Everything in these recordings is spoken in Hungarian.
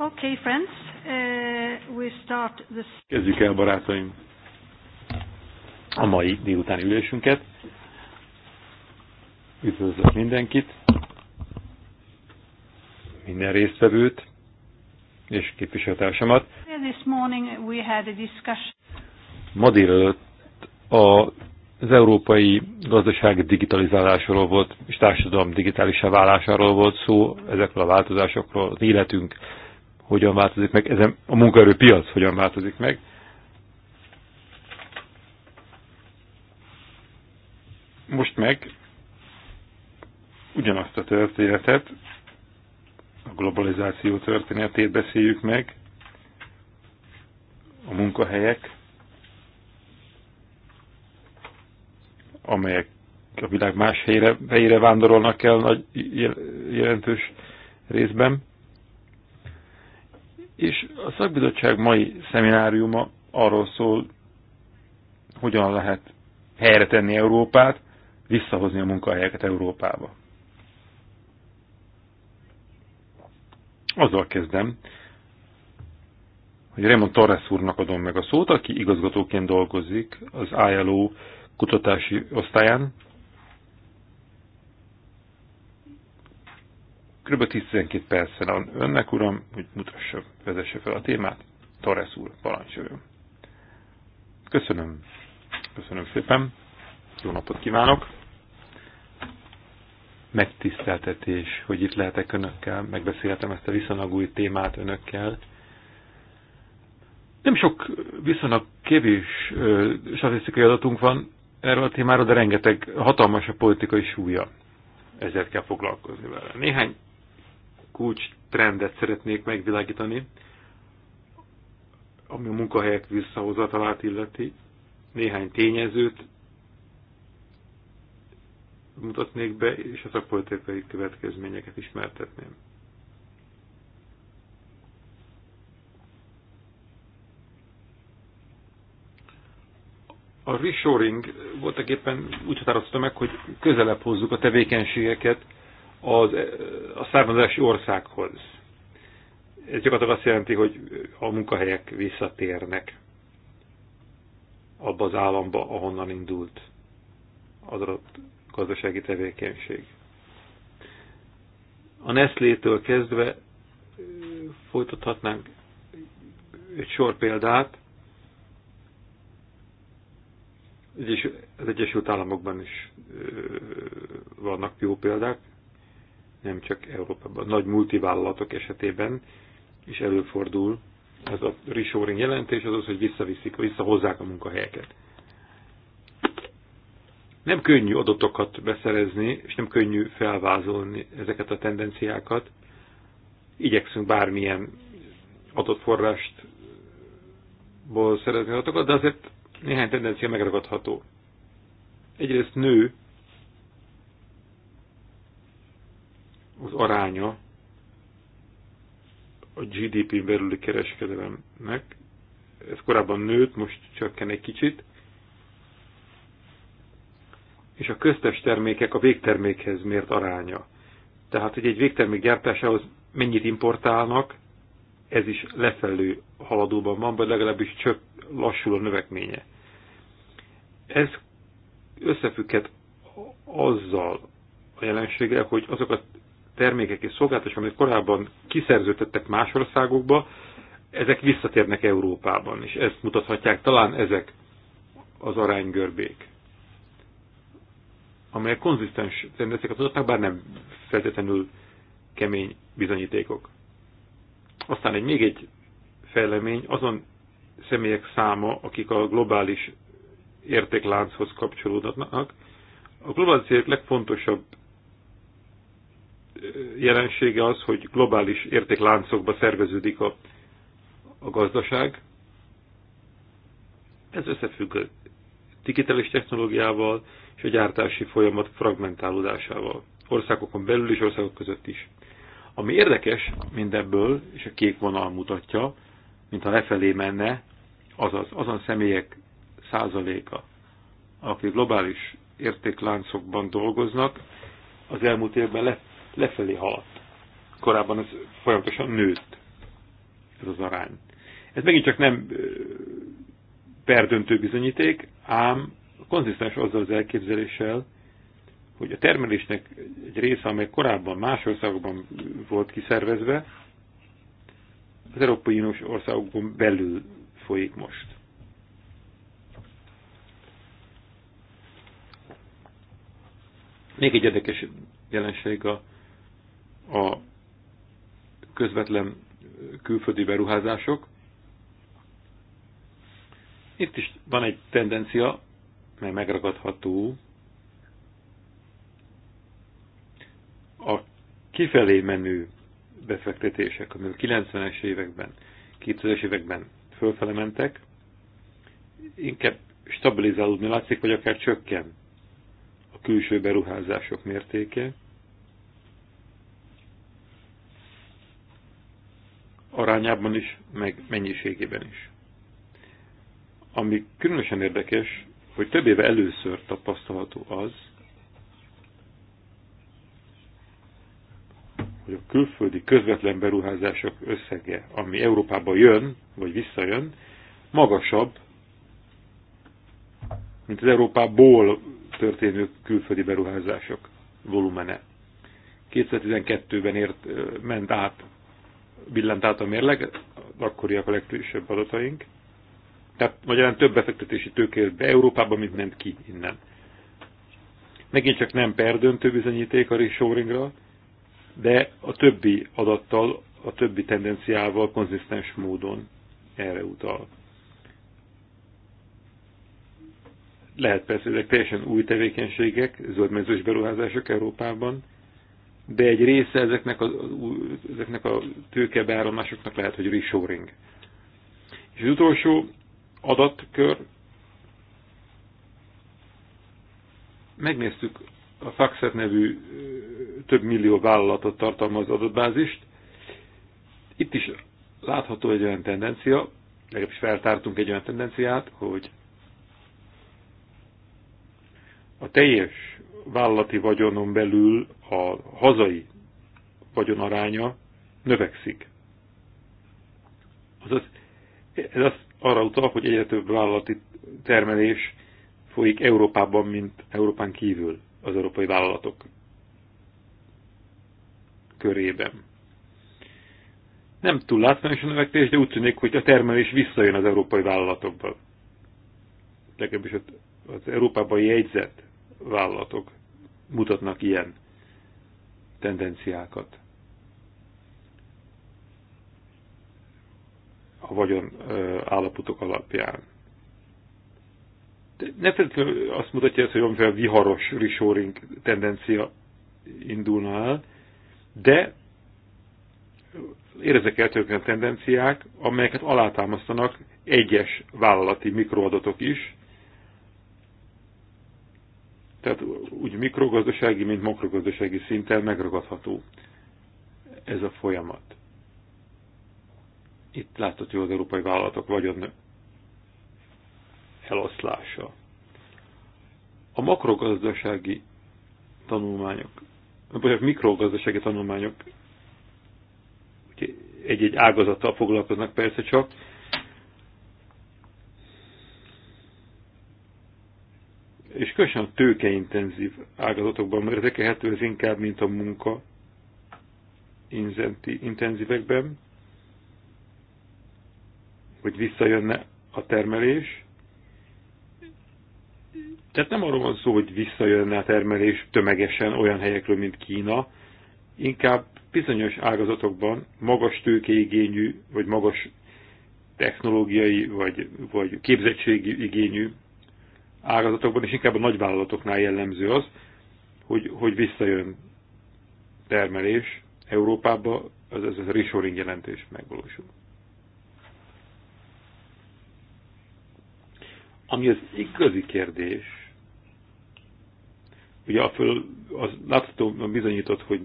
Okay, friends, uh, we start this... Kezdjük el, barátaim, a mai délutáni ülésünket. Üdvözlök mindenkit, minden résztvevőt és képviselőtársamat. This morning we had a discussion. Ma délelőtt a az európai gazdaság digitalizálásáról volt, és társadalom digitálisá válásáról volt szó, ezekről a változásokról, az életünk hogyan változik meg, ezen a munkaerőpiac hogyan változik meg. Most meg ugyanazt a történetet, a globalizáció történetét beszéljük meg, a munkahelyek, amelyek a világ más helyre, helyre vándorolnak el nagy jelentős részben. És a szakbizottság mai szemináriuma arról szól, hogyan lehet helyre tenni Európát, visszahozni a munkahelyeket Európába. Azzal kezdem, hogy Raymond Torres úrnak adom meg a szót, aki igazgatóként dolgozik az ILO kutatási osztályán, Kb. 10-12 perccel van önnek, uram, hogy mutassa, vezesse fel a témát. Torres úr, parancsoljon. Köszönöm. Köszönöm szépen. Jó napot kívánok. Megtiszteltetés, hogy itt lehetek önökkel, megbeszéltem ezt a viszonylag új témát önökkel. Nem sok viszonylag kevés statisztikai adatunk van erről a témáról, de rengeteg hatalmas a politikai súlya. Ezért kell foglalkozni vele. Néhány kulcs trendet szeretnék megvilágítani, ami a munkahelyek visszahozatalát illeti. Néhány tényezőt mutatnék be, és a szakpolitikai következményeket ismertetném. A reshoring voltak éppen úgy határoztam meg, hogy közelebb hozzuk a tevékenységeket az, a származási országhoz. Ez gyakorlatilag azt jelenti, hogy a munkahelyek visszatérnek abba az államba, ahonnan indult az adott gazdasági tevékenység. A Nestlé-től kezdve folytathatnánk egy sor példát, az Egyesült Államokban is vannak jó példák nem csak Európában, nagy multivállalatok esetében is előfordul. Ez a reshoring jelentés az az, hogy visszaviszik, visszahozzák a munkahelyeket. Nem könnyű adatokat beszerezni, és nem könnyű felvázolni ezeket a tendenciákat. Igyekszünk bármilyen adott ból szerezni adatokat, de azért néhány tendencia megragadható. Egyrészt nő az aránya a GDP-n belüli kereskedelemnek. Ez korábban nőtt, most csökken egy kicsit. És a köztes termékek a végtermékhez mért aránya. Tehát, hogy egy végtermék gyártásához mennyit importálnak, ez is lefelő haladóban van, vagy legalábbis csak lassul a növekménye. Ez összefügghet azzal a jelenséggel, hogy azok a termékek és szolgáltatások, amit korábban kiszerződtettek más országokba, ezek visszatérnek Európában, és ezt mutathatják talán ezek az aránygörbék, amelyek konzisztens tendenciákat mutatnak, bár nem feltétlenül kemény bizonyítékok. Aztán egy még egy fejlemény, azon személyek száma, akik a globális értéklánchoz kapcsolódnak. A globális legfontosabb jelensége az, hogy globális értékláncokba szerveződik a, a gazdaság. Ez összefügg a digitális technológiával és a gyártási folyamat fragmentálódásával. Országokon belül és országok között is. Ami érdekes mindebből, és a kék vonal mutatja, mintha lefelé menne, azaz azon személyek százaléka, akik globális értékláncokban dolgoznak, az elmúlt évben lefelé haladt. Korábban ez folyamatosan nőtt, ez az arány. Ez megint csak nem perdöntő bizonyíték, ám konzisztens azzal az elképzeléssel, hogy a termelésnek egy része, amely korábban más országokban volt kiszervezve, az Európai Uniós országokban belül folyik most. Még egy érdekes jelenség a a közvetlen külföldi beruházások. Itt is van egy tendencia, mely megragadható, a kifelé menő befektetések, amik 90-es években, 2000-es években fölfele mentek, inkább stabilizálódni látszik, vagy akár csökken a külső beruházások mértéke. arányában is, meg mennyiségében is. Ami különösen érdekes, hogy több éve először tapasztalható az, hogy a külföldi közvetlen beruházások összege, ami Európába jön, vagy visszajön, magasabb, mint az Európából történő külföldi beruházások volumene. 2012-ben ért, ment át billent át a mérleg, akkoriak a legfrissebb adataink. Tehát magyarán több befektetési tőke be Európába, mint ment ki innen. Megint csak nem perdöntő bizonyíték a reshoringra, de a többi adattal, a többi tendenciával konzisztens módon erre utal. Lehet persze, hogy teljesen új tevékenységek, zöldmezős beruházások Európában, de egy része ezeknek a, ezeknek a tőkebeáramlásoknak lehet, hogy reshoring. És az utolsó adatkör, megnéztük a Faxet nevű több millió vállalatot tartalmaz adatbázist. Itt is látható egy olyan tendencia, legalábbis feltártunk egy olyan tendenciát, hogy a teljes vállalati vagyonon belül a hazai vagyon aránya növekszik. Azaz, ez az arra utal, hogy egyre több vállalati termelés folyik Európában, mint Európán kívül az európai vállalatok körében. Nem túl látványos a növekedés, de úgy tűnik, hogy a termelés visszajön az európai vállalatokba. Legalábbis az Európában jegyzett vállalatok mutatnak ilyen tendenciákat. a vagyon állapotok alapján. De ne feltétlenül azt mutatja ez, hogy valamiféle viharos reshoring tendencia indulna el, de érezek el tendenciák, amelyeket alátámasztanak egyes vállalati mikroadatok is, tehát úgy mikrogazdasági, mint makrogazdasági szinten megragadható ez a folyamat. Itt látható az európai vállalatok vagyon eloszlása. A makrogazdasági tanulmányok, vagy a mikrogazdasági tanulmányok egy-egy ágazattal foglalkoznak persze csak, és különösen tőkeintenzív ágazatokban mérdekelhető ez inkább, mint a munka intenzívekben, hogy visszajönne a termelés. Tehát nem arról van szó, hogy visszajönne a termelés tömegesen olyan helyekről, mint Kína, inkább bizonyos ágazatokban magas tőkeigényű, vagy magas technológiai, vagy, vagy képzettségi igényű ágazatokban, és inkább a nagyvállalatoknál jellemző az, hogy, hogy visszajön termelés Európába, ez, ez a reshoring jelentés megvalósul. Ami az igazi kérdés, ugye a föl, az látható bizonyított, hogy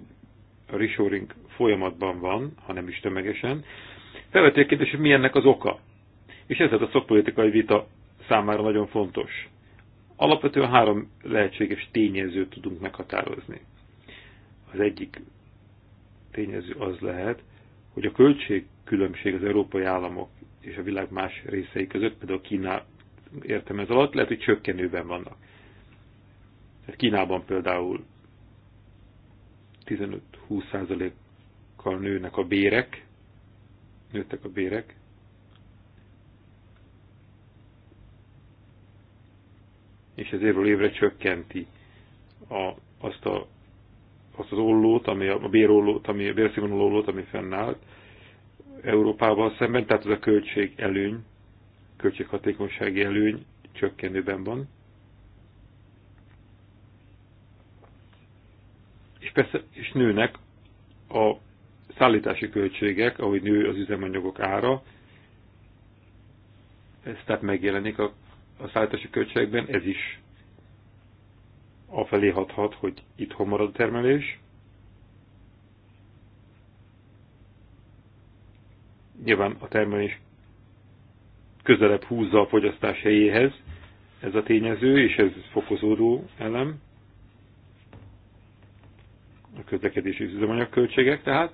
a reshoring folyamatban van, ha nem is tömegesen, felvető kérdés, hogy mi ennek az oka. És ez hát a szakpolitikai vita számára nagyon fontos. Alapvetően három lehetséges tényezőt tudunk meghatározni. Az egyik tényező az lehet, hogy a költségkülönbség az európai államok és a világ más részei között, például Kína értem ez alatt, lehet, hogy csökkenőben vannak. Tehát Kínában például 15-20%-kal nőnek a bérek, nőttek a bérek, és ez évről évre csökkenti a, azt, a, azt az ollót, ami a, a bérollót, ami a bérszínvonal ollót, ami fennállt Európával szemben, tehát az a költség előny, költséghatékonysági előny csökkenőben van. És persze, és nőnek a szállítási költségek, ahogy nő az üzemanyagok ára, ez tehát megjelenik a a szállítási költségben, ez is afelé hathat, hogy itt marad a termelés. Nyilván a termelés közelebb húzza a fogyasztás helyéhez ez a tényező, és ez fokozódó elem. A közlekedési üzemanyagköltségek tehát.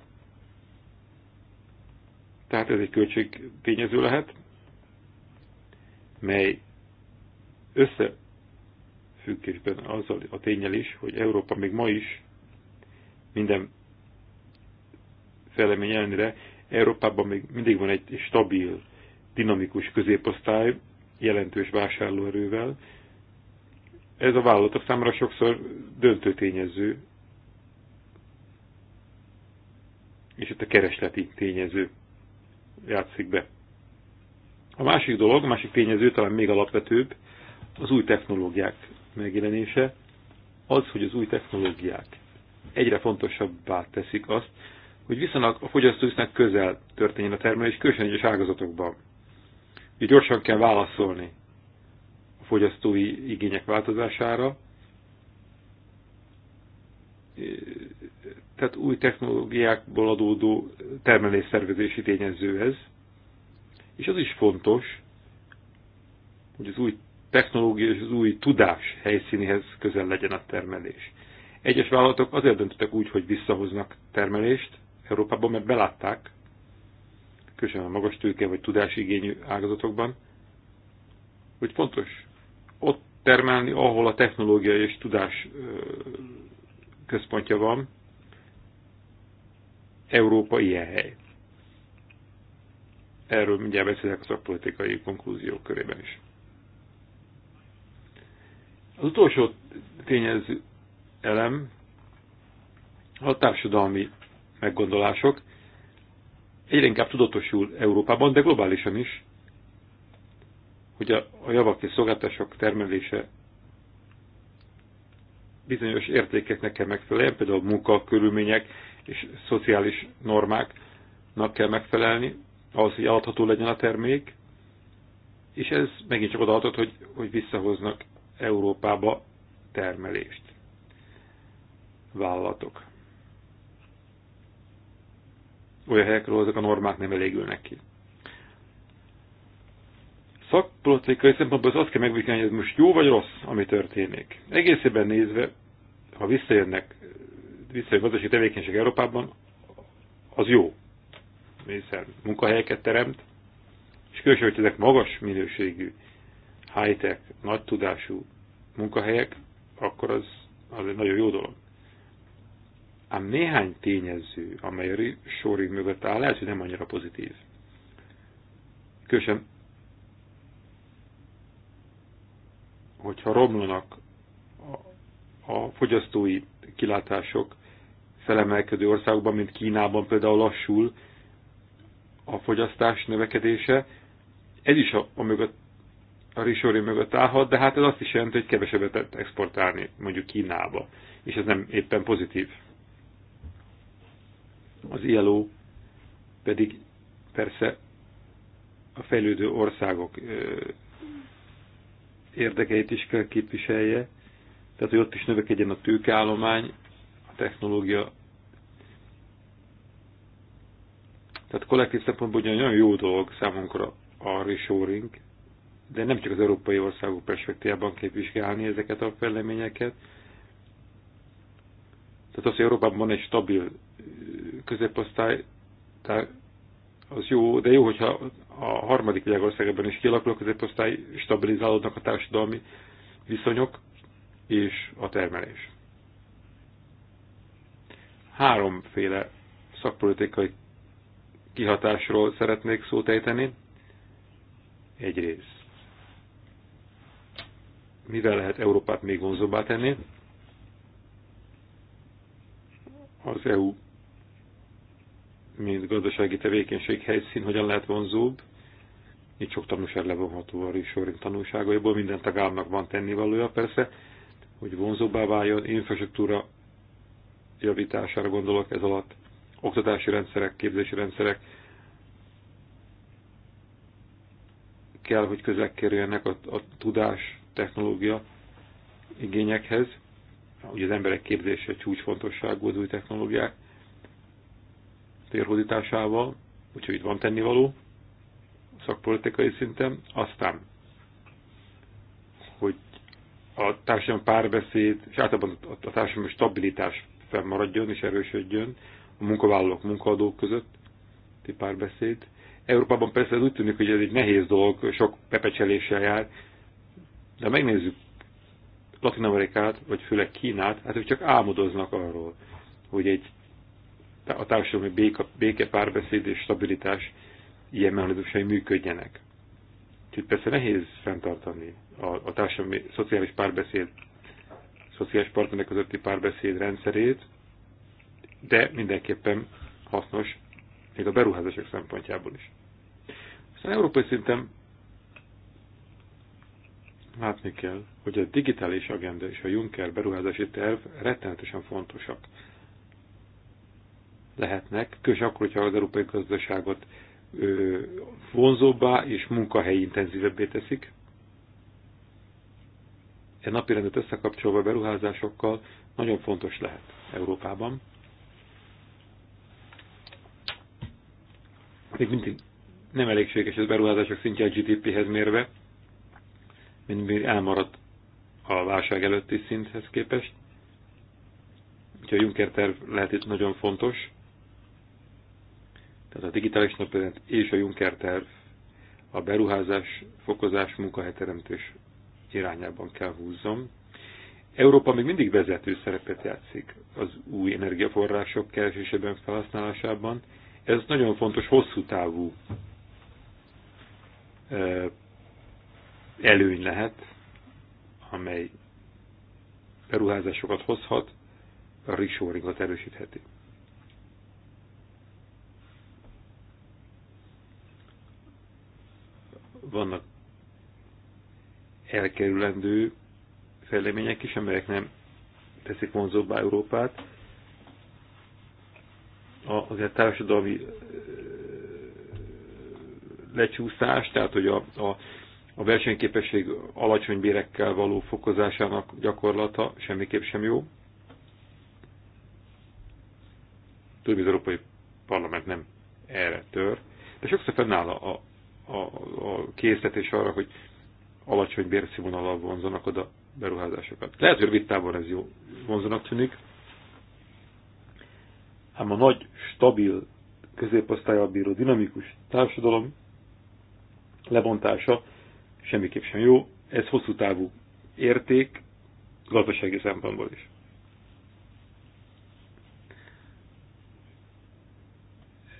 Tehát ez egy költség tényező lehet, mely összefüggésben azzal a tényel is, hogy Európa még ma is minden felemény ellenére Európában még mindig van egy stabil, dinamikus középosztály, jelentős vásárlóerővel. Ez a vállalatok számára sokszor döntő tényező, és itt a keresleti tényező játszik be. A másik dolog, a másik tényező talán még alapvetőbb, az új technológiák megjelenése, az, hogy az új technológiák egyre fontosabbá teszik azt, hogy viszonylag a fogyasztóisznak közel történjen a termelés, különösen egyes ágazatokban. Így gyorsan kell válaszolni a fogyasztói igények változására, tehát új technológiákból adódó termelés tényező ez, és az is fontos, hogy az új technológia és az új tudás helyszínéhez közel legyen a termelés. Egyes vállalatok azért döntöttek úgy, hogy visszahoznak termelést Európában, mert belátták, különösen a magas tőke vagy tudásigényű ágazatokban, hogy fontos ott termelni, ahol a technológia és tudás központja van. Európa ilyen hely. Erről mindjárt beszélek a szakpolitikai konklúziók körében is. Az utolsó tényező elem a társadalmi meggondolások. Egyre inkább tudatosul Európában, de globálisan is, hogy a, a javak és szolgáltások termelése bizonyos értékeknek kell megfelelni, például munkakörülmények és szociális normáknak kell megfelelni, ahhoz, hogy adható legyen a termék, és ez megint csak odaadhat, hogy, hogy visszahoznak Európába termelést. Vállalatok. Olyan helyekről ezek a normák nem elégülnek ki. Szakpolitikai szempontból az azt kell megvizsgálni, hogy ez most jó vagy rossz, ami történik. Egészében nézve, ha visszajönnek, visszajön gazdasági tevékenység Európában, az jó. Hiszen munkahelyeket teremt, és különösen, hogy ezek magas minőségű high-tech, nagy tudású munkahelyek, akkor az, az egy nagyon jó dolog. Ám néhány tényező, amely a sori mögött áll, lehet, hogy nem annyira pozitív. Különösen, hogyha romlanak a, a fogyasztói kilátások felemelkedő országokban, mint Kínában például lassul a fogyasztás növekedése, ez is a, a mögött a risori mögött állhat, de hát ez azt is jelenti, hogy kevesebbet exportálni mondjuk Kínába, és ez nem éppen pozitív. Az ILO pedig persze a fejlődő országok érdekeit is kell képviselje, tehát hogy ott is növekedjen a tőkeállomány, a technológia. Tehát kollektív szempontból ugye nagyon jó dolog számunkra a reshoring, de nem csak az európai országok perspektívában kell vizsgálni ezeket a fejleményeket. Tehát az, hogy Európában van egy stabil középosztály, tehát az jó, de jó, hogyha a harmadik világországban is kialakul a középosztály, stabilizálódnak a társadalmi viszonyok és a termelés. Háromféle szakpolitikai kihatásról szeretnék szót ejteni. Egyrészt mivel lehet Európát még vonzóbbá tenni. Az EU, mint gazdasági tevékenység helyszín, hogyan lehet vonzóbb. Itt sok tanúság levonható a Rissorin tanulságaiból, minden tagállamnak van tennivalója persze, hogy vonzóbbá váljon, infrastruktúra javítására gondolok ez alatt, oktatási rendszerek, képzési rendszerek, kell, hogy közel kerüljenek a, a tudás technológia igényekhez, ugye az emberek képzése csúcsfontosságú az új technológiák térhódításával, úgyhogy itt van tennivaló szakpolitikai szinten, aztán, hogy a társadalmi párbeszéd, és általában a társadalmi stabilitás fennmaradjon és erősödjön a munkavállalók, munkaadók között, párbeszéd. Európában persze ez úgy tűnik, hogy ez egy nehéz dolog, sok pepecseléssel jár, de ha megnézzük Latin Amerikát, vagy főleg Kínát, hát ők csak álmodoznak arról, hogy egy a társadalmi béka, béke, párbeszéd és stabilitás ilyen mechanizmusai működjenek. Úgyhogy persze nehéz fenntartani a, a társadalmi szociális párbeszéd, szociális partnerek közötti párbeszéd rendszerét, de mindenképpen hasznos még a beruházások szempontjából is. Aztán európai szinten látni kell, hogy a digitális agenda és a Juncker beruházási terv rettenetesen fontosak lehetnek, különösen akkor, hogyha az európai gazdaságot vonzóbbá és munkahelyi intenzívebbé teszik. E rendet összekapcsolva beruházásokkal nagyon fontos lehet Európában. Még mindig nem elégséges ez beruházások szintje a GDP-hez mérve, mint még elmaradt a válság előtti szinthez képest. Úgyhogy a Juncker terv lehet itt nagyon fontos. Tehát a digitális napjelent és a Juncker terv a beruházás, fokozás, munkahelyteremtés irányában kell húzzon. Európa még mindig vezető szerepet játszik az új energiaforrások keresésében, felhasználásában. Ez nagyon fontos hosszú távú eh, előny lehet, amely beruházásokat hozhat, a reshoringot erősítheti. Vannak elkerülendő fejlemények is, amelyek nem teszik vonzóbbá Európát. A, azért e társadalmi lecsúszás, tehát hogy a, a a versenyképesség alacsony bérekkel való fokozásának gyakorlata semmiképp sem jó. Tudom, az Európai Parlament nem erre tör, de sokszor fennáll a, a, a készítés arra, hogy alacsony bérszínvonalal vonzanak oda beruházásokat. Lehet, hogy rövid távon ez jó vonzanak tűnik, ám a nagy, stabil, középosztályabb bíró dinamikus társadalom lebontása semmiképp sem jó. Ez hosszú távú érték, gazdasági szempontból is.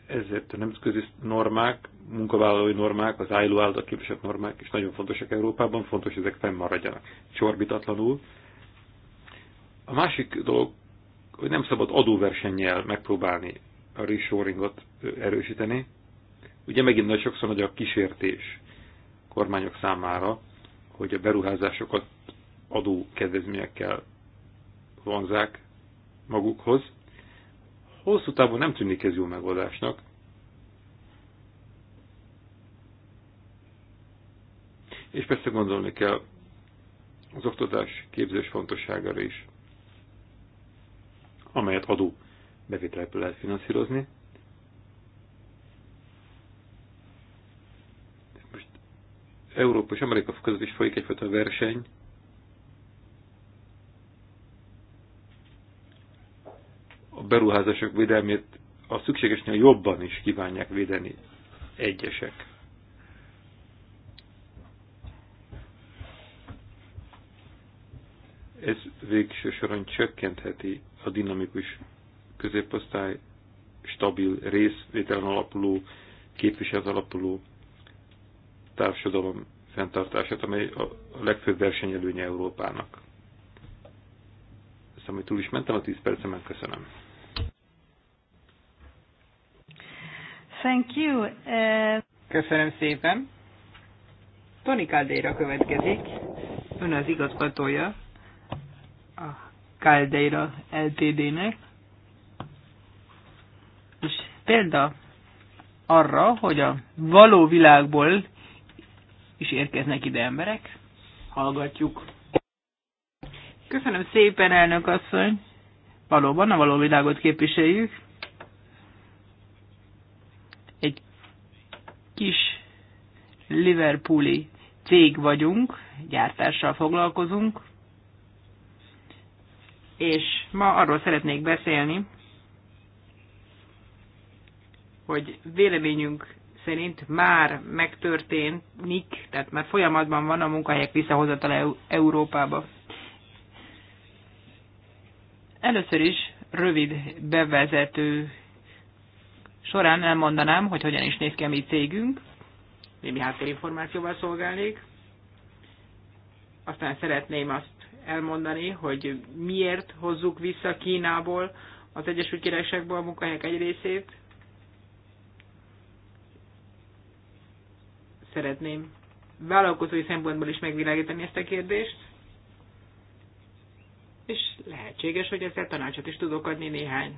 Ezért a nemzetközi normák, munkavállalói normák, az ILO által képviselt normák is nagyon fontosak Európában, fontos, hogy ezek fennmaradjanak csorbitatlanul. A másik dolog, hogy nem szabad adóversennyel megpróbálni a reshoringot erősíteni. Ugye megint nagy sokszor nagy a kísértés kormányok számára, hogy a beruházásokat adó kedvezményekkel vonzák magukhoz. Hosszú távon nem tűnik ez jó megoldásnak. És persze gondolni kell az oktatás képzés fontosságára is, amelyet adó bevételekből lehet finanszírozni. Európa és Amerika között is folyik egyfajta verseny. A beruházások védelmét a szükségesnél jobban is kívánják védeni egyesek. Ez végső soron csökkentheti a dinamikus középosztály stabil részvételen alapuló, képviselet alapuló társadalom fenntartását, amely a legfőbb versenyelőnye Európának. Ezt, amit túl is mentem, a 10 percemen köszönöm. Thank you. Uh... Köszönöm szépen. Tony Caldeira következik. Ön az igazgatója a Caldeira LTD-nek. És példa arra, hogy a való világból is érkeznek ide emberek. Hallgatjuk. Köszönöm szépen, elnök asszony. Valóban a való világot képviseljük. Egy kis Liverpooli cég vagyunk, gyártással foglalkozunk, és ma arról szeretnék beszélni, hogy véleményünk szerint már megtörténik, tehát már folyamatban van a munkahelyek visszahozatala Európába. Először is rövid bevezető során elmondanám, hogy hogyan is néz ki a mi cégünk, némi háttérinformációval szolgálnék. Aztán szeretném azt elmondani, hogy miért hozzuk vissza Kínából az Egyesült Királyságból a munkahelyek egy részét, szeretném vállalkozói szempontból is megvilágítani ezt a kérdést, és lehetséges, hogy ezzel tanácsot is tudok adni néhány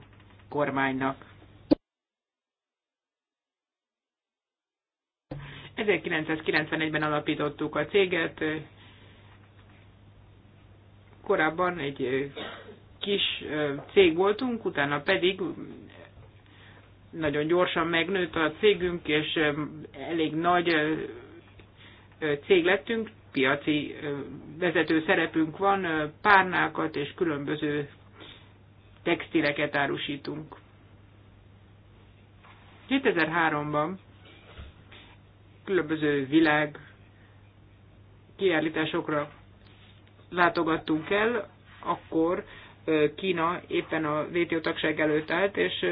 kormánynak. 1991-ben alapítottuk a céget, korábban egy kis cég voltunk, utána pedig nagyon gyorsan megnőtt a cégünk, és elég nagy cég lettünk, piaci vezető szerepünk van, párnákat és különböző textileket árusítunk. 2003-ban különböző világ kiállításokra látogattunk el, akkor Kína éppen a WTO tagság előtt állt, és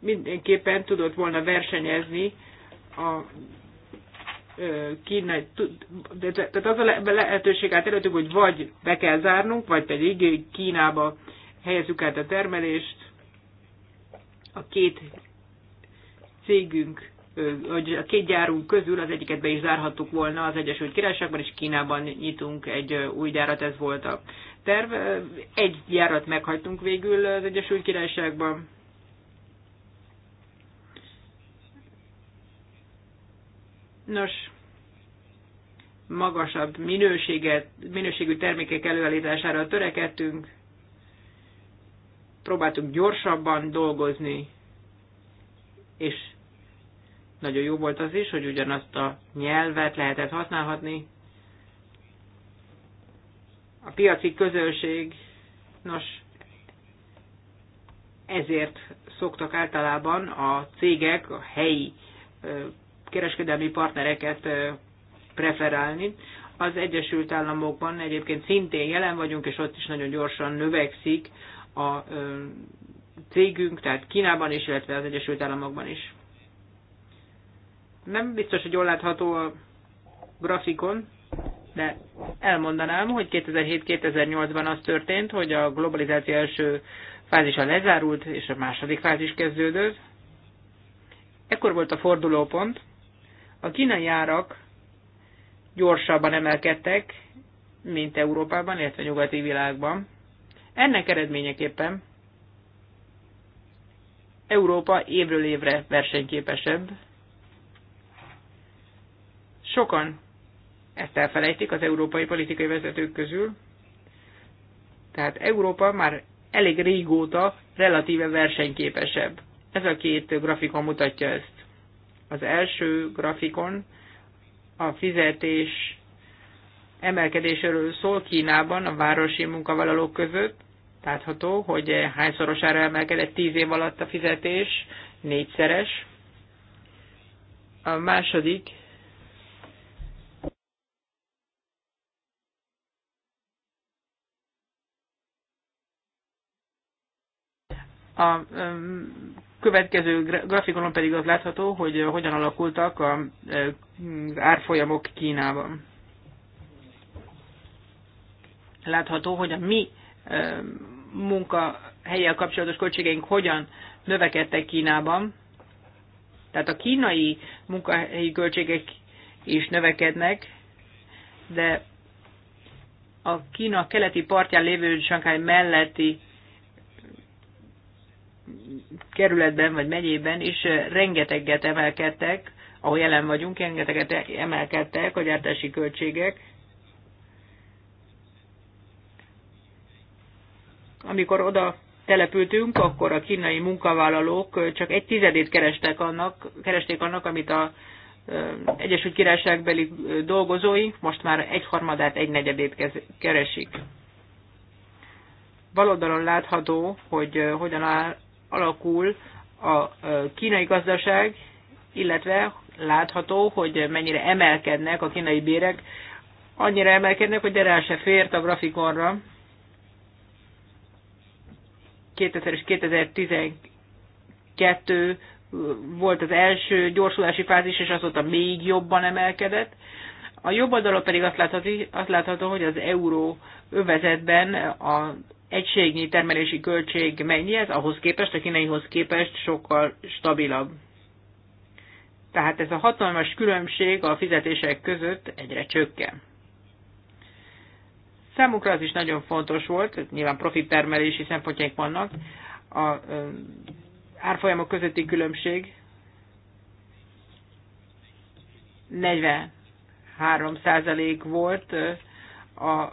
mindenképpen tudott volna versenyezni a kínai, tehát az a lehetőség állt előttük, hogy vagy be kell zárnunk, vagy pedig Kínába helyezzük át a termelést. A két cégünk, vagy a két gyárunk közül az egyiket be is zárhattuk volna az Egyesült Királyságban, és Kínában nyitunk egy új gyárat, ez volt a terv. Egy gyárat meghagytunk végül az Egyesült Királyságban, Nos, magasabb minőséget, minőségű termékek előállítására törekedtünk, próbáltunk gyorsabban dolgozni, és nagyon jó volt az is, hogy ugyanazt a nyelvet lehetett használhatni. A piaci közönség, nos, ezért szoktak általában a cégek a helyi kereskedelmi partnereket preferálni. Az Egyesült Államokban egyébként szintén jelen vagyunk, és ott is nagyon gyorsan növekszik a cégünk, tehát Kínában is, illetve az Egyesült Államokban is. Nem biztos, hogy jól látható a grafikon, de elmondanám, hogy 2007-2008-ban az történt, hogy a globalizáció első fázisa lezárult, és a második fázis kezdődött. Ekkor volt a fordulópont, a kínai árak gyorsabban emelkedtek, mint Európában, illetve nyugati világban. Ennek eredményeképpen Európa évről évre versenyképesebb. Sokan ezt elfelejtik az európai politikai vezetők közül. Tehát Európa már elég régóta relatíve versenyképesebb. Ez a két grafikon mutatja ezt. Az első grafikon a fizetés emelkedéséről szól Kínában a városi munkavállalók között. Látható, hogy hányszorosára emelkedett 10 év alatt a fizetés, négyszeres. A második A következő grafikonon pedig az látható, hogy eh, hogyan alakultak az eh, árfolyamok Kínában. Látható, hogy a mi munkahelyel kapcsolatos költségeink hogyan növekedtek Kínában. Tehát a kínai munkahelyi költségek is növekednek, de a Kína keleti partján lévő Sankály melletti kerületben vagy megyében is rengeteget emelkedtek, ahol jelen vagyunk, rengeteget emelkedtek a gyártási költségek. Amikor oda települtünk, akkor a kínai munkavállalók csak egy tizedét kerestek annak, keresték annak, amit a Egyesült Királyságbeli dolgozói most már egyharmadát, negyedét keresik. Baloldalon látható, hogy hogyan áll alakul a kínai gazdaság, illetve látható, hogy mennyire emelkednek a kínai bérek, annyira emelkednek, hogy erre se fért a grafikonra. 2000 és 2012 volt az első gyorsulási fázis, és azóta még jobban emelkedett. A jobb oldalon pedig azt látható, azt látható hogy az euró övezetben a egységnyi termelési költség mennyi ez, ahhoz képest, a kínaihoz képest sokkal stabilabb. Tehát ez a hatalmas különbség a fizetések között egyre csökken. Számukra az is nagyon fontos volt, nyilván profit termelési szempontjaink vannak, a árfolyamok közötti különbség 43% volt a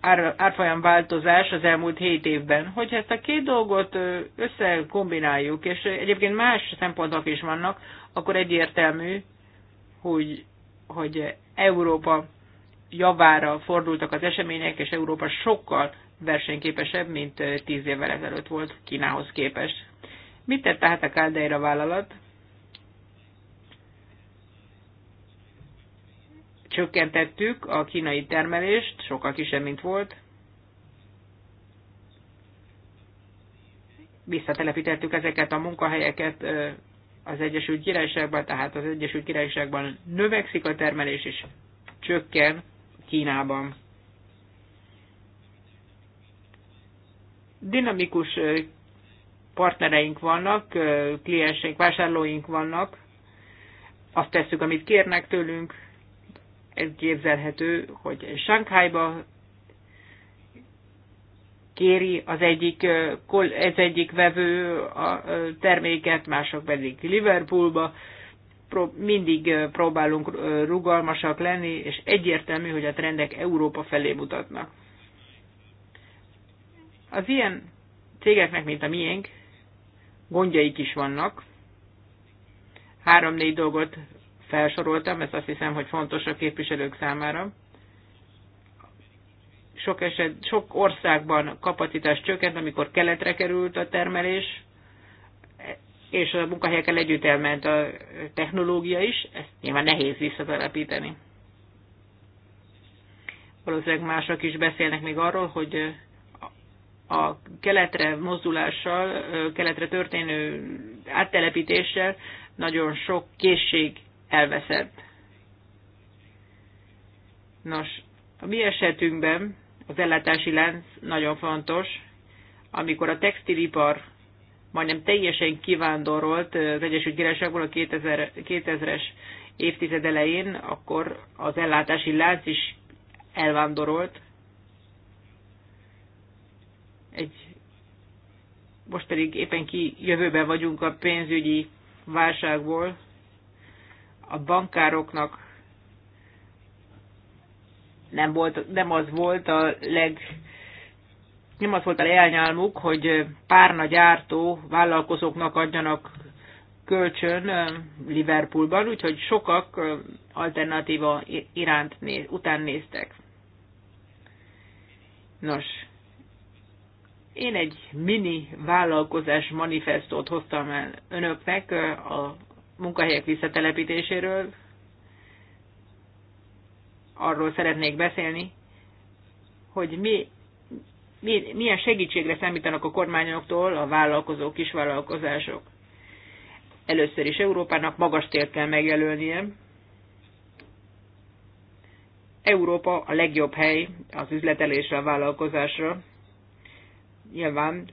ár, árfolyam változás az elmúlt hét évben. Hogyha ezt a két dolgot összekombináljuk, és egyébként más szempontok is vannak, akkor egyértelmű, hogy, hogy Európa javára fordultak az események, és Európa sokkal versenyképesebb, mint tíz évvel ezelőtt volt Kínához képest. Mit tett tehát a Caldeira vállalat? csökkentettük a kínai termelést, sokkal kisebb, mint volt. Visszatelepítettük ezeket a munkahelyeket az Egyesült Királyságban, tehát az Egyesült Királyságban növekszik a termelés, és csökken Kínában. Dinamikus partnereink vannak, klienseink, vásárlóink vannak, azt tesszük, amit kérnek tőlünk, elképzelhető, hogy Sankhájba kéri az egyik, ez egyik vevő a terméket, mások pedig Liverpoolba. Mindig próbálunk rugalmasak lenni, és egyértelmű, hogy a trendek Európa felé mutatnak. Az ilyen cégeknek, mint a miénk, gondjaik is vannak. Három-négy dolgot felsoroltam, ez azt hiszem, hogy fontos a képviselők számára. Sok, eset, sok országban kapacitás csökkent, amikor keletre került a termelés, és a munkahelyekkel együtt elment a technológia is, ezt nyilván nehéz visszatelepíteni. Valószínűleg mások is beszélnek még arról, hogy a keletre mozdulással, keletre történő áttelepítéssel nagyon sok készség elveszett. Nos, a mi esetünkben az ellátási lánc nagyon fontos, amikor a textilipar majdnem teljesen kivándorolt az Egyesült Királyságból a 2000, es évtized elején, akkor az ellátási lánc is elvándorolt. Egy, most pedig éppen ki jövőben vagyunk a pénzügyi válságból a bankároknak nem, volt, nem az volt a leg nem az volt a leányálmuk, hogy párna gyártó vállalkozóknak adjanak kölcsön Liverpoolban, úgyhogy sokak alternatíva iránt néz, után néztek. Nos, én egy mini vállalkozás manifestót hoztam el önöknek a munkahelyek visszatelepítéséről, arról szeretnék beszélni, hogy mi, mi, milyen segítségre számítanak a kormányoktól a vállalkozók, kisvállalkozások. Először is Európának magas tért kell megjelölnie. Európa a legjobb hely az üzletelésre, a vállalkozásra. Nyilván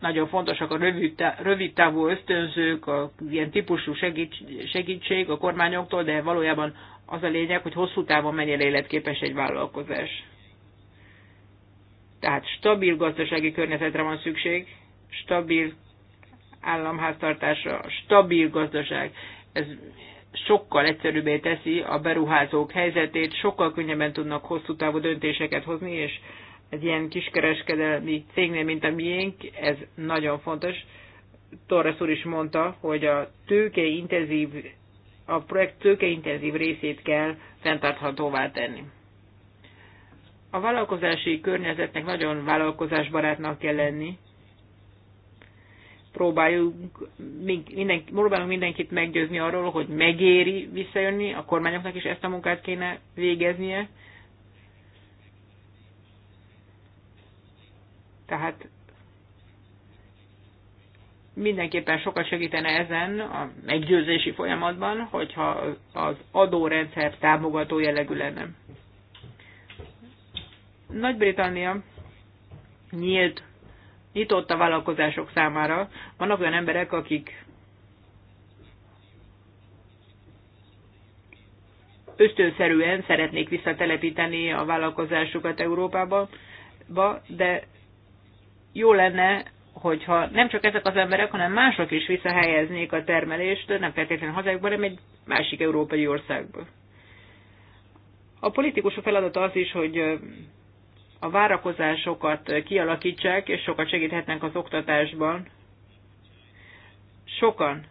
nagyon fontosak a rövid, rövid távú ösztönzők, a ilyen típusú segítség a kormányoktól, de valójában az a lényeg, hogy hosszú távon mennyire életképes egy vállalkozás. Tehát stabil gazdasági környezetre van szükség, stabil államháztartásra, stabil gazdaság. Ez sokkal egyszerűbbé teszi a beruházók helyzetét, sokkal könnyebben tudnak hosszú távú döntéseket hozni, és egy ilyen kiskereskedelmi cégnél, mint a miénk, ez nagyon fontos. Torres úr is mondta, hogy a tőkeintenzív, a projekt tőkeintenzív részét kell fenntarthatóvá tenni. A vállalkozási környezetnek nagyon vállalkozásbarátnak kell lenni. Próbáljuk, minden, próbálunk mindenkit meggyőzni arról, hogy megéri visszajönni, a kormányoknak is ezt a munkát kéne végeznie, Tehát mindenképpen sokat segítene ezen a meggyőzési folyamatban, hogyha az adórendszer támogató jellegű lenne. Nagy-Britannia nyílt, nyitott a vállalkozások számára. Vannak olyan emberek, akik ösztönszerűen szeretnék visszatelepíteni a vállalkozásukat Európába, de jó lenne, hogyha nem csak ezek az emberek, hanem mások is visszahelyeznék a termelést, nem feltétlenül hazájukba, hanem egy másik európai országba. A politikusok feladata az is, hogy a várakozásokat kialakítsák, és sokat segíthetnek az oktatásban. Sokan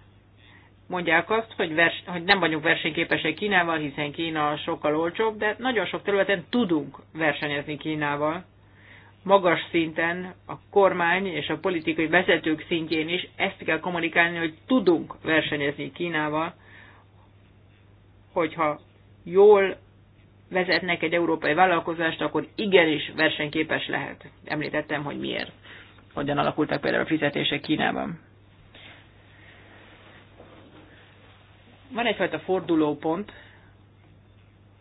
mondják azt, hogy, vers, hogy nem vagyunk versenyképesek Kínával, hiszen Kína sokkal olcsóbb, de nagyon sok területen tudunk versenyezni Kínával magas szinten, a kormány és a politikai vezetők szintjén is ezt kell kommunikálni, hogy tudunk versenyezni Kínával, hogyha jól vezetnek egy európai vállalkozást, akkor igenis versenyképes lehet. Említettem, hogy miért. Hogyan alakultak például a fizetések Kínában. Van egyfajta fordulópont,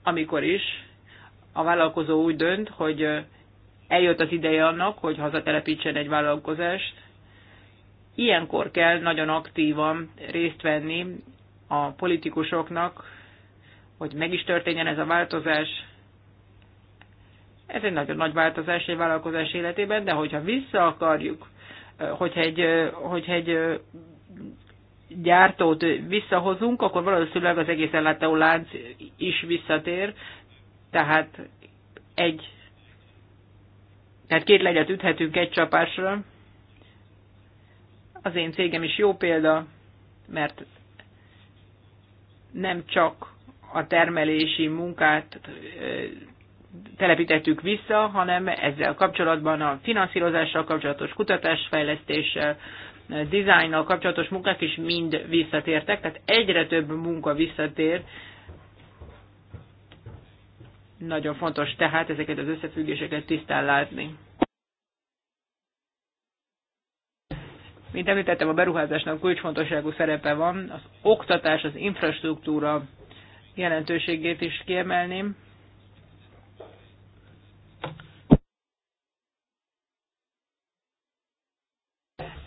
amikor is a vállalkozó úgy dönt, hogy eljött az ideje annak, hogy hazatelepítsen egy vállalkozást. Ilyenkor kell nagyon aktívan részt venni a politikusoknak, hogy meg is történjen ez a változás. Ez egy nagyon nagy változás egy vállalkozás életében, de hogyha vissza akarjuk, hogyha egy, hogyha egy gyártót visszahozunk, akkor valószínűleg az egész ellátó lánc is visszatér, tehát egy tehát két legyet üthetünk egy csapásra. Az én cégem is jó példa, mert nem csak a termelési munkát telepítettük vissza, hanem ezzel kapcsolatban a finanszírozással kapcsolatos kutatásfejlesztéssel, dizájnnal kapcsolatos munkák is mind visszatértek, tehát egyre több munka visszatér nagyon fontos tehát ezeket az összefüggéseket tisztán látni. Mint említettem, a beruházásnak kulcsfontosságú szerepe van. Az oktatás, az infrastruktúra jelentőségét is kiemelném.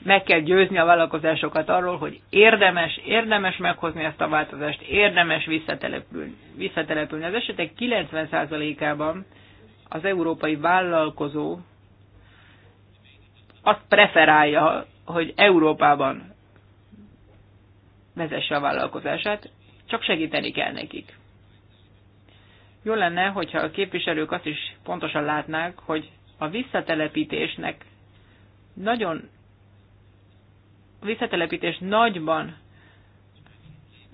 meg kell győzni a vállalkozásokat arról, hogy érdemes, érdemes meghozni ezt a változást, érdemes visszatelepülni. visszatelepülni. Az esetek 90%-ában az európai vállalkozó azt preferálja, hogy Európában vezesse a vállalkozását, csak segíteni kell nekik. Jó lenne, hogyha a képviselők azt is pontosan látnák, hogy a visszatelepítésnek nagyon visszatelepítés nagyban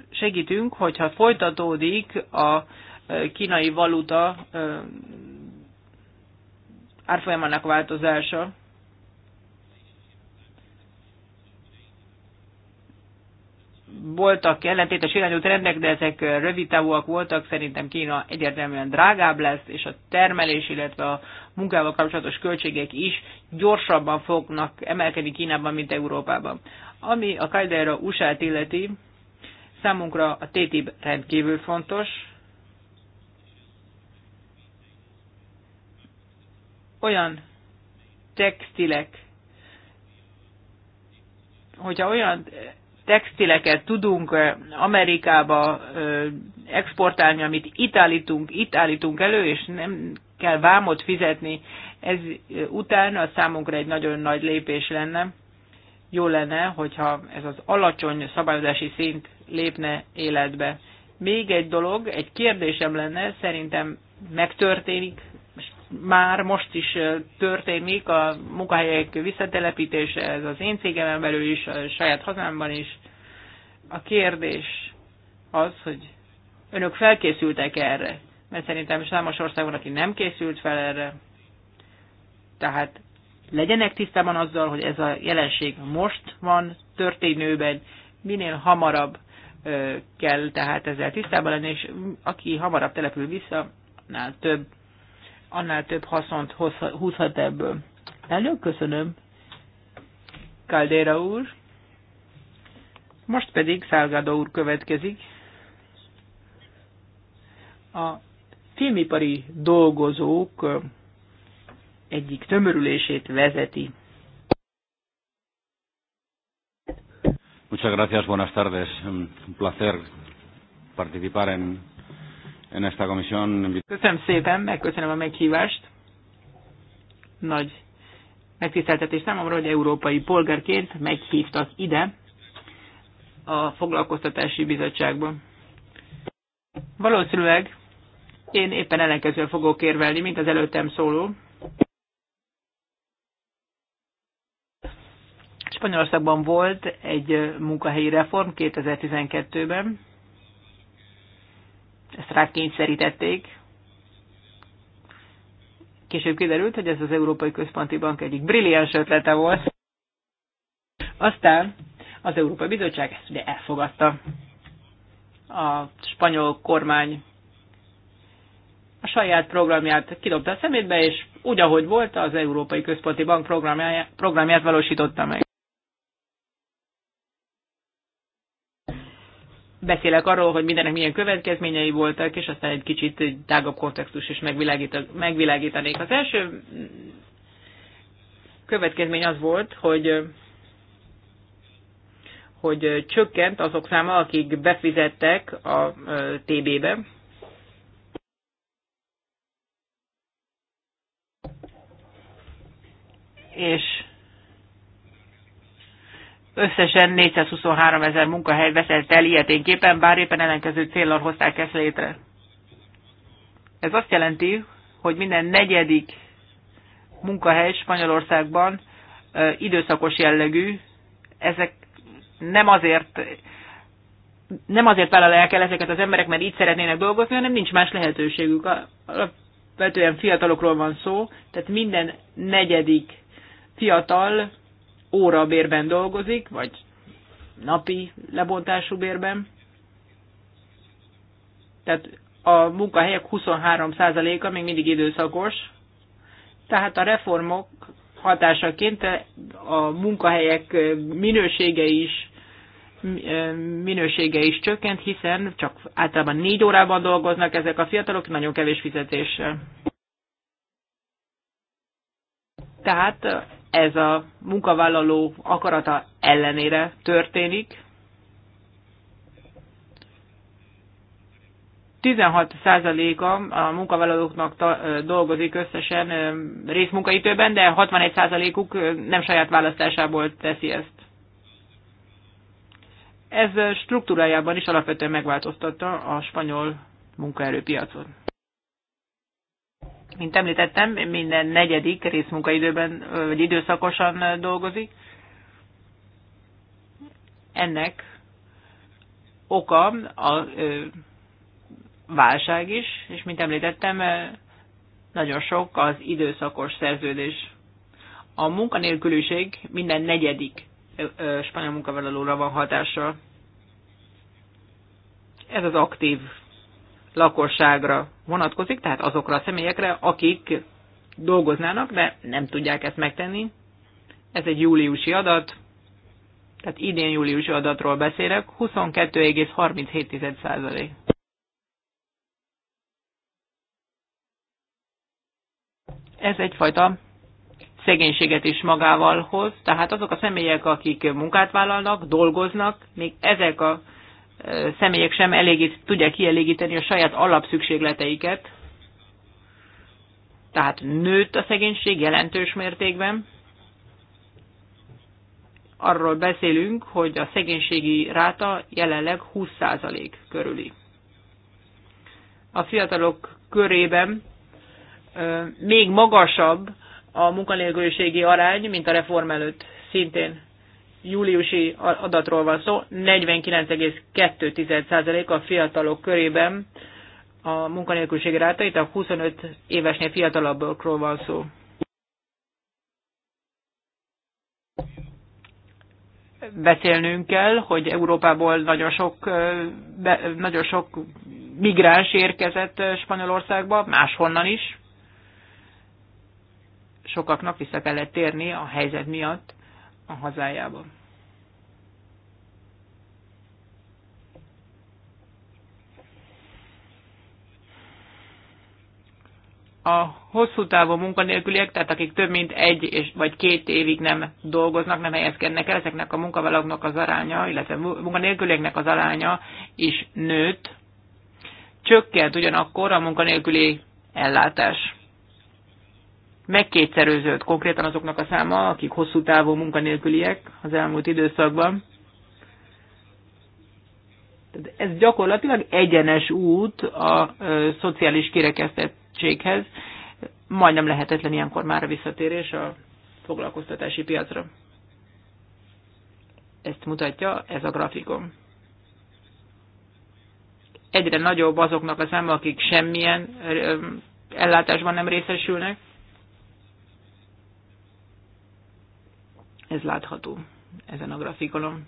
segítünk, hogyha folytatódik a kínai valuta árfolyamának változása. voltak ellentétes irányú trendek, de ezek rövid távúak voltak, szerintem Kína egyértelműen drágább lesz, és a termelés, illetve a munkával kapcsolatos költségek is gyorsabban fognak emelkedni Kínában, mint Európában. Ami a Caldera usa illeti, számunkra a TTIP rendkívül fontos, olyan textilek, hogyha olyan textileket tudunk eh, Amerikába eh, exportálni, amit itt állítunk, itt állítunk elő, és nem kell vámot fizetni, ez eh, utána a számunkra egy nagyon nagy lépés lenne. Jó lenne, hogyha ez az alacsony szabályozási szint lépne életbe. Még egy dolog, egy kérdésem lenne, szerintem megtörténik már most is történik a munkahelyek visszatelepítése, ez az én cégemen belül is, a saját hazámban is. A kérdés az, hogy önök felkészültek -e erre, mert szerintem számos országban, aki nem készült fel erre, tehát legyenek tisztában azzal, hogy ez a jelenség most van történőben, minél hamarabb kell tehát ezzel tisztában lenni, és aki hamarabb települ vissza, nál több annál több haszont húzhat ebből. Elnök, köszönöm. Caldera úr. Most pedig Szálgáda úr következik. A filmipari dolgozók egyik tömörülését vezeti. Muchas gracias, buenas tardes. Un placer participar en en esta comisión. Köszönöm szépen, megköszönöm a meghívást. Nagy megtiszteltetés számomra, hogy európai polgárként meghívtak ide a foglalkoztatási bizottságba. Valószínűleg én éppen ellenkező fogok érvelni, mint az előttem szóló. Spanyolországban volt egy munkahelyi reform 2012-ben, ezt kényszerítették. Később kiderült, hogy ez az Európai Központi Bank egyik brilliáns ötlete volt. Aztán az Európai Bizottság ezt ugye elfogadta. A spanyol kormány a saját programját kidobta a szemétbe, és úgy, ahogy volt, az Európai Központi Bank programját valósította meg. beszélek arról, hogy mindenek milyen következményei voltak, és aztán egy kicsit tágabb kontextus is megvilágítanék. Az első következmény az volt, hogy hogy csökkent azok száma, akik befizettek a TB-be. És Összesen 423 ezer munkahely veszett el ilyeténképpen, bár éppen ellenkező célral hozták ezt létre. Ez azt jelenti, hogy minden negyedik munkahely Spanyolországban időszakos jellegű. Ezek nem azért nem azért vállalják el ezeket az emberek, mert így szeretnének dolgozni, hanem nincs más lehetőségük. Alapvetően fiatalokról van szó, tehát minden negyedik fiatal óra bérben dolgozik, vagy napi lebontású bérben. Tehát a munkahelyek 23%-a még mindig időszakos, tehát a reformok hatásaként a munkahelyek minősége is minősége is csökkent, hiszen csak általában négy órában dolgoznak ezek a fiatalok, nagyon kevés fizetéssel. Tehát ez a munkavállaló akarata ellenére történik. 16%-a a munkavállalóknak dolgozik összesen részmunkaidőben, de 61%-uk nem saját választásából teszi ezt. Ez struktúrájában is alapvetően megváltoztatta a spanyol munkaerőpiacot. Mint említettem, minden negyedik részmunkaidőben vagy időszakosan dolgozik. Ennek oka a válság is, és mint említettem, nagyon sok az időszakos szerződés. A munkanélküliség minden negyedik spanyol munkavállalóra van hatással. Ez az aktív lakosságra vonatkozik, tehát azokra a személyekre, akik dolgoznának, de nem tudják ezt megtenni. Ez egy júliusi adat, tehát idén júliusi adatról beszélek, 22,37%. Ez egyfajta szegénységet is magával hoz, tehát azok a személyek, akik munkát vállalnak, dolgoznak, még ezek a személyek sem elégít, tudják kielégíteni a saját alapszükségleteiket. Tehát nőtt a szegénység jelentős mértékben. Arról beszélünk, hogy a szegénységi ráta jelenleg 20% körüli. A fiatalok körében még magasabb a munkanélküliségi arány, mint a reform előtt szintén júliusi adatról van szó, 49,2% a fiatalok körében a munkanélküliség ráta, itt a 25 évesnél fiatalabbakról van szó. Beszélnünk kell, hogy Európából nagyon sok, nagyon sok migráns érkezett Spanyolországba, máshonnan is. Sokaknak vissza kellett térni a helyzet miatt a hazájában. a hosszú távú munkanélküliek, tehát akik több mint egy és vagy két évig nem dolgoznak, nem helyezkednek el, ezeknek a munkavállalóknak az aránya, illetve munkanélkülieknek az aránya is nőtt. Csökkent ugyanakkor a munkanélküli ellátás megkétszerőződött konkrétan azoknak a száma, akik hosszú távú munkanélküliek az elmúlt időszakban. Tehát ez gyakorlatilag egyenes út a ö, szociális kirekesztettséghez. Majdnem lehetetlen ilyenkor már a visszatérés a foglalkoztatási piacra. Ezt mutatja ez a grafikon. Egyre nagyobb azoknak a száma, akik semmilyen ö, ellátásban nem részesülnek. Ez látható ezen a grafikonon.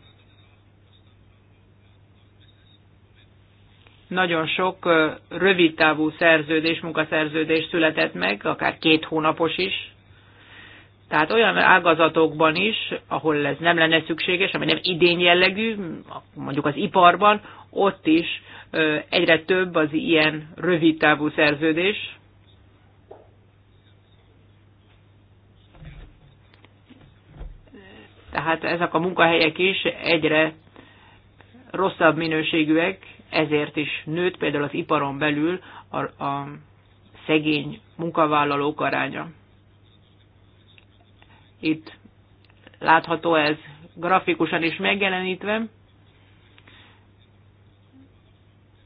Nagyon sok rövidtávú szerződés, munkaszerződés született meg, akár két hónapos is. Tehát olyan ágazatokban is, ahol ez nem lenne szükséges, ami nem idén jellegű, mondjuk az iparban, ott is egyre több az ilyen rövidtávú szerződés, tehát ezek a munkahelyek is egyre rosszabb minőségűek, ezért is nőtt például az iparon belül a, a szegény munkavállalók aránya. Itt látható ez grafikusan is megjelenítve.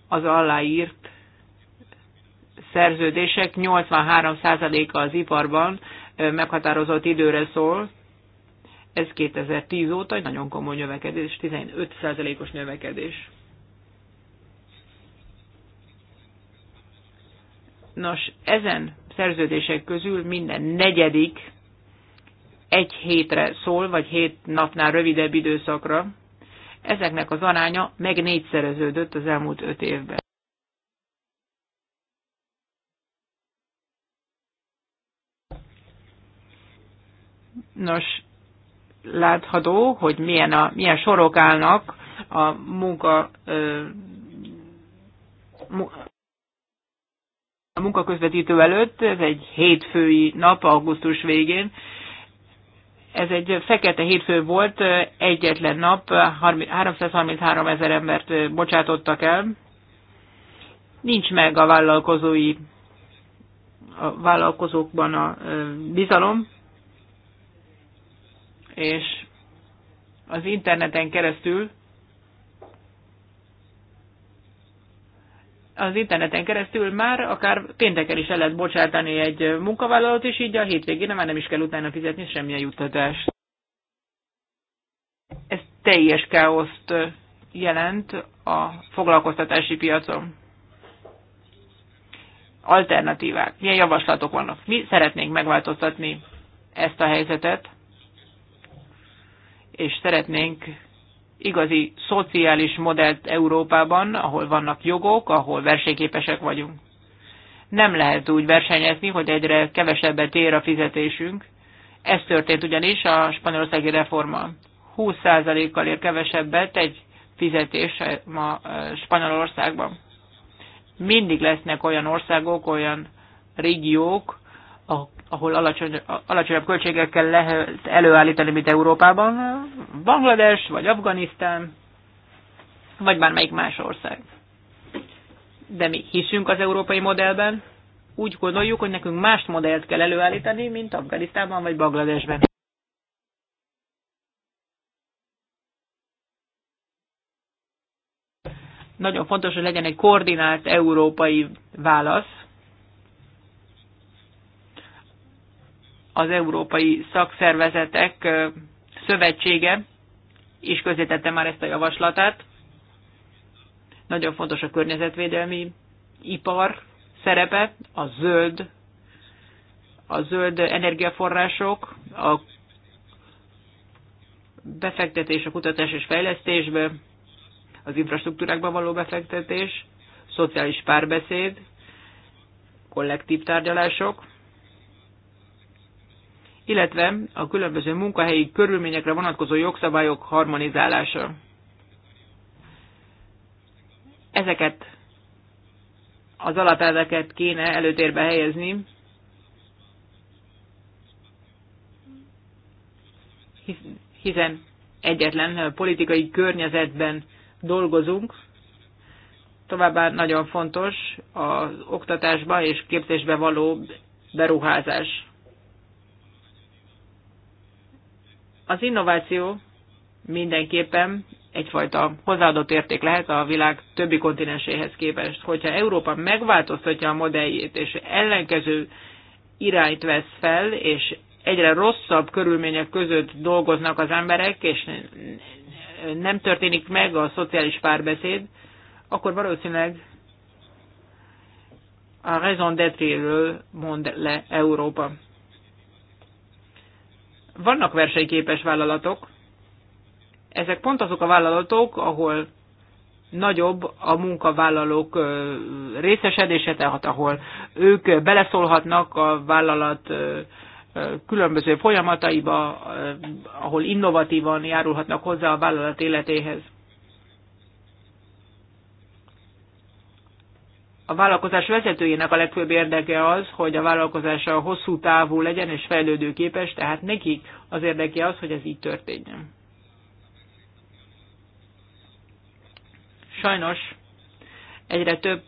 Az aláírt szerződések 83%-a az iparban meghatározott időre szól, ez 2010 óta egy nagyon komoly növekedés, 15%-os növekedés. Nos, ezen szerződések közül minden negyedik egy hétre szól, vagy hét napnál rövidebb időszakra. Ezeknek az aránya meg négyszereződött az elmúlt öt évben. Nos, látható, hogy milyen, a, milyen sorok állnak a munka, a munkaközvetítő előtt, ez egy hétfői nap augusztus végén, ez egy fekete hétfő volt, egyetlen nap, 333 ezer embert bocsátottak el. Nincs meg a vállalkozói, a vállalkozókban a bizalom és az interneten keresztül az interneten keresztül már akár pénteken is el lehet bocsátani egy munkavállalót, és így a hétvégén már nem is kell utána fizetni semmilyen juttatást. Ez teljes káoszt jelent a foglalkoztatási piacon. Alternatívák. Milyen javaslatok vannak? Mi szeretnénk megváltoztatni ezt a helyzetet és szeretnénk igazi szociális modellt Európában, ahol vannak jogok, ahol versenyképesek vagyunk. Nem lehet úgy versenyezni, hogy egyre kevesebbet ér a fizetésünk. Ez történt ugyanis a spanyolországi reforma. 20%-kal ér kevesebbet egy fizetés eh, ma eh, Spanyolországban. Mindig lesznek olyan országok, olyan régiók, ahol alacsony, alacsonyabb költségekkel lehet előállítani, mint Európában, Banglades, vagy Afganisztán, vagy bármelyik más ország. De mi hiszünk az európai modellben, úgy gondoljuk, hogy nekünk más modellt kell előállítani, mint Afganisztánban vagy Bangladesben. Nagyon fontos, hogy legyen egy koordinált európai válasz az Európai Szakszervezetek Szövetsége is közzétette már ezt a javaslatát. Nagyon fontos a környezetvédelmi ipar szerepe, a zöld, a zöld energiaforrások, a befektetés a kutatás és fejlesztésbe, az infrastruktúrákba való befektetés, szociális párbeszéd, kollektív tárgyalások, illetve a különböző munkahelyi körülményekre vonatkozó jogszabályok harmonizálása. Ezeket az alapelveket kéne előtérbe helyezni, hiszen egyetlen politikai környezetben dolgozunk. Továbbá nagyon fontos az oktatásba és képzésbe való beruházás. Az innováció mindenképpen egyfajta hozzáadott érték lehet a világ többi kontinenséhez képest. Hogyha Európa megváltoztatja a modelljét, és ellenkező irányt vesz fel, és egyre rosszabb körülmények között dolgoznak az emberek, és nem történik meg a szociális párbeszéd, akkor valószínűleg a raison d'être-ről mond le Európa. Vannak versenyképes vállalatok, ezek pont azok a vállalatok, ahol nagyobb a munkavállalók részesedése, tehát ahol ők beleszólhatnak a vállalat különböző folyamataiba, ahol innovatívan járulhatnak hozzá a vállalat életéhez. a vállalkozás vezetőjének a legfőbb érdeke az, hogy a vállalkozása hosszú távú legyen és fejlődőképes, tehát neki az érdeke az, hogy ez így történjen. Sajnos egyre több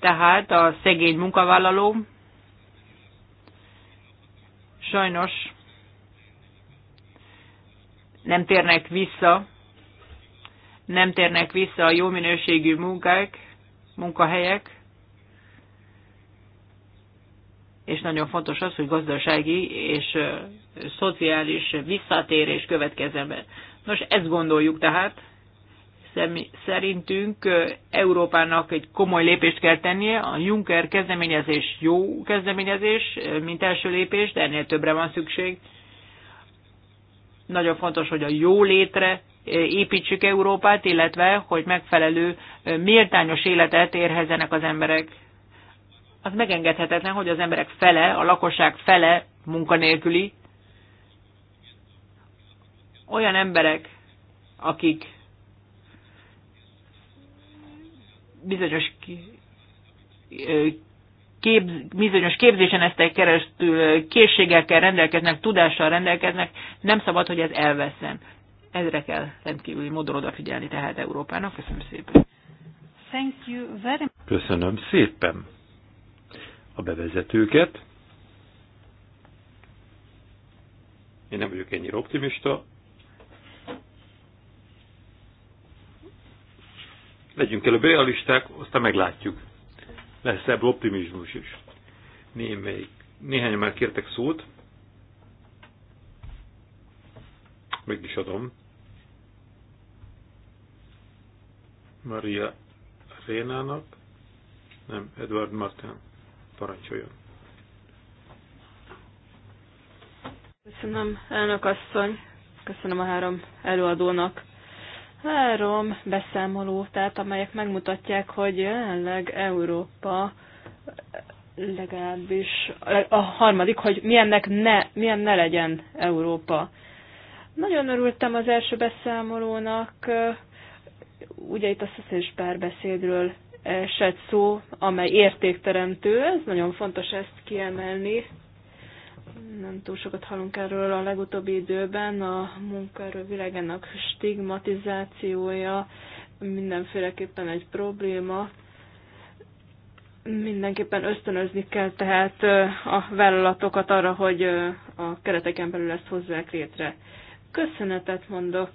tehát a szegény munkavállaló, sajnos nem térnek vissza, nem térnek vissza a jó minőségű munkák, munkahelyek, és nagyon fontos az, hogy gazdasági és szociális visszatérés következzen be. Nos, ezt gondoljuk tehát, szerintünk Európának egy komoly lépést kell tennie. A Juncker kezdeményezés jó kezdeményezés, mint első lépés, de ennél többre van szükség. Nagyon fontos, hogy a jó létre építsük Európát, illetve hogy megfelelő méltányos életet érhezenek az emberek az megengedhetetlen, hogy az emberek fele, a lakosság fele munkanélküli. Olyan emberek, akik bizonyos kép, bizonyos képzésen eztek keresztül készségekkel rendelkeznek, tudással rendelkeznek, nem szabad, hogy ez elveszen. Ezre kell rendkívüli módon odafigyelni tehát Európának. Köszönöm szépen. Thank you very much. Köszönöm szépen a bevezetőket. Én nem vagyok ennyire optimista. Legyünk előbb realisták, aztán meglátjuk. Lesz ebből optimizmus is. Némelyik. Néhányan már kértek szót. Meg is adom. Maria Rénának, nem, Edward Martin parancsoljon. Köszönöm, elnök asszony. Köszönöm a három előadónak. Három beszámoló, tehát amelyek megmutatják, hogy jelenleg Európa legalábbis a harmadik, hogy milyennek ne, milyen ne legyen Európa. Nagyon örültem az első beszámolónak, ugye itt a szociális párbeszédről esett szó, amely értékteremtő, ez nagyon fontos ezt kiemelni. Nem túl sokat hallunk erről a legutóbbi időben, a munkaerő világának stigmatizációja mindenféleképpen egy probléma. Mindenképpen ösztönözni kell tehát e, a vállalatokat arra, hogy e, a kereteken belül ezt hozzák létre köszönetet mondok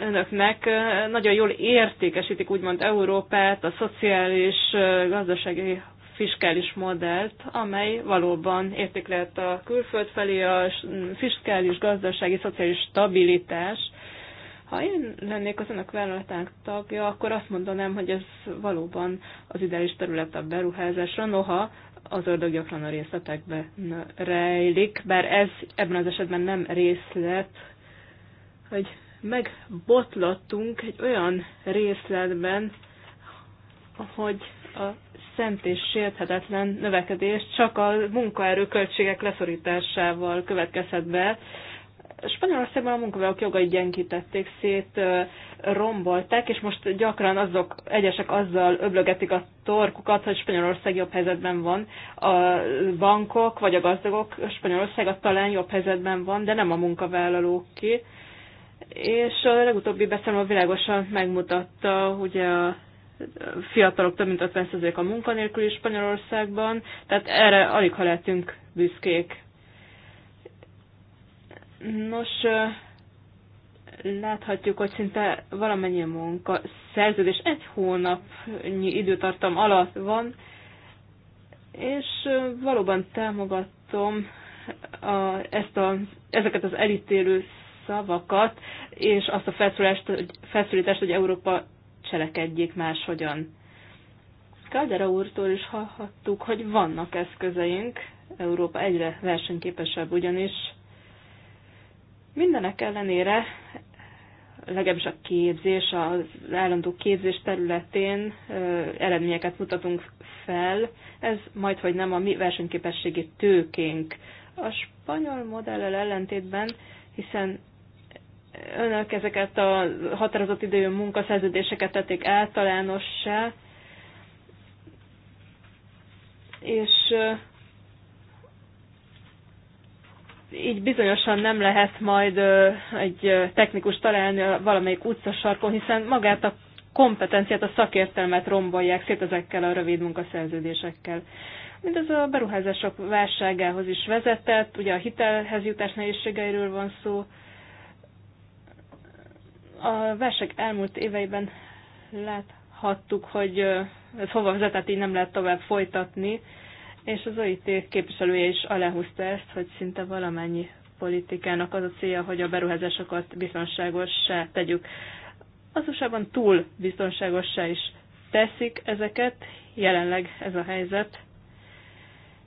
önöknek. Nagyon jól értékesítik úgymond Európát, a szociális, gazdasági, fiskális modellt, amely valóban érték lehet a külföld felé a fiskális, gazdasági, szociális stabilitás. Ha én lennék az önök vállalatának tagja, akkor azt mondanám, hogy ez valóban az ideális terület a beruházásra, noha az ördög gyakran a részletekben rejlik, bár ez ebben az esetben nem részlet, hogy megbotlottunk egy olyan részletben, hogy a szent és sérthetetlen növekedés csak a munkaerő költségek leszorításával következhet be. Spanyolországban a munkavállalók jogait gyengítették szét, rombolták, és most gyakran azok, egyesek azzal öblögetik a torkukat, hogy Spanyolország jobb helyzetben van. A bankok vagy a gazdagok Spanyolországa talán jobb helyzetben van, de nem a munkavállalók ki és a legutóbbi beszámoló világosan megmutatta, hogy a fiatalok több mint 50% a munkanélküli Spanyolországban, tehát erre alig ha lehetünk büszkék. Nos, láthatjuk, hogy szinte valamennyi munka szerződés egy hónapnyi időtartam alatt van, és valóban támogatom a, ezt a, ezeket az elítélő szavakat, és azt a feszülítést, hogy Európa cselekedjék máshogyan. Kaldera úrtól is hallhattuk, hogy vannak eszközeink, Európa egyre versenyképesebb ugyanis. Mindenek ellenére, legalábbis a képzés, az állandó képzés területén eredményeket mutatunk fel, ez majd, hogy nem a mi versenyképességi tőkénk. A spanyol modellel ellentétben, hiszen önök ezeket a határozott idejű munkaszerződéseket tették általánossá, és így bizonyosan nem lehet majd egy technikus találni valamelyik utcasarkon, hiszen magát a kompetenciát, a szakértelmet rombolják szét ezekkel a rövid munkaszerződésekkel. Mindez a beruházások válságához is vezetett, ugye a hitelhez jutás nehézségeiről van szó, a versek elmúlt éveiben láthattuk, hogy ez hova vezetett, így nem lehet tovább folytatni, és az OIT képviselője is aláhúzta ezt, hogy szinte valamennyi politikának az a célja, hogy a beruházásokat biztonságossá tegyük. Az usa túl biztonságossá is teszik ezeket, jelenleg ez a helyzet.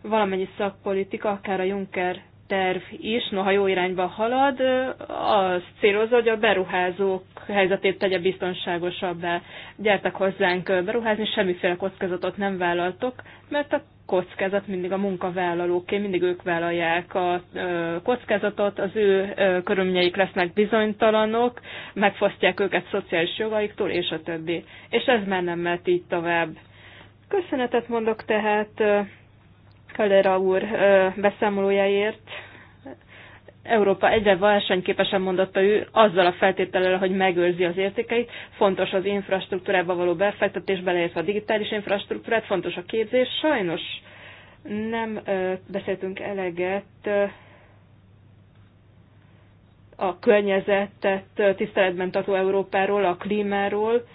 Valamennyi szakpolitika, akár a Juncker terv is, noha jó irányba halad, az célozza, hogy a beruházók helyzetét tegye biztonságosabbá. Gyertek hozzánk beruházni, semmiféle kockázatot nem vállaltok, mert a kockázat mindig a munkavállalóké, mindig ők vállalják a kockázatot, az ő körülményeik lesznek bizonytalanok, megfosztják őket szociális jogaiktól, és a többi. És ez már nem mehet így tovább. Köszönetet mondok tehát Kalera úr beszámolójáért. Európa egyre versenyképesen mondotta ő, azzal a feltétellel, hogy megőrzi az értékeit, fontos az infrastruktúrába való befektetés, beleértve a digitális infrastruktúrát, fontos a képzés. Sajnos nem beszéltünk eleget a környezetet tiszteletben tartó Európáról, a klímáról,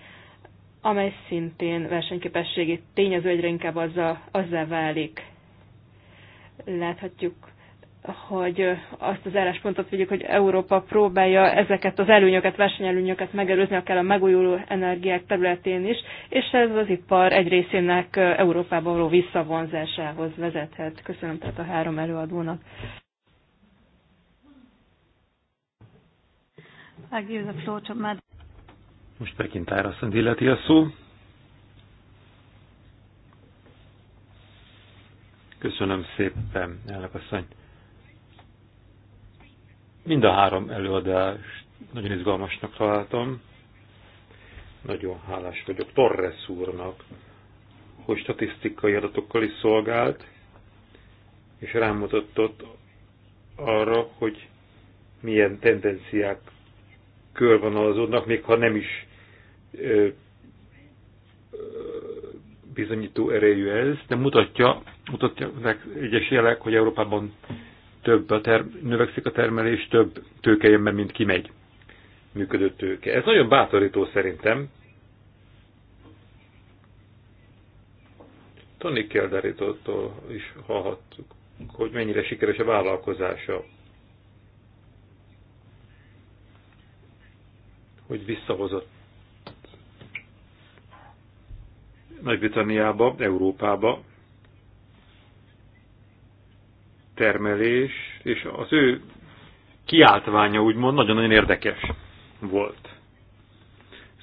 amely szintén versenyképességi tényező egyre inkább azzal, azzal válik. Láthatjuk, hogy azt az álláspontot vigyük, hogy Európa próbálja ezeket az előnyöket, versenyelőnyöket megelőzni, akár a megújuló energiák területén is, és ez az ipar egy részének Európába való visszavonzásához vezethet. Köszönöm tehát a három előadónak. I give the floor Most megint árasszony illeti a szó. Köszönöm szépen, elnök asszony. Mind a három előadást nagyon izgalmasnak találtam. Nagyon hálás vagyok Torres úrnak, hogy statisztikai adatokkal is szolgált, és rámutatott arra, hogy milyen tendenciák körvonalazódnak, még ha nem is ö, ö, bizonyító erejű ez, de mutatja mutatják egyes jelek, hogy Európában több a ter- növekszik a termelés, több tőke jön be, mint kimegy működő tőke. Ez nagyon bátorító szerintem. Tony Kelderitól is hallhattuk, hogy mennyire sikeres a vállalkozása. Hogy visszahozott Nagy-Britanniába, Európába termelés, és az ő kiáltványa úgymond nagyon-nagyon érdekes volt.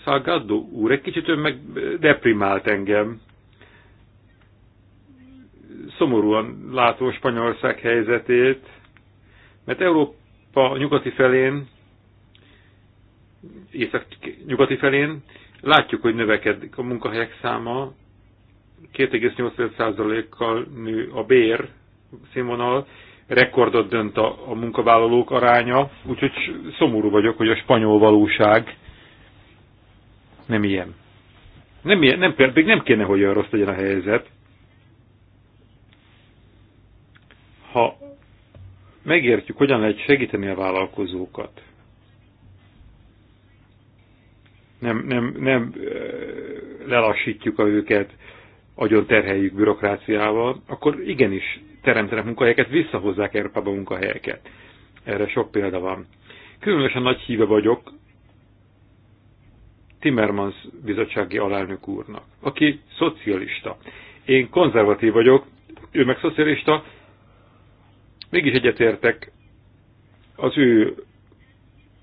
Salgado úr egy kicsit ön meg deprimált engem. Szomorúan látó Spanyolország helyzetét, mert Európa nyugati felén, észak-nyugati felén látjuk, hogy növekedik a munkahelyek száma, 2,8%-kal nő a bér színvonal, rekordot dönt a, a munkavállalók aránya, úgyhogy szomorú vagyok, hogy a spanyol valóság nem ilyen. Nem, ilyen, nem, pedig nem kéne, hogy olyan rossz legyen a helyzet. Ha megértjük, hogyan lehet segíteni a vállalkozókat, nem, nem, nem lelassítjuk a őket, agyon terheljük bürokráciával, akkor igenis teremtenek munkahelyeket, visszahozzák Európába munkahelyeket. Erre sok példa van. Különösen nagy híve vagyok Timmermans bizottsági alelnök úrnak, aki szocialista. Én konzervatív vagyok, ő meg szocialista, mégis egyetértek az ő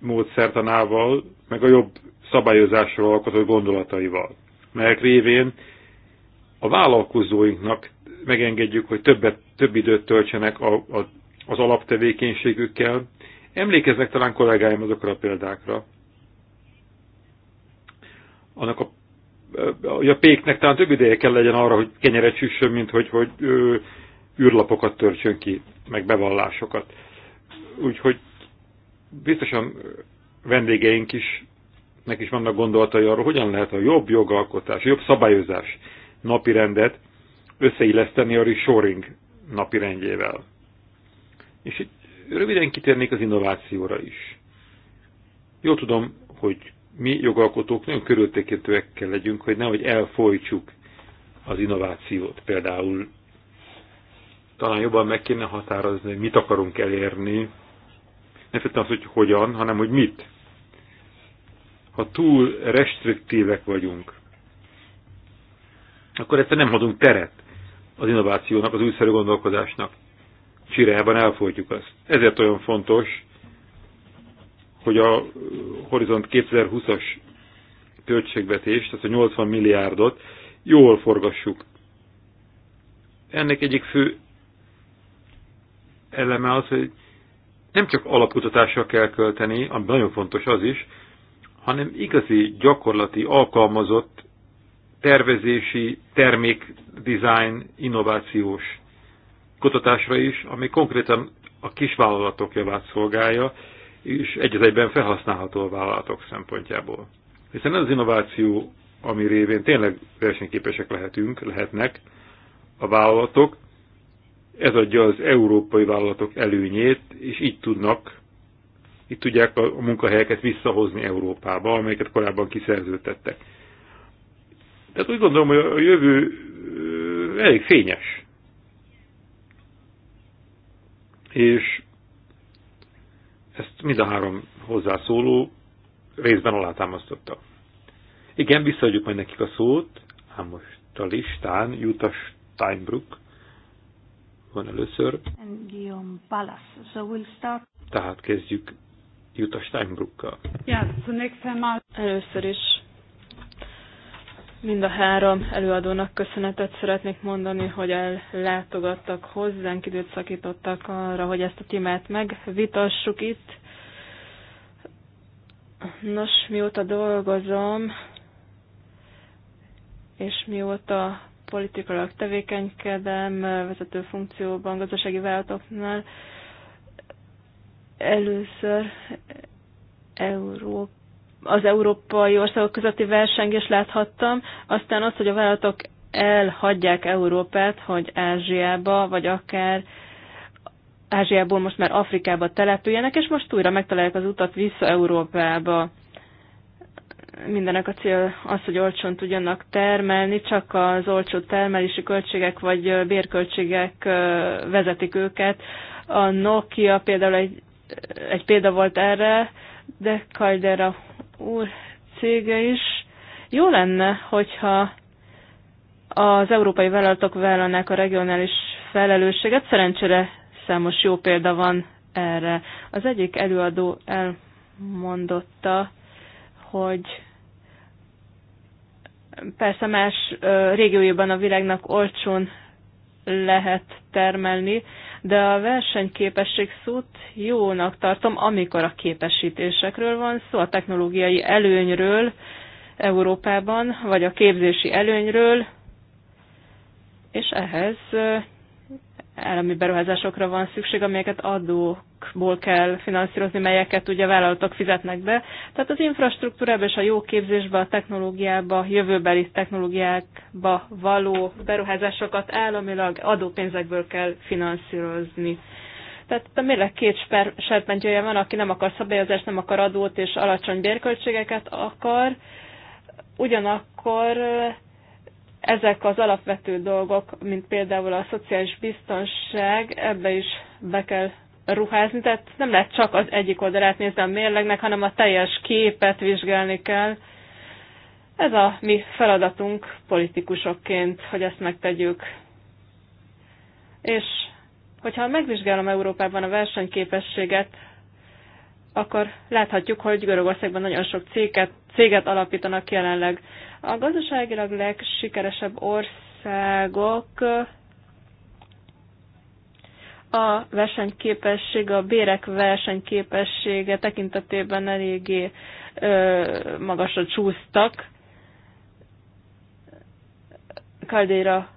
módszertanával, meg a jobb szabályozásról alkotott gondolataival, melyek révén a vállalkozóinknak megengedjük, hogy többet, több időt töltsenek a, a, az alaptevékenységükkel. Emlékeznek talán kollégáim azokra a példákra. Annak a, a péknek talán több ideje kell legyen arra, hogy kenyeret süssön, mint hogy, hogy ő, űrlapokat törtsön ki, meg bevallásokat. Úgyhogy biztosan vendégeink is, nek is vannak gondolatai arról, hogyan lehet a jobb jogalkotás, a jobb szabályozás napirendet összeilleszteni a reshoring napirendjével. És itt röviden kitérnék az innovációra is. Jó tudom, hogy mi jogalkotók nagyon körültekintőek kell legyünk, hogy nehogy elfolytsuk az innovációt. Például talán jobban meg kéne határozni, hogy mit akarunk elérni. Nem feltétlenül az, hogy hogyan, hanem hogy mit. Ha túl restriktívek vagyunk, akkor egyszer nem adunk teret az innovációnak, az újszerű gondolkodásnak. Csirában elfogyjuk azt. Ezért olyan fontos, hogy a Horizont 2020-as költségvetést, tehát a 80 milliárdot jól forgassuk. Ennek egyik fő eleme az, hogy nem csak alapkutatásra kell költeni, ami nagyon fontos az is, hanem igazi, gyakorlati, alkalmazott tervezési, termékdesign, innovációs kutatásra is, ami konkrétan a kisvállalatok javát szolgálja, és egy egyben felhasználható a vállalatok szempontjából. Hiszen az innováció, ami révén tényleg versenyképesek lehetünk, lehetnek a vállalatok, ez adja az európai vállalatok előnyét, és így tudnak, így tudják a munkahelyeket visszahozni Európába, amelyeket korábban kiszerződtettek. Tehát úgy gondolom, hogy a jövő elég fényes. És ezt mind a három hozzászóló részben alátámasztotta. Igen, visszaadjuk majd nekik a szót, ám most a listán Jutta Steinbrück van először. And Guillaume So we'll start. Tehát kezdjük Jutta Steinbrückkal. Ja, zunächst einmal először is Mind a három előadónak köszönetet szeretnék mondani, hogy ellátogattak hozzánk, időt szakítottak arra, hogy ezt a témát megvitassuk itt. Nos, mióta dolgozom, és mióta politikailag tevékenykedem, vezető funkcióban, gazdasági vállalatoknál, először Európa az európai országok közötti versengést láthattam, aztán az, hogy a vállalatok elhagyják Európát, hogy Ázsiába, vagy akár Ázsiából most már Afrikába települjenek, és most újra megtalálják az utat vissza Európába. Mindenek a cél az, hogy olcsón tudjanak termelni, csak az olcsó termelési költségek vagy bérköltségek vezetik őket. A Nokia például egy, egy példa volt erre, de Caldera úr cége is. Jó lenne, hogyha az európai vállalatok vállalnák a regionális felelősséget. Szerencsére számos jó példa van erre. Az egyik előadó elmondotta, hogy persze más régiójában a világnak olcsón lehet termelni, de a versenyképesség szót jónak tartom, amikor a képesítésekről van szó, a technológiai előnyről Európában, vagy a képzési előnyről, és ehhez állami beruházásokra van szükség, amelyeket adó alapokból kell finanszírozni, melyeket ugye a vállalatok fizetnek be. Tehát az infrastruktúrába és a jó képzésbe, a technológiába, jövőbeli technológiákba való beruházásokat államilag adópénzekből kell finanszírozni. Tehát a mérleg két serpentyője van, aki nem akar szabályozást, nem akar adót és alacsony bérköltségeket akar, ugyanakkor eh, ezek az alapvető dolgok, mint például a szociális biztonság, ebbe is be kell ruházni, tehát nem lehet csak az egyik oldalát nézni a mérlegnek, hanem a teljes képet vizsgálni kell. Ez a mi feladatunk politikusokként, hogy ezt megtegyük. És hogyha megvizsgálom Európában a versenyképességet, akkor láthatjuk, hogy Görögországban nagyon sok céget, céget alapítanak jelenleg. A gazdaságilag legsikeresebb országok a versenyképesség, a bérek versenyképessége tekintetében eléggé ö, magasra csúsztak. Kaldéra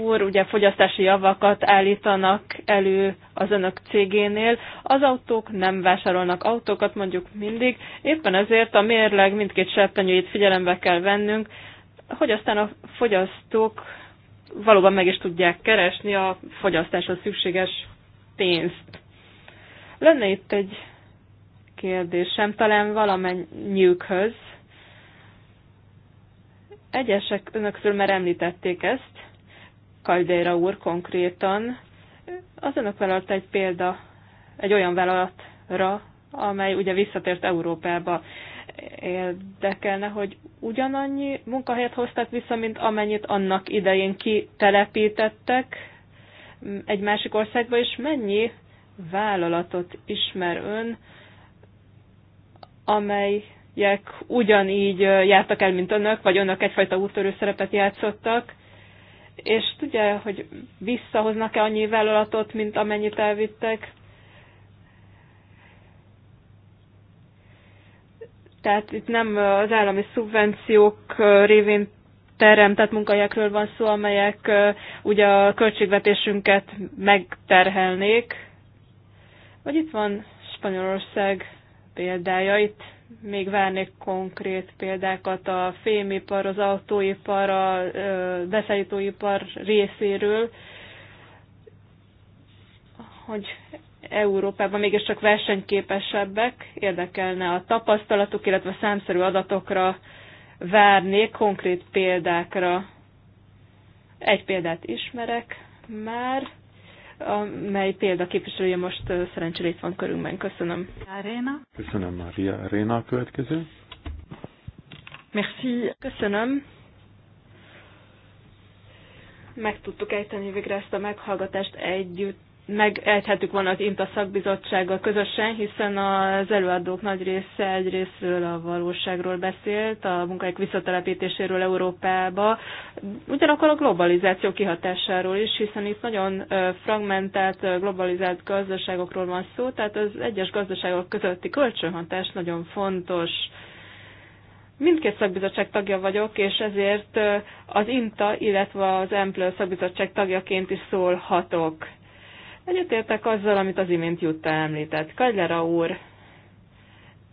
úr, ugye fogyasztási javakat állítanak elő az önök cégénél. Az autók nem vásárolnak autókat mondjuk mindig, éppen ezért a mérleg mindkét serpenyőjét figyelembe kell vennünk, hogy aztán a fogyasztók valóban meg is tudják keresni a fogyasztáshoz szükséges pénzt. Lenne itt egy kérdésem, talán valamennyiükhöz. Egyesek önökről már említették ezt, kajdéra úr konkrétan. Az önök vállalta egy példa egy olyan vállalatra, amely ugye visszatért Európába érdekelne, hogy ugyanannyi munkahelyet hoztak vissza, mint amennyit annak idején kitelepítettek egy másik országba, és mennyi vállalatot ismer ön, amelyek ugyanígy jártak el, mint önök, vagy önök egyfajta úttörő szerepet játszottak, és tudja, hogy visszahoznak-e annyi vállalatot, mint amennyit elvittek, Tehát itt nem az állami szubvenciók révén teremtett munkahelyekről van szó, amelyek ugye a költségvetésünket megterhelnék. Vagy itt van Spanyolország példája, itt még várnék konkrét példákat a fémipar, az autóipar, a beszállítóipar részéről, hogy Európában mégiscsak versenyképesebbek, érdekelne a tapasztalatuk, illetve számszerű adatokra várnék, konkrét példákra. Egy példát ismerek már, amely példa képviselője most szerencsére itt van körünkben. Köszönöm. Aréna. Köszönöm, Maria Aréna a következő. Merci. Köszönöm meg tudtuk ejteni végre ezt a meghallgatást együtt megejthettük volna az INTA szakbizottsággal közösen, hiszen az előadók nagy része egyrésztről a valóságról beszélt, a munkáik visszatelepítéséről Európába, ugyanakkor a globalizáció kihatásáról is, hiszen itt nagyon fragmentált, globalizált gazdaságokról van szó, tehát az egyes gazdaságok közötti kölcsönhatás nagyon fontos. Mindkét szakbizottság tagja vagyok, és ezért az INTA, illetve az EMPLÖ szakbizottság tagjaként is szólhatok Egyetértek azzal, amit az imént Jutta említett. Kagylera úr,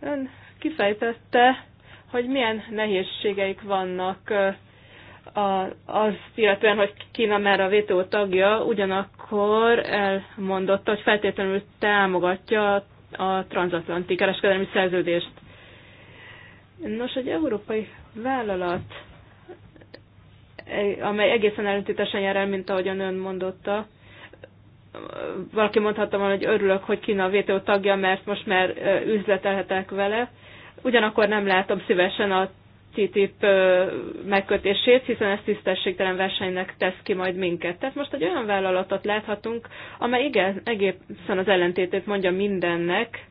ön kifejtette, hogy milyen nehézségeik vannak a, azt illetően, hogy Kína már a VTO tagja, ugyanakkor elmondotta, hogy feltétlenül támogatja a transatlanti kereskedelmi szerződést. Nos, egy európai vállalat, amely egészen ellentétesen jár el, mint ahogyan ön mondotta, valaki mondhatta volna, hogy örülök, hogy Kína a WTO tagja, mert most már üzletelhetek vele. Ugyanakkor nem látom szívesen a TTIP megkötését, hiszen ez tisztességtelen versenynek tesz ki majd minket. Tehát most egy olyan vállalatot láthatunk, amely igen, egészen az ellentétét mondja mindennek.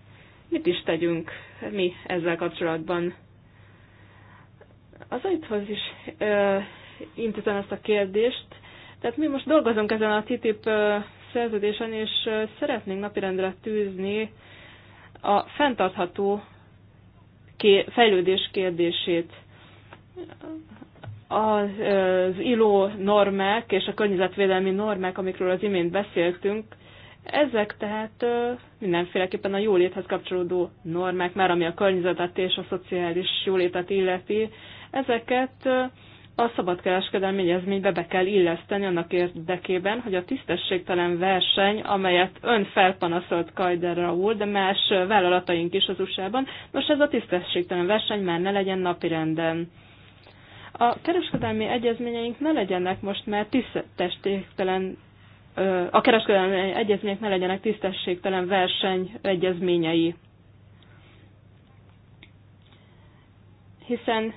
Mit is tegyünk mi ezzel kapcsolatban? Az ajtóhoz is intézem ezt a kérdést. Tehát mi most dolgozunk ezen a TTIP szerződésen, és szeretnénk napirendre tűzni a fenntartható fejlődés kérdését. Az ILO normák és a környezetvédelmi normák, amikről az imént beszéltünk, ezek tehát mindenféleképpen a jóléthez kapcsolódó normák, már ami a környezetet és a szociális jólétet illeti, ezeket a szabadkereskedelmi egyezménybe be kell illeszteni annak érdekében, hogy a tisztességtelen verseny, amelyet ön felpanaszolt Kajder Raúl, de más vállalataink is az USA-ban, most ez a tisztességtelen verseny már ne legyen napirenden. A kereskedelmi egyezményeink ne legyenek most már tisztességtelen a kereskedelmi egyezmények ne legyenek tisztességtelen verseny egyezményei. Hiszen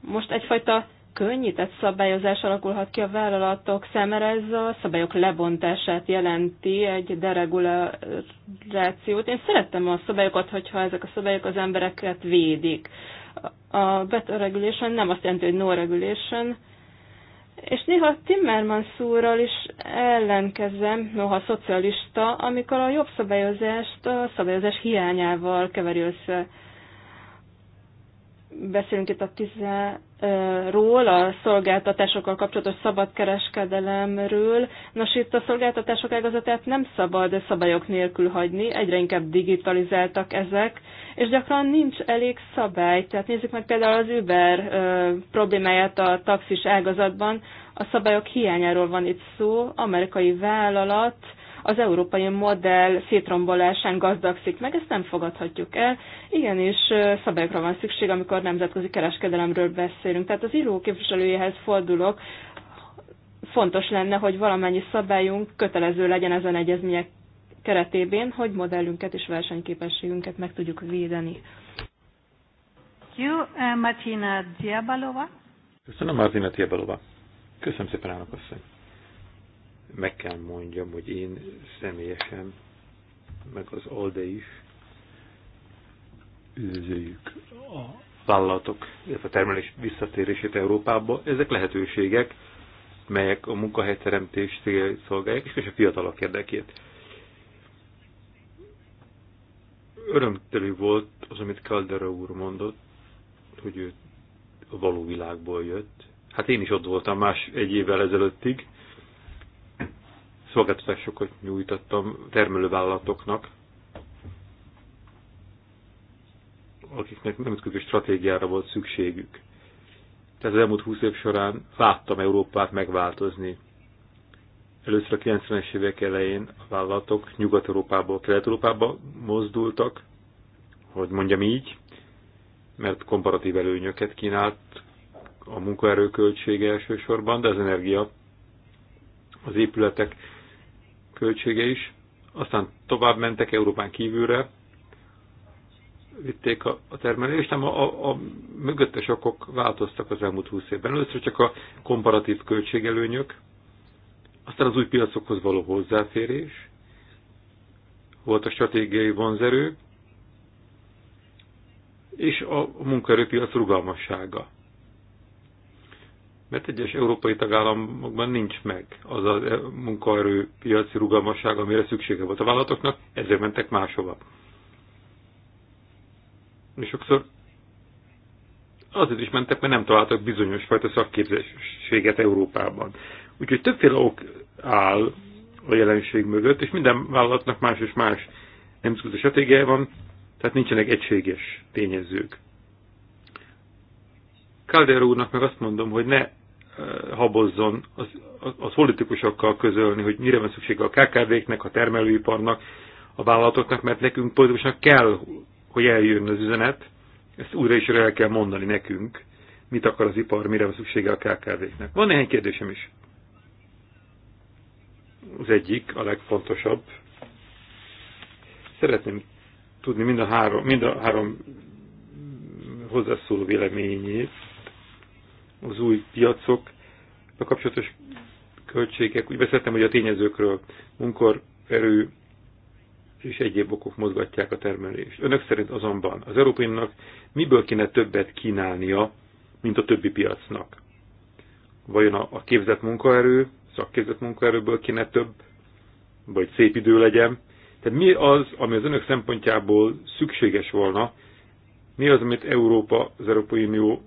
most egyfajta könnyített szabályozás alakulhat ki a vállalatok számára, ez a szabályok lebontását jelenti, egy deregulációt. Én szerettem a szabályokat, hogyha ezek a szabályok az embereket védik. A better regulation nem azt jelenti, hogy no regulation, és néha Timmermans úrral is ellenkezem, noha szocialista, amikor a jobb szabályozást a szabályozás hiányával keveri össze beszélünk itt a TISZE-ról, a szolgáltatásokkal kapcsolatos szabadkereskedelemről. Nos, itt a szolgáltatások ágazatát nem szabad szabályok nélkül hagyni, egyre inkább digitalizáltak ezek, és gyakran nincs elég szabály. Tehát nézzük meg például az Uber problémáját a taxis ágazatban. A szabályok hiányáról van itt szó, amerikai vállalat, az európai modell szétrombolásán gazdagszik meg, ezt nem fogadhatjuk el. Igenis szabályokra van szükség, amikor nemzetközi kereskedelemről beszélünk. Tehát az író képviselőjéhez fordulok, fontos lenne, hogy valamennyi szabályunk kötelező legyen ezen egyezmények keretében, hogy modellünket és versenyképességünket meg tudjuk védeni. Jó, uh, Martina Diabalova. Köszönöm, Martina Diabalova. Köszönöm szépen, Ánok asszony meg kell mondjam, hogy én személyesen, meg az ALDE is üdvözöljük a vállalatok, illetve a termelés visszatérését Európába. Ezek lehetőségek, melyek a munkahelyteremtés céljait szolgálják, és a fiatalok érdekét. Örömtelő volt az, amit Caldera úr mondott, hogy ő a való világból jött. Hát én is ott voltam más egy évvel ezelőttig, szolgáltatásokat nyújtottam termelővállalatoknak, akiknek nemzetközi stratégiára volt szükségük. Tehát az elmúlt húsz év során láttam Európát megváltozni. Először a 90-es évek elején a vállalatok Nyugat-Európából Kelet-Európába mozdultak, hogy mondjam így, mert komparatív előnyöket kínált a munkaerő elsősorban, de az energia, az épületek költsége is. Aztán tovább mentek Európán kívülre, vitték a, a termelést, nem a, a, a mögöttes okok változtak az elmúlt húsz évben. Először csak a komparatív költségelőnyök, aztán az új piacokhoz való hozzáférés, volt a stratégiai vonzerő, és a munkaerőpiac rugalmassága. Mert egyes európai tagállamokban nincs meg az a munkaerő piaci rugalmasság, amire szüksége volt a vállalatoknak, ezért mentek máshova. És sokszor azért is mentek, mert nem találtak bizonyos fajta szakképzettséget Európában. Úgyhogy többféle ok áll a jelenség mögött, és minden vállalatnak más és más nemzetközi stratégiája van, tehát nincsenek egységes tényezők. Calder úrnak meg azt mondom, hogy ne habozzon az, az politikusokkal közölni, hogy mire van szüksége a KKV-knek, a termelőiparnak, a vállalatoknak, mert nekünk politikusnak kell, hogy eljön az üzenet, ezt újra is el kell mondani nekünk, mit akar az ipar, mire van szüksége a KKV-knek. Van néhány kérdésem is. Az egyik, a legfontosabb. Szeretném tudni mind a három, mind a három hozzászóló véleményét az új piacok a kapcsolatos költségek, úgy beszéltem, hogy a tényezőkről, munkaerő és egyéb okok mozgatják a termelést. Önök szerint azonban az Európai Uniónak miből kéne többet kínálnia, mint a többi piacnak? Vajon a, a képzett munkaerő, szakképzett munkaerőből kéne több, vagy szép idő legyen? Tehát mi az, ami az önök szempontjából szükséges volna, mi az, amit Európa, az Európai Unió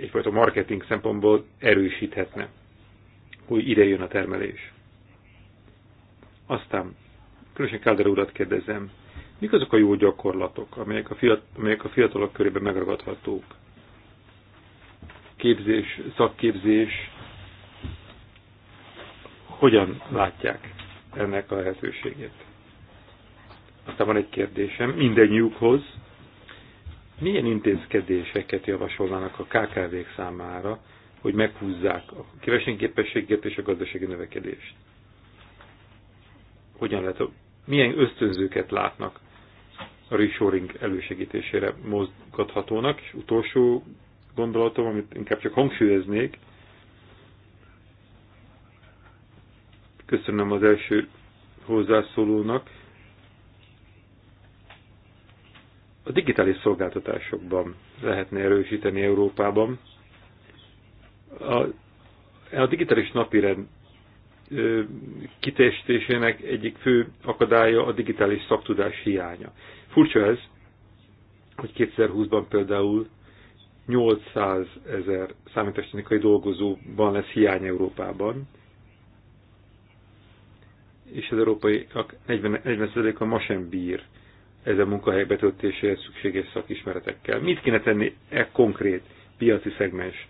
egyfajta marketing szempontból erősíthetne, hogy ide jön a termelés. Aztán, különösen Kálder urat kérdezem, mik azok a jó gyakorlatok, amelyek a, fiatal, amelyek a fiatalok körében megragadhatók? Képzés, szakképzés, hogyan látják ennek a lehetőségét? Aztán van egy kérdésem nyúkhoz, milyen intézkedéseket javasolnának a KKV-k számára, hogy meghúzzák a képességet és a gazdasági növekedést? Hogyan lehet, milyen ösztönzőket látnak a reshoring elősegítésére mozgathatónak, és utolsó gondolatom, amit inkább csak hangsúlyoznék, köszönöm az első hozzászólónak, a digitális szolgáltatásokban lehetne erősíteni Európában. A, a digitális napirend kitestésének egyik fő akadálya a digitális szaktudás hiánya. Furcsa ez, hogy 2020-ban például 800 ezer számítástechnikai dolgozóban lesz hiány Európában, és az európaiak 40%-a ma sem bír ezen munkahely betöltéséhez szükséges szakismeretekkel. Mit kéne tenni e konkrét piaci szegmens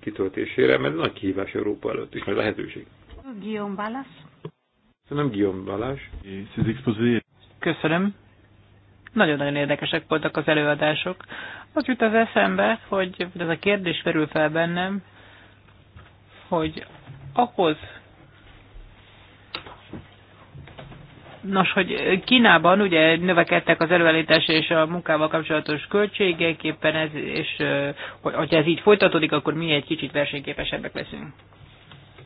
kitöltésére, mert ez nagy kihívás Európa előtt, és nagy lehetőség. Guillaume Balas. Köszönöm, Guillaume Balas. Köszönöm. Nagyon-nagyon érdekesek voltak az előadások. Az jut az eszembe, hogy ez a kérdés merül fel bennem, hogy ahhoz, Nos, hogy Kínában ugye növekedtek az előállítás és a munkával kapcsolatos költségek, éppen ez, és hogyha ez így folytatódik, akkor mi egy kicsit versenyképesebbek leszünk.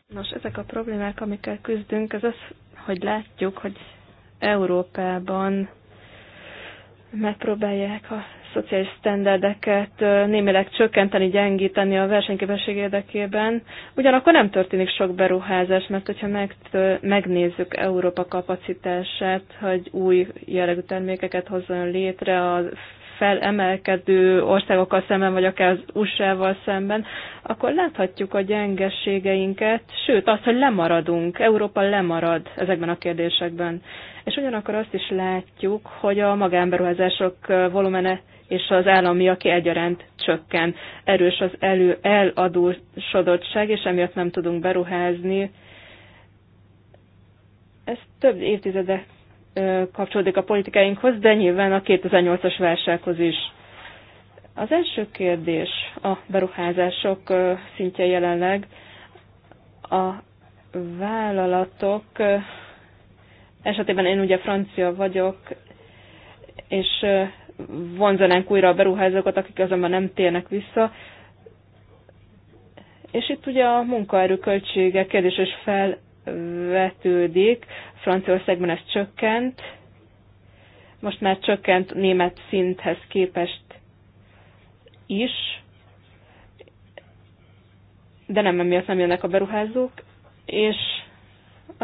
Nos, ezek a problémák, amikkel küzdünk, ez az, hogy látjuk, hogy Európában megpróbálják a szociális sztenderdeket némileg csökkenteni, gyengíteni a versenyképesség érdekében. Ugyanakkor nem történik sok beruházás, mert hogyha megnézzük Európa kapacitását, hogy új jellegű termékeket hozzon létre a felemelkedő országokkal szemben, vagy akár az USA-val szemben, akkor láthatjuk a gyengeségeinket, sőt azt, hogy lemaradunk, Európa lemarad ezekben a kérdésekben. És ugyanakkor azt is látjuk, hogy a magánberuházások volumene és az állami, aki egyaránt csökken. Erős az elő, eladósodottság, és emiatt nem tudunk beruházni. Ez több évtizede kapcsolódik a politikáinkhoz, de nyilván a 2008-as válsághoz is. Az első kérdés a beruházások szintje jelenleg. A vállalatok esetében én ugye francia vagyok, és vonzanánk újra a beruházókat, akik azonban nem térnek vissza. És itt ugye a munkaerő költségek kérdés is felvetődik. Franciaországban ez csökkent. Most már csökkent német szinthez képest is, de nem emiatt nem jönnek a beruházók, és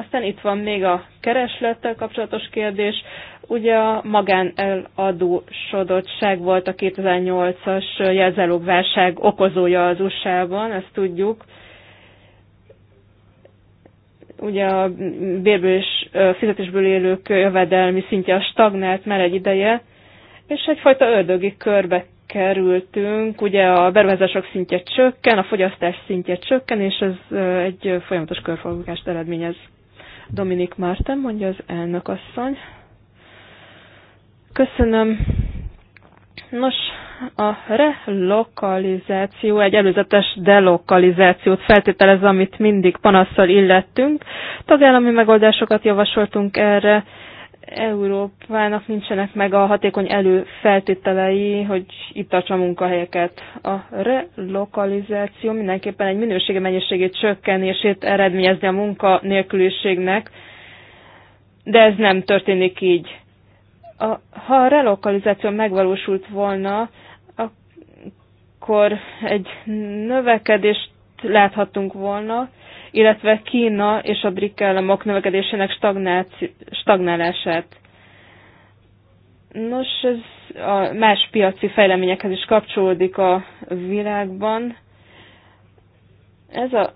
aztán itt van még a kereslettel kapcsolatos kérdés. Ugye a magáneladósodottság volt a 2008-as jelzálogválság okozója az USA-ban, ezt tudjuk. Ugye a bérből és fizetésből élők jövedelmi szintje a stagnált már egy ideje, és egyfajta ördögi körbe kerültünk, ugye a beruházások szintje csökken, a fogyasztás szintje csökken, és ez egy folyamatos körforgást eredményez. Dominik Márten, mondja az elnök asszony. Köszönöm. Nos, a relokalizáció egy előzetes delokalizációt feltételez, amit mindig panaszsal illettünk. Tagállami megoldásokat javasoltunk erre, Európának nincsenek meg a hatékony előfeltételei, hogy itt tartsa a munkahelyeket. A relokalizáció mindenképpen egy minősége mennyiségét csökkenését eredményezni a munkanélküliségnek, de ez nem történik így. A, ha a relokalizáció megvalósult volna, akkor egy növekedést láthatunk volna, illetve Kína és a brik államok növekedésének stagnálását. Nos, ez a más piaci fejleményekhez is kapcsolódik a világban. Ez a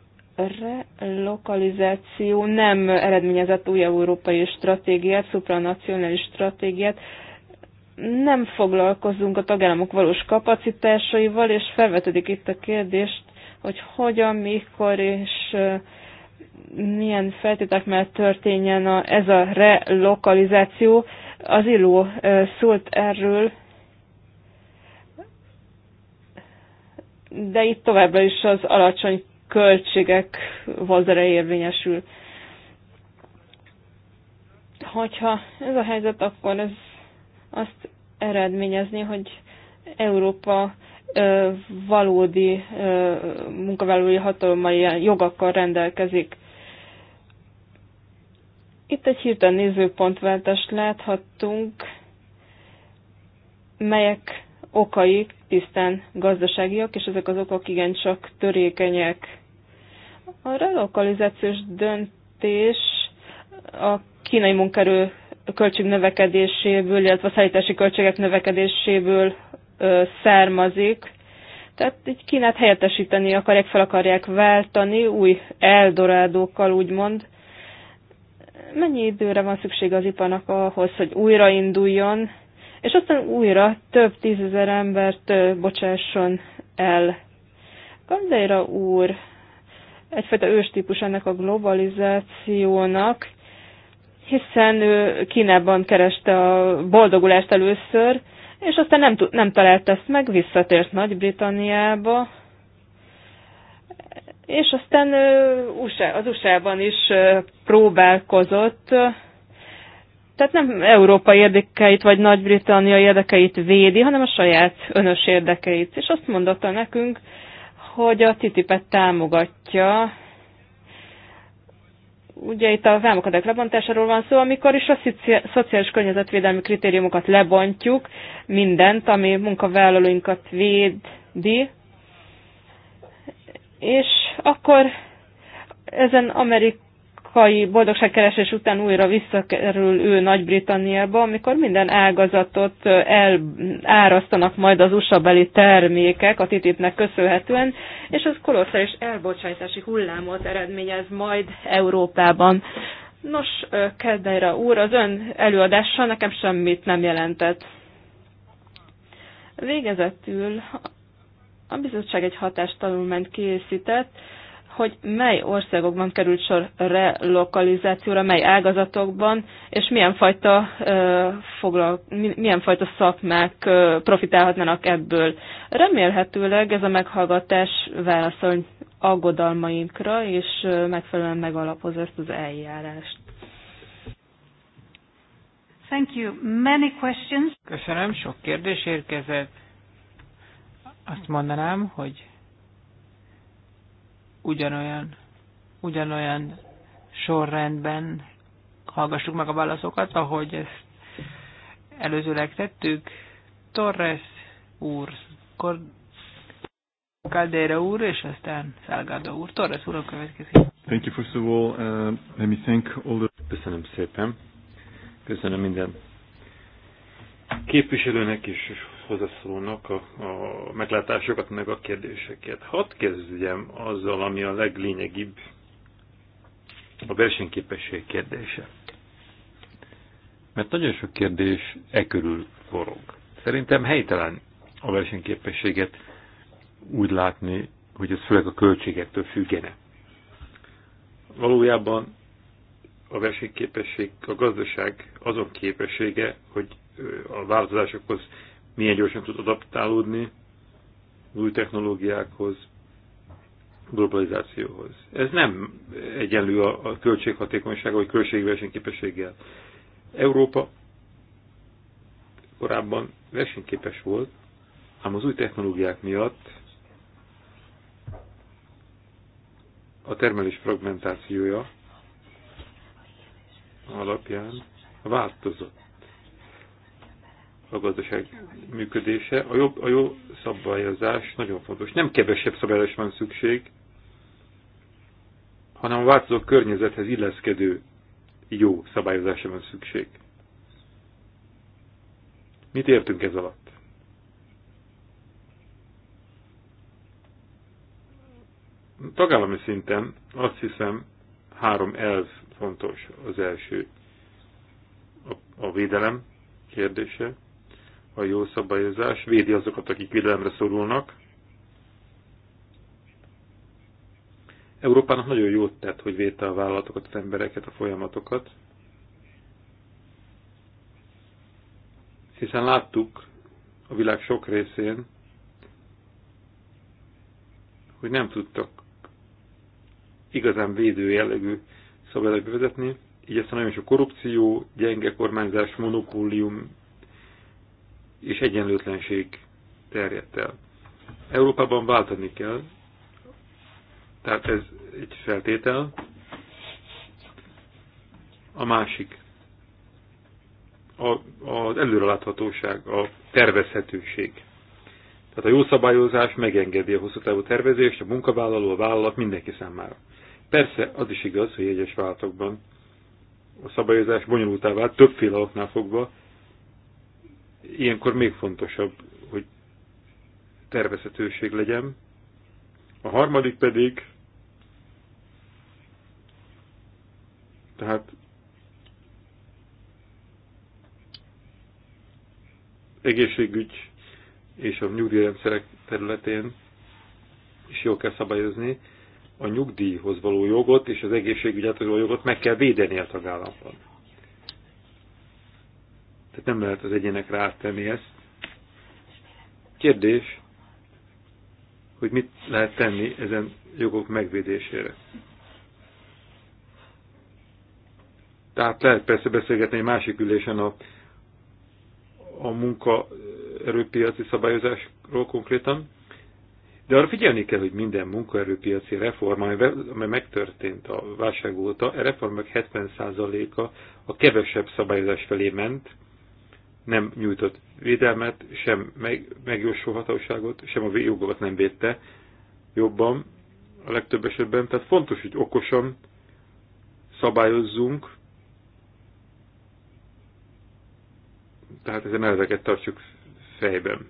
relokalizáció nem eredményezett új európai stratégiát, szupranacionális stratégiát. Nem foglalkozunk a tagállamok valós kapacitásaival, és felvetődik itt a kérdést, hogy hogyan, mikor és milyen feltétek mellett történjen a, ez a relokalizáció. Az illó szólt erről, de itt továbbra is az alacsony költségek vazere érvényesül. Hogyha ez a helyzet, akkor ez azt eredményezni, hogy Európa valódi munkavállalói hatalommal, jogakkal rendelkezik. Itt egy hirtelen nézőpontváltást láthattunk, melyek okai tisztán gazdaságiak, és ezek az okok igencsak törékenyek. A relokalizációs döntés a kínai munkerő költség növekedéséből, illetve a szállítási költségek növekedéséből származik. Tehát egy Kínát helyettesíteni akarják, fel akarják váltani új eldorádókkal, úgymond. Mennyi időre van szükség az iparnak ahhoz, hogy újrainduljon, és aztán újra több tízezer embert bocsásson el. Kandeira úr, egyfajta őstípus ennek a globalizációnak, hiszen ő Kínában kereste a boldogulást először, és aztán nem, nem talált ezt meg, visszatért Nagy-Britanniába, és aztán az USA-ban is próbálkozott, tehát nem Európa érdekeit vagy Nagy-Britannia érdekeit védi, hanem a saját önös érdekeit. És azt mondotta nekünk, hogy a TTIP-et támogatja, ugye itt a vámokadályok lebontásáról van szó, amikor is a szociális környezetvédelmi kritériumokat lebontjuk, mindent, ami munkavállalóinkat védi, és akkor ezen Amerikában éjszakai boldogságkeresés után újra visszakerül ő Nagy-Britanniába, amikor minden ágazatot elárasztanak majd az USA beli termékek a TTIP-nek köszönhetően, és az kolosszális elbocsájtási hullámot eredményez majd Európában. Nos, Keddeira úr, az ön előadással nekem semmit nem jelentett. Végezetül a bizottság egy hatástanulmányt készített, hogy mely országokban került sor relokalizációra, mely ágazatokban, és milyen fajta, ö, foglal, milyen fajta szakmák ö, profitálhatnának ebből. Remélhetőleg ez a meghallgatás válaszol aggodalmainkra, és ö, megfelelően megalapoz ezt az eljárást. Thank you. Many questions. Köszönöm, sok kérdés érkezett. Azt mondanám, hogy ugyanolyan, ugyanolyan sorrendben hallgassuk meg a válaszokat, ahogy ezt előzőleg tettük. Torres úr, Caldera úr, és aztán Salgado úr. Torres úr következik. Thank you first of all. Uh, let me thank all the... Köszönöm szépen. Köszönöm minden képviselőnek és hozzászólónak a, a meglátásokat, meg a kérdéseket. Hadd kezdjem azzal, ami a leglényegibb, a versenyképesség kérdése. Mert nagyon sok kérdés e körül forog. Szerintem helytelen a versenyképességet úgy látni, hogy ez főleg a költségektől függene. Valójában a versenyképesség, a gazdaság azon képessége, hogy a változásokhoz milyen gyorsan tud adaptálódni az új technológiákhoz, globalizációhoz. Ez nem egyenlő a, a költséghatékonysága vagy költségversenyképességgel. Európa korábban versenyképes volt, ám az új technológiák miatt a termelés fragmentációja alapján változott a gazdaság működése. A jobb, a jó szabályozás nagyon fontos. Nem kevesebb szabályozás van szükség, hanem a változó környezethez illeszkedő jó szabályozásra van szükség. Mit értünk ez alatt? Tagállami szinten azt hiszem három elv fontos az első. A, a védelem kérdése, a jó szabályozás, védi azokat, akik védelemre szorulnak. Európának nagyon jót tett, hogy védte a vállalatokat, az embereket, a folyamatokat, hiszen láttuk a világ sok részén, hogy nem tudtak igazán védő jellegű szabályokat bevezetni, így aztán nagyon sok korrupció, gyenge kormányzás, monopólium és egyenlőtlenség terjedt el. Európában váltani kell, tehát ez egy feltétel. A másik, a, az előreláthatóság, a tervezhetőség. Tehát a jó szabályozás megengedi a hosszú távú tervezést, a munkavállaló, a vállalat mindenki számára. Persze az is igaz, hogy egyes váltokban a szabályozás bonyolultá vált, többféle oknál fogva, Ilyenkor még fontosabb, hogy tervezetőség legyen. A harmadik pedig, tehát egészségügy és a nyugdíjrendszerek területén is jól kell szabályozni, a nyugdíjhoz való jogot és az egészségügyet való jogot meg kell védeni a tagállamban. Tehát nem lehet az egyénekre áttenni ezt. Kérdés, hogy mit lehet tenni ezen jogok megvédésére. Tehát lehet persze beszélgetni egy másik ülésen a, a munkaerőpiaci szabályozásról konkrétan, de arra figyelni kell, hogy minden munkaerőpiaci reform, amely megtörtént a válság óta, a reformok 70%-a a kevesebb szabályozás felé ment, nem nyújtott védelmet, sem meg, megjósó hatóságot, sem a jogokat nem védte jobban a legtöbb esetben. Tehát fontos, hogy okosan szabályozzunk, tehát ezen elveket tartsuk fejben.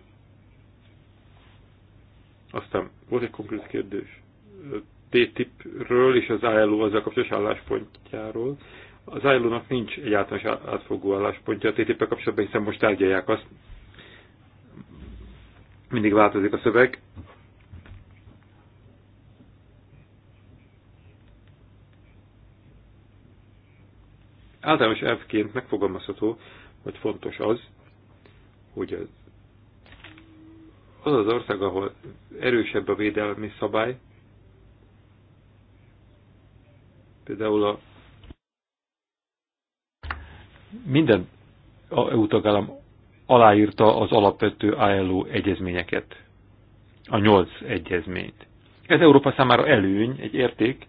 Aztán volt egy konkrét kérdés. t tipről és az ILO azzal kapcsolatos álláspontjáról. Az ilo nincs egy általános átfogó álláspontja a ttip kapcsolatban, hiszen most tárgyalják azt. Mindig változik a szöveg. Általános elvként megfogalmazható, hogy fontos az, hogy az az az ország, ahol erősebb a védelmi szabály, például a minden EU tagállam aláírta az alapvető ILO egyezményeket, a nyolc egyezményt. Ez Európa számára előny, egy érték,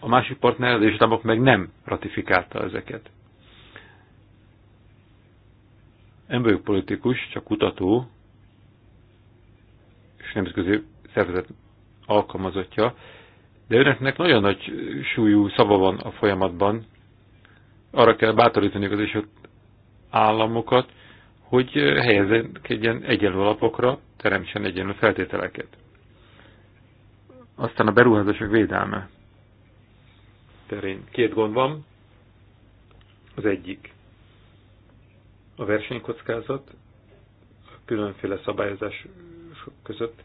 a másik partner, az Egyesült meg nem ratifikálta ezeket. Nem vagyok politikus, csak kutató, és nemzetközi szervezet alkalmazottja, de önöknek nagyon nagy súlyú szava van a folyamatban, arra kell bátorítani az is államokat, hogy ilyen egyenlő alapokra, teremtsen egyenlő feltételeket. Aztán a beruházások védelme terén. Két gond van. Az egyik a versenykockázat, a különféle szabályozás között.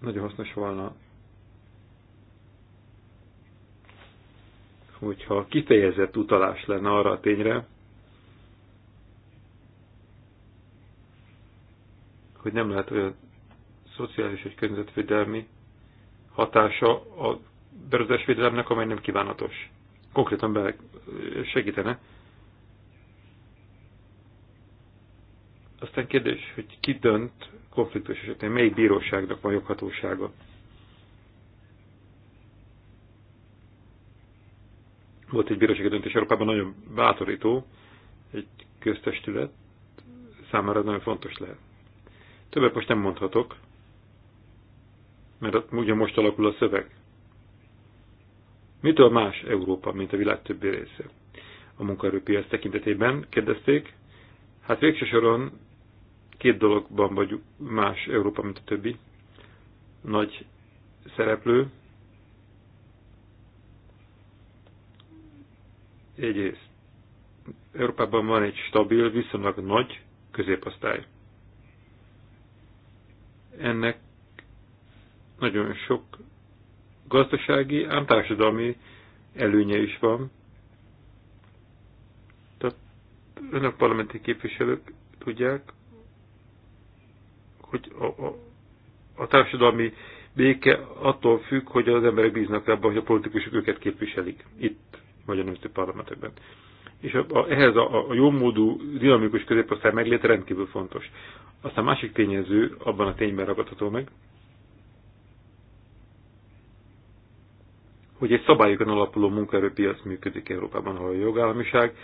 Nagyon hasznos volna hogyha kifejezett utalás lenne arra a tényre, hogy nem lehet olyan szociális vagy környezetvédelmi hatása a berözésvédelemnek, amely nem kívánatos. Konkrétan be segítene. Aztán kérdés, hogy ki dönt konfliktus esetén, melyik bíróságnak van joghatósága. Volt egy bírósági döntés Európában nagyon bátorító, egy köztestület számára nagyon fontos lehet. Többet most nem mondhatok, mert ugye most alakul a szöveg. Mitől más Európa, mint a világ többi része? A munkaerőpiac tekintetében kérdezték, hát végső soron két dologban vagyunk más Európa, mint a többi. Nagy szereplő, Egyrészt Európában van egy stabil, viszonylag nagy középosztály. Ennek nagyon sok gazdasági, ám társadalmi előnye is van. Tehát önök parlamenti képviselők tudják, hogy a, a, a társadalmi béke attól függ, hogy az emberek bíznak abban, hogy a politikusok őket képviselik. Itt magyar a nemzeti parlamentekben. És a, a, ehhez a, a jómódú, dinamikus középosztály megléte rendkívül fontos. Aztán másik tényező abban a tényben ragadható meg, hogy egy szabályokon alapuló munkaerőpiac működik Európában, ahol a jogállamiság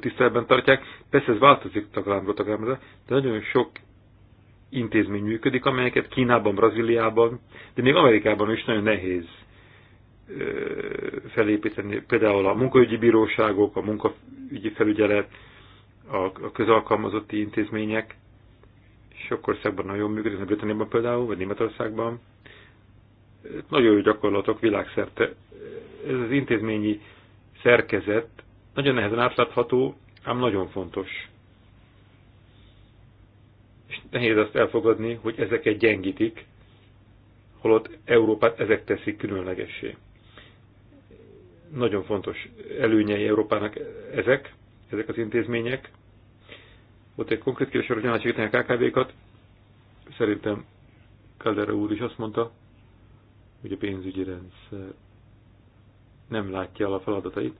tisztelben tartják. Persze ez változik tagállamról tagállamra, de nagyon sok intézmény működik, amelyeket Kínában, Brazíliában, de még Amerikában is nagyon nehéz felépíteni, például a munkaügyi bíróságok, a munkaügyi felügyelet, a közalkalmazotti intézmények, sok országban nagyon működik, működnek, Britanniában például, vagy Németországban. Nagyon jó gyakorlatok világszerte. Ez az intézményi szerkezet nagyon nehezen átlátható, ám nagyon fontos. És nehéz azt elfogadni, hogy ezeket gyengítik, holott Európát ezek teszik különlegessé. Nagyon fontos előnyei Európának ezek, ezek az intézmények. Ott egy konkrét kérdés, hogy hogyan segíteni a KKV-kat. Szerintem Caldera úr is azt mondta, hogy a pénzügyi rendszer nem látja el a feladatait.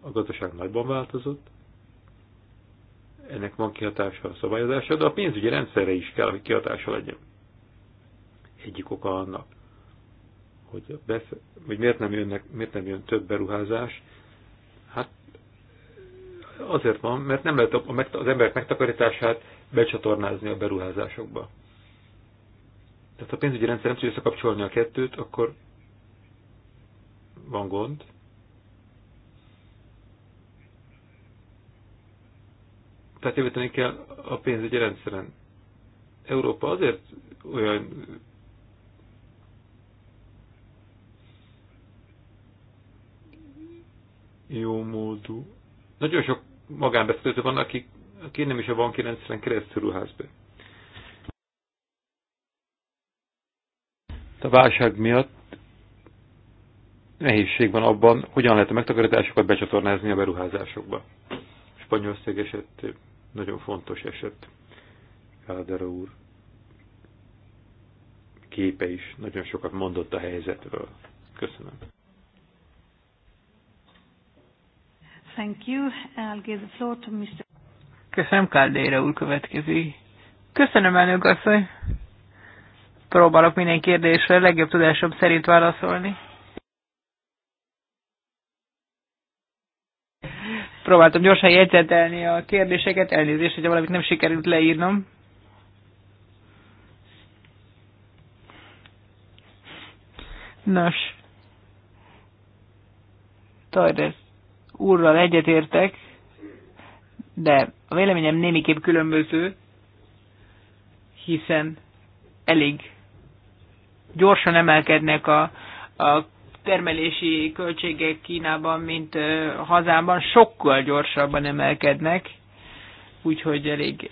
A gazdaság nagyban változott, ennek van kihatása a szabályozásra, de a pénzügyi rendszerre is kell, hogy kihatása legyen. Egyik oka annak, hogy, besz, hogy miért, nem jönnek, miért nem jön több beruházás, hát azért van, mert nem lehet az emberek megtakarítását becsatornázni a beruházásokba. Tehát ha a pénzügyi rendszer nem tudja összekapcsolni a kettőt, akkor van gond. Tehát javítani kell a pénzügyi rendszeren. Európa azért olyan jó módú. Nagyon sok magánbeszélő van, akik, aki nem is a van 90 keresztül ruházba. A válság miatt nehézség van abban, hogyan lehet a megtakarításokat becsatornázni a beruházásokba. Spanyol eset nagyon fontos eset. Kádera úr képe is nagyon sokat mondott a helyzetről. Köszönöm. Thank you. I'll give the floor to Mr. Köszönöm, Kaldéra úr következik. Köszönöm, elnök asszony. Próbálok minden kérdésre legjobb tudásom szerint válaszolni. Próbáltam gyorsan jegyzetelni a kérdéseket, elnézést, hogy valamit nem sikerült leírnom. Nos. Tajdesz úrral egyetértek, de a véleményem némiképp különböző, hiszen elég gyorsan emelkednek a, a termelési költségek Kínában, mint hazában, sokkal gyorsabban emelkednek, úgyhogy elég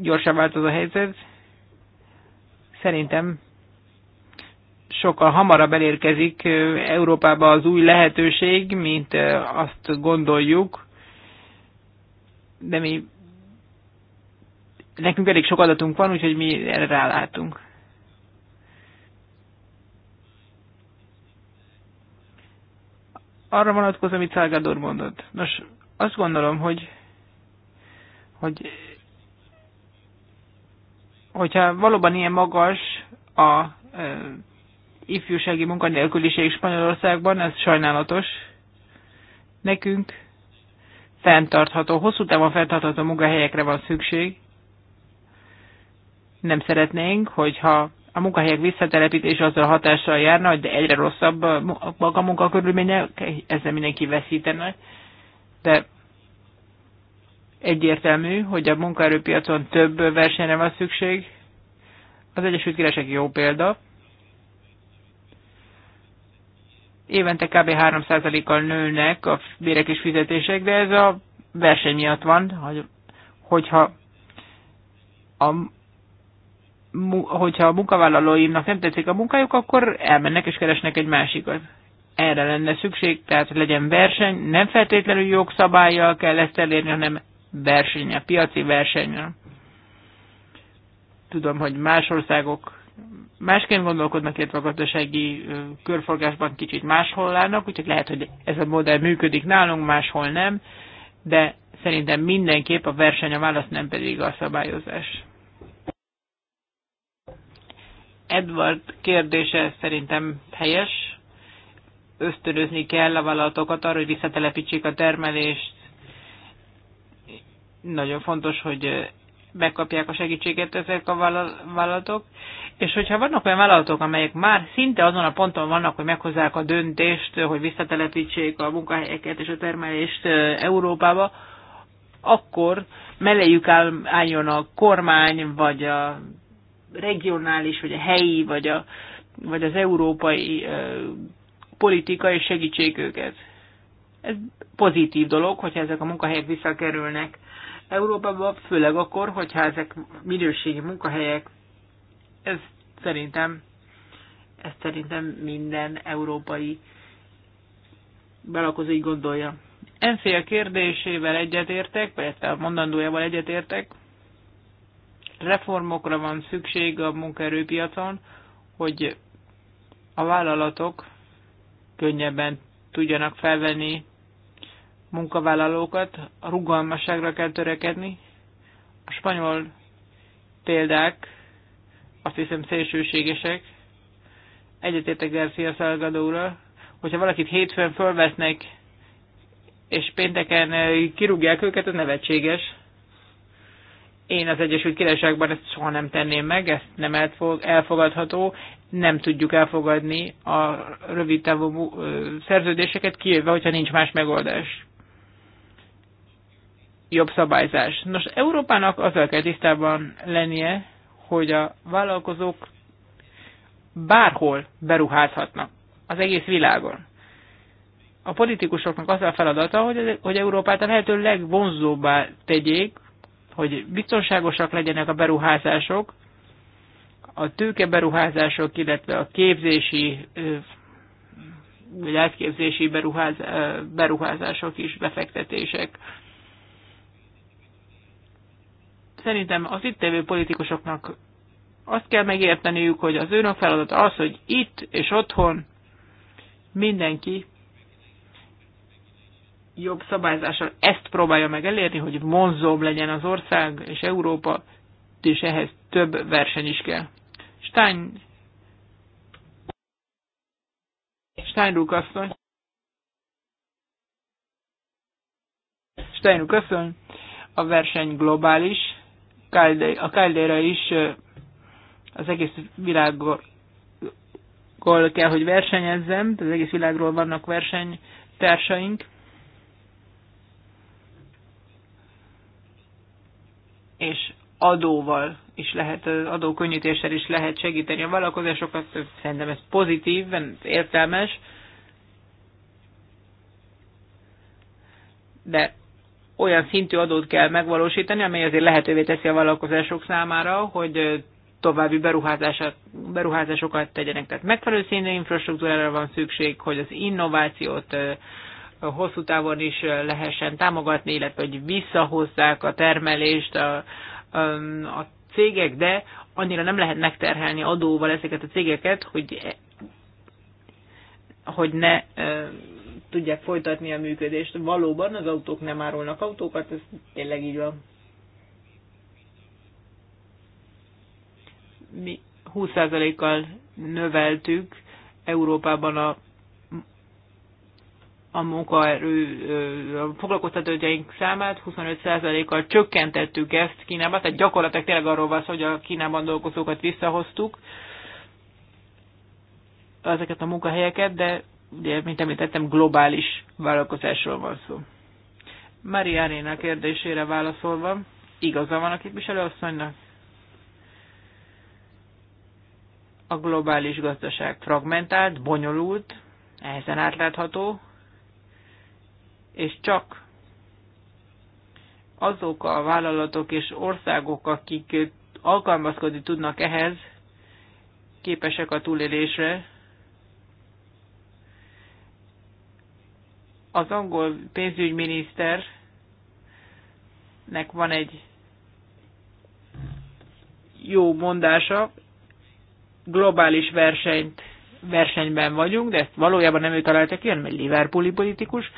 gyorsan változ a helyzet. Szerintem sokkal hamarabb elérkezik Európába az új lehetőség, mint azt gondoljuk, de mi nekünk elég sok adatunk van, úgyhogy mi erre rálátunk. Arra vonatkozom, amit Szálgádor mondott. Nos, azt gondolom, hogy, hogy hogyha valóban ilyen magas a ifjúsági munkanélküliség Spanyolországban, ez sajnálatos. Nekünk fenntartható, hosszú távon fenntartható munkahelyekre van szükség. Nem szeretnénk, hogyha a munkahelyek visszatelepítése azzal hatással járna, hogy de egyre rosszabb a munkakörülmények, ezzel mindenki veszítene. De egyértelmű, hogy a munkaerőpiacon több versenyre van szükség. Az Egyesült Királyság jó példa. évente kb. 3%-kal nőnek a bérek és fizetések, de ez a verseny miatt van, hogyha a hogyha a munkavállalóimnak nem tetszik a munkájuk, akkor elmennek és keresnek egy másikat. Erre lenne szükség, tehát legyen verseny, nem feltétlenül jogszabályjal kell ezt elérni, hanem versenye, piaci versenye. Tudom, hogy más országok másként gondolkodnak, illetve a gazdasági körforgásban kicsit máshol állnak, úgyhogy lehet, hogy ez a modell működik nálunk, máshol nem, de szerintem mindenképp a verseny a válasz, nem pedig a szabályozás. Edward kérdése szerintem helyes. Ösztönözni kell a vállalatokat arra, hogy visszatelepítsék a termelést. Nagyon fontos, hogy megkapják a segítséget ezek a vállalatok, és hogyha vannak olyan vállalatok, amelyek már szinte azon a ponton vannak, hogy meghozzák a döntést, hogy visszatelepítsék a munkahelyeket és a termelést Európába, akkor melléjük álljon a kormány, vagy a regionális, vagy a helyi, vagy, a, vagy az európai politikai politika, és segítsék őket. Ez pozitív dolog, hogyha ezek a munkahelyek visszakerülnek Európában, főleg akkor, hogyha ezek minőségi munkahelyek. Ez szerintem, ez szerintem minden európai belakozó így gondolja. Enfél kérdésével egyetértek, vagy a mondandójával egyetértek, reformokra van szükség a munkaerőpiacon, hogy a vállalatok könnyebben tudjanak felvenni munkavállalókat, a rugalmasságra kell törekedni. A spanyol példák azt hiszem szélsőségesek. Egyetértek García Salgadóra, hogyha valakit hétfőn fölvesznek, és pénteken eh, kirúgják őket, ez nevetséges. Én az Egyesült Királyságban ezt soha nem tenném meg, ezt nem elfogadható, nem tudjuk elfogadni a rövid távú eh, szerződéseket, kivéve, hogyha nincs más megoldás jobb szabályzás. Nos, Európának azzal kell tisztában lennie, hogy a vállalkozók bárhol beruházhatnak az egész világon. A politikusoknak az a feladata, hogy, hogy Európát a lehető legvonzóbbá tegyék, hogy biztonságosak legyenek a beruházások, a tőkeberuházások, illetve a képzési vagy átképzési beruház, beruházások is, befektetések. Szerintem az itt lévő politikusoknak azt kell megérteniük, hogy az őnök feladata az, hogy itt és otthon mindenki jobb szabályzással ezt próbálja meg elérni, hogy vonzóbb legyen az ország és Európa, és ehhez több verseny is kell. Stein Steinruck asszony Steinruck asszony a verseny globális, a Caldera is az egész világgal kell, hogy versenyezzem, az egész világról vannak versenytársaink. És adóval is lehet, adókönnyítéssel is lehet segíteni a vállalkozásokat. Szerintem ez pozitív, értelmes. De olyan szintű adót kell megvalósítani, amely azért lehetővé teszi a vállalkozások számára, hogy további beruházásokat tegyenek. Tehát megfelelő színű infrastruktúrára van szükség, hogy az innovációt hosszú távon is lehessen támogatni, illetve hogy visszahozzák a termelést a, a, a cégek, de annyira nem lehet megterhelni adóval ezeket a cégeket, hogy hogy ne tudják folytatni a működést. Valóban az autók nem árulnak autókat, ez tényleg így van. Mi 20%-kal növeltük Európában a a munkaerő a foglalkoztatógyaink számát, 25%-kal csökkentettük ezt Kínában, tehát gyakorlatilag tényleg arról van szó, hogy a Kínában dolgozókat visszahoztuk, ezeket a munkahelyeket, de ugye, mint említettem, globális vállalkozásról van szó. Mari kérdésére válaszolva, igaza van a képviselőasszonynak? A globális gazdaság fragmentált, bonyolult, ezen átlátható, és csak azok a vállalatok és országok, akik alkalmazkodni tudnak ehhez, képesek a túlélésre, az angol pénzügyminiszternek van egy jó mondása, globális versenyt, versenyben vagyunk, de ezt valójában nem ő találta ki, hanem egy Liverpooli politikus,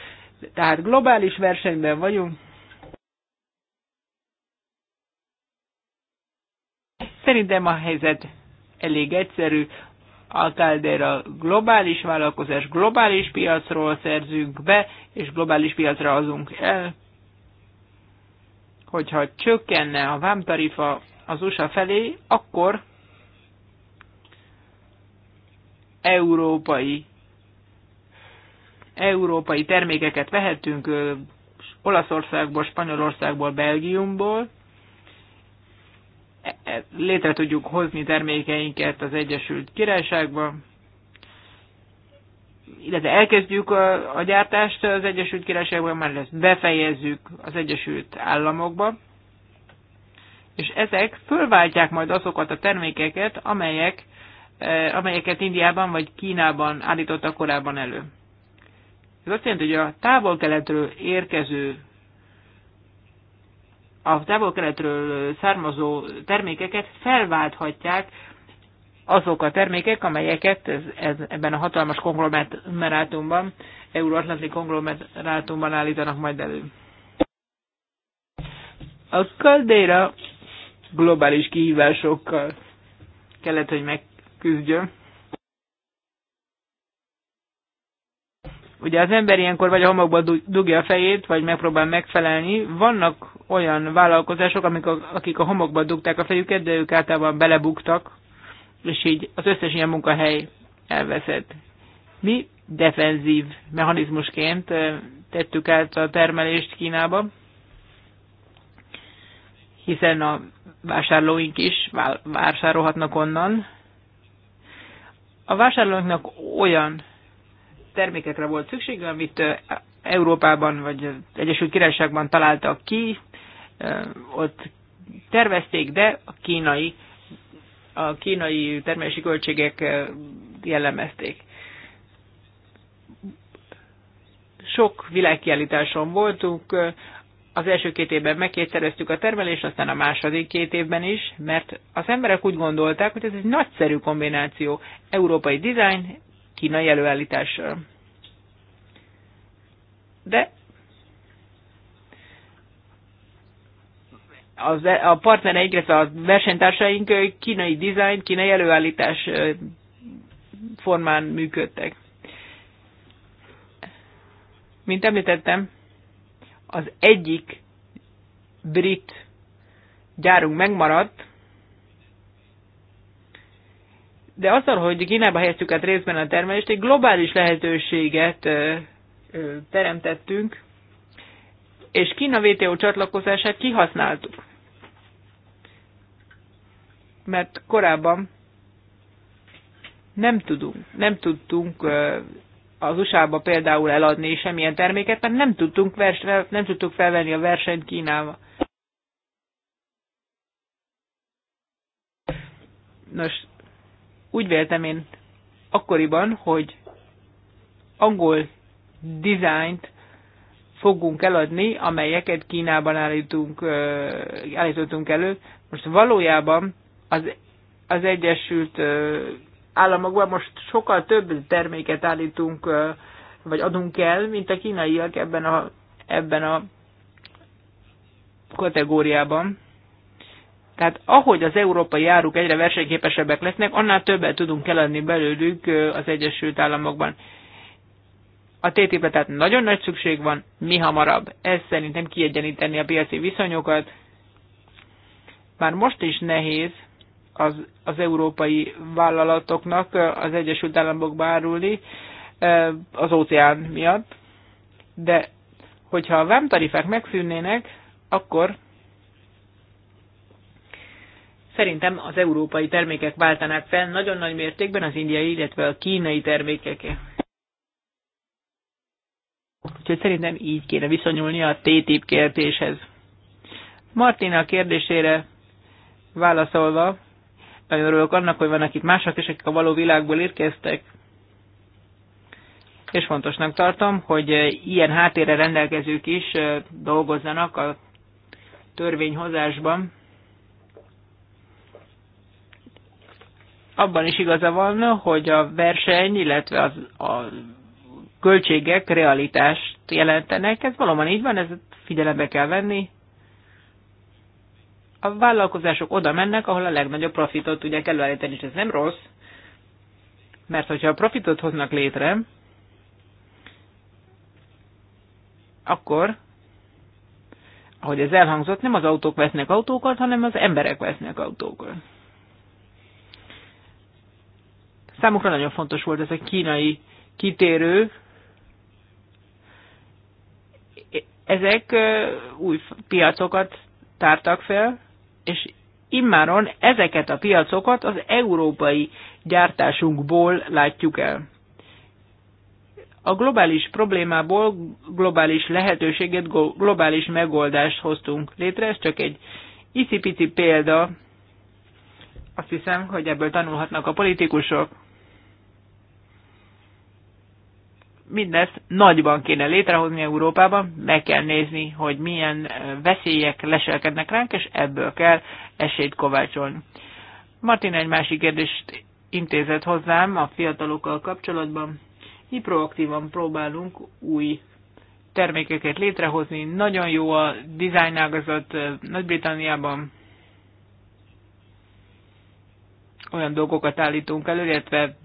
tehát globális versenyben vagyunk. Szerintem a helyzet elég egyszerű. Alcaldera globális vállalkozás, globális piacról szerzünk be, és globális piacra azunk el. Hogyha csökkenne a vámtarifa az USA felé, akkor európai európai termékeket vehetünk Olaszországból, Spanyolországból, Belgiumból, E, e, létre tudjuk hozni termékeinket az Egyesült Királyságba, illetve elkezdjük a, a gyártást az Egyesült Királyságban, már ezt befejezzük az Egyesült Államokba, és ezek fölváltják majd azokat a termékeket, amelyek, e, amelyeket Indiában vagy Kínában állítottak korábban elő. Ez azt jelenti, hogy a távol-keletről érkező a távol-keletről származó termékeket felválthatják azok a termékek, amelyeket ez, ez, ebben a hatalmas konglomerátumban, euróatlanti konglomerátumban állítanak majd elő. A Caldera globális kihívásokkal kellett, hogy megküzdjön. Ugye az ember ilyenkor vagy a homokba dugja a fejét, vagy megpróbál megfelelni. Vannak olyan vállalkozások, amik a, akik a homokba dugták a fejüket, de ők általában belebuktak, és így az összes ilyen munkahely elveszett. Mi defenzív mechanizmusként tettük át a termelést Kínába, hiszen a vásárlóink is vásárolhatnak onnan. A vásárlóinknak olyan termékekre volt szükség, amit Európában vagy Egyesült Királyságban találtak ki, ott tervezték, de a kínai, a kínai termelési költségek jellemezték. Sok világkiállításon voltunk, az első két évben megkétszereztük a termelést, aztán a második két évben is, mert az emberek úgy gondolták, hogy ez egy nagyszerű kombináció, európai design, kínai előállításra. De az, e- a partner egyrészt a versenytársaink kínai design, kínai előállítás formán működtek. Mint említettem, az egyik brit gyárunk megmaradt, de azzal, hogy Kínába helyeztük át részben a termelést, egy globális lehetőséget teremtettünk, és Kína WTO csatlakozását kihasználtuk. Mert korábban nem tudunk, nem tudtunk az USA-ba például eladni semmilyen terméket, mert nem tudtunk, vers, nem tudtuk felvenni a versenyt Kínába. Nos, úgy véltem én akkoriban, hogy angol dizájnt fogunk eladni, amelyeket Kínában állítunk, állítottunk elő. Most valójában az, az Egyesült Államokban most sokkal több terméket állítunk, vagy adunk el, mint a kínaiak ebben a, ebben a kategóriában. Tehát ahogy az európai áruk egyre versenyképesebbek lesznek, annál többet tudunk eladni belőlük az Egyesült Államokban. A TTIP-re tehát nagyon nagy szükség van, mi hamarabb. Ez szerintem kiegyeníteni a piaci viszonyokat. Már most is nehéz az, az európai vállalatoknak az Egyesült Államokba árulni az óceán miatt, de hogyha a vámtarifák megszűnnének, akkor Szerintem az európai termékek váltanák fel nagyon nagy mértékben az indiai, illetve a kínai termékeké. Úgyhogy szerintem így kéne viszonyulni a TTIP kérdéshez. Martina kérdésére válaszolva, nagyon örülök annak, hogy vannak itt mások is, akik a való világból érkeztek, és fontosnak tartom, hogy eh, ilyen háttérre rendelkezők is eh, dolgozzanak a törvényhozásban. abban is igaza van, hogy a verseny, illetve az, a költségek realitást jelentenek. Ez valóban így van, ezt figyelembe kell venni. A vállalkozások oda mennek, ahol a legnagyobb profitot tudják előállítani, és ez nem rossz, mert hogyha a profitot hoznak létre, akkor, ahogy ez elhangzott, nem az autók vesznek autókat, hanem az emberek vesznek autókat. Számukra nagyon fontos volt ez a kínai kitérő. Ezek új piacokat tártak fel, és immáron ezeket a piacokat az európai gyártásunkból látjuk el. A globális problémából globális lehetőséget, globális megoldást hoztunk létre, ez csak egy icipici példa. Azt hiszem, hogy ebből tanulhatnak a politikusok. mindezt nagyban kéne létrehozni Európában, meg kell nézni, hogy milyen veszélyek leselkednek ránk, és ebből kell esélyt kovácsolni. Martin egy másik kérdést intézett hozzám a fiatalokkal kapcsolatban. Mi proaktívan próbálunk új termékeket létrehozni. Nagyon jó a dizájnágazat Nagy-Britanniában. Olyan dolgokat állítunk elő, illetve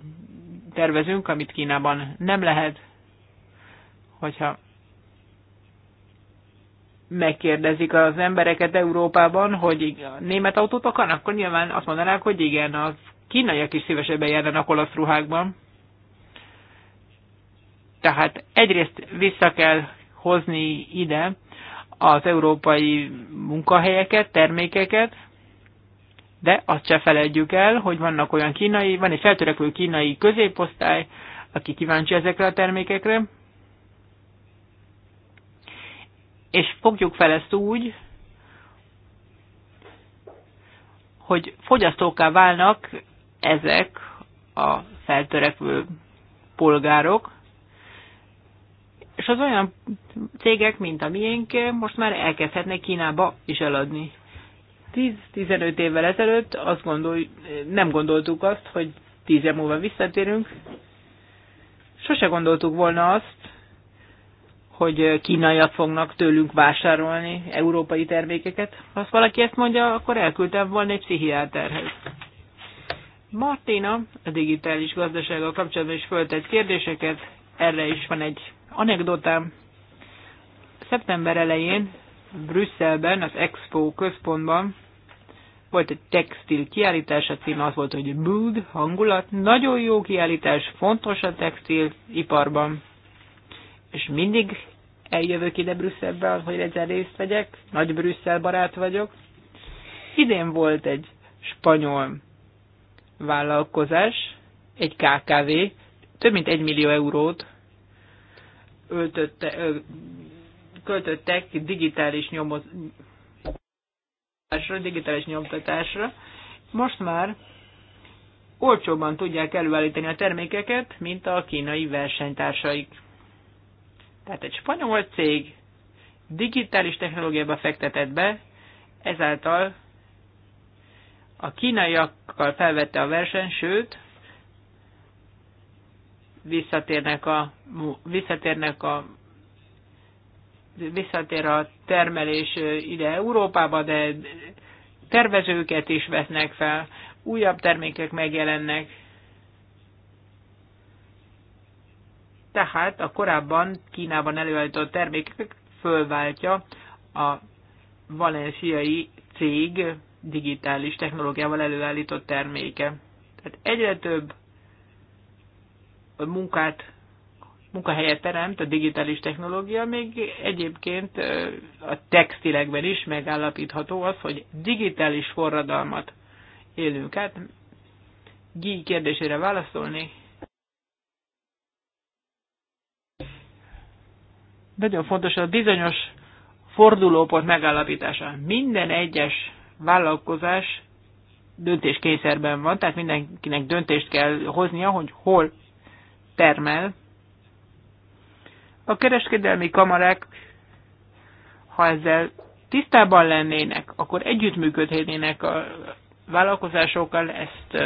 tervezünk, amit Kínában nem lehet hogyha megkérdezik az embereket Európában, hogy a német autót akarnak, akkor nyilván azt mondanák, hogy igen, az kínaiak is szívesebben járnak olasz ruhákban. Tehát egyrészt vissza kell hozni ide az európai munkahelyeket, termékeket, de azt se felejtjük el, hogy vannak olyan kínai, van egy feltörekvő kínai középosztály, aki kíváncsi ezekre a termékekre, és fogjuk fel ezt úgy, hogy fogyasztóká válnak ezek a feltörekvő polgárok, és az olyan cégek, mint a miénk, most már elkezdhetnek Kínába is eladni. 10-15 évvel ezelőtt azt gondol, nem gondoltuk azt, hogy 10 év múlva visszatérünk. Sose gondoltuk volna azt, hogy eh, kínaiak fognak tőlünk vásárolni európai termékeket. Ha valaki ezt mondja, akkor elküldtem volna egy pszichiáterhez. Martina a digitális gazdasággal kapcsolatban is föltett kérdéseket, erre is van egy anekdotám. Szeptember elején Brüsszelben, az Expo központban volt egy textil kiállítás, a címe az volt, hogy Mood, hangulat. Nagyon jó kiállítás, fontos a textil iparban és mindig eljövök ide Brüsszelbe, hogy ezzel részt vegyek, nagy Brüsszel barát vagyok. Idén volt egy spanyol vállalkozás, egy KKV, több mint egy millió eurót öltötte, ö, költöttek digitális nyomoz, digitális nyomtatásra. Most már olcsóban tudják előállítani a termékeket, mint a kínai versenytársaik. Tehát egy spanyol cég digitális technológiába fektetett be, ezáltal a kínaiakkal felvette a versenyt, sőt, visszatérnek a, visszatérnek a visszatér a termelés ide Európába, de tervezőket is vesznek fel, újabb termékek megjelennek, tehát a korábban Kínában előállított termékek fölváltja a valenciai cég digitális technológiával előállított terméke. Tehát egyre több munkát, munkahelyet teremt a digitális technológia, még egyébként a textilekben is megállapítható az, hogy digitális forradalmat élünk át. Gyi kérdésére válaszolni, Nagyon fontos a bizonyos fordulópont megállapítása. Minden egyes vállalkozás döntéskényszerben van, tehát mindenkinek döntést kell hoznia, hogy hol termel. A kereskedelmi kamarák, ha ezzel tisztában lennének, akkor együttműködhetnének a vállalkozásokkal, ezt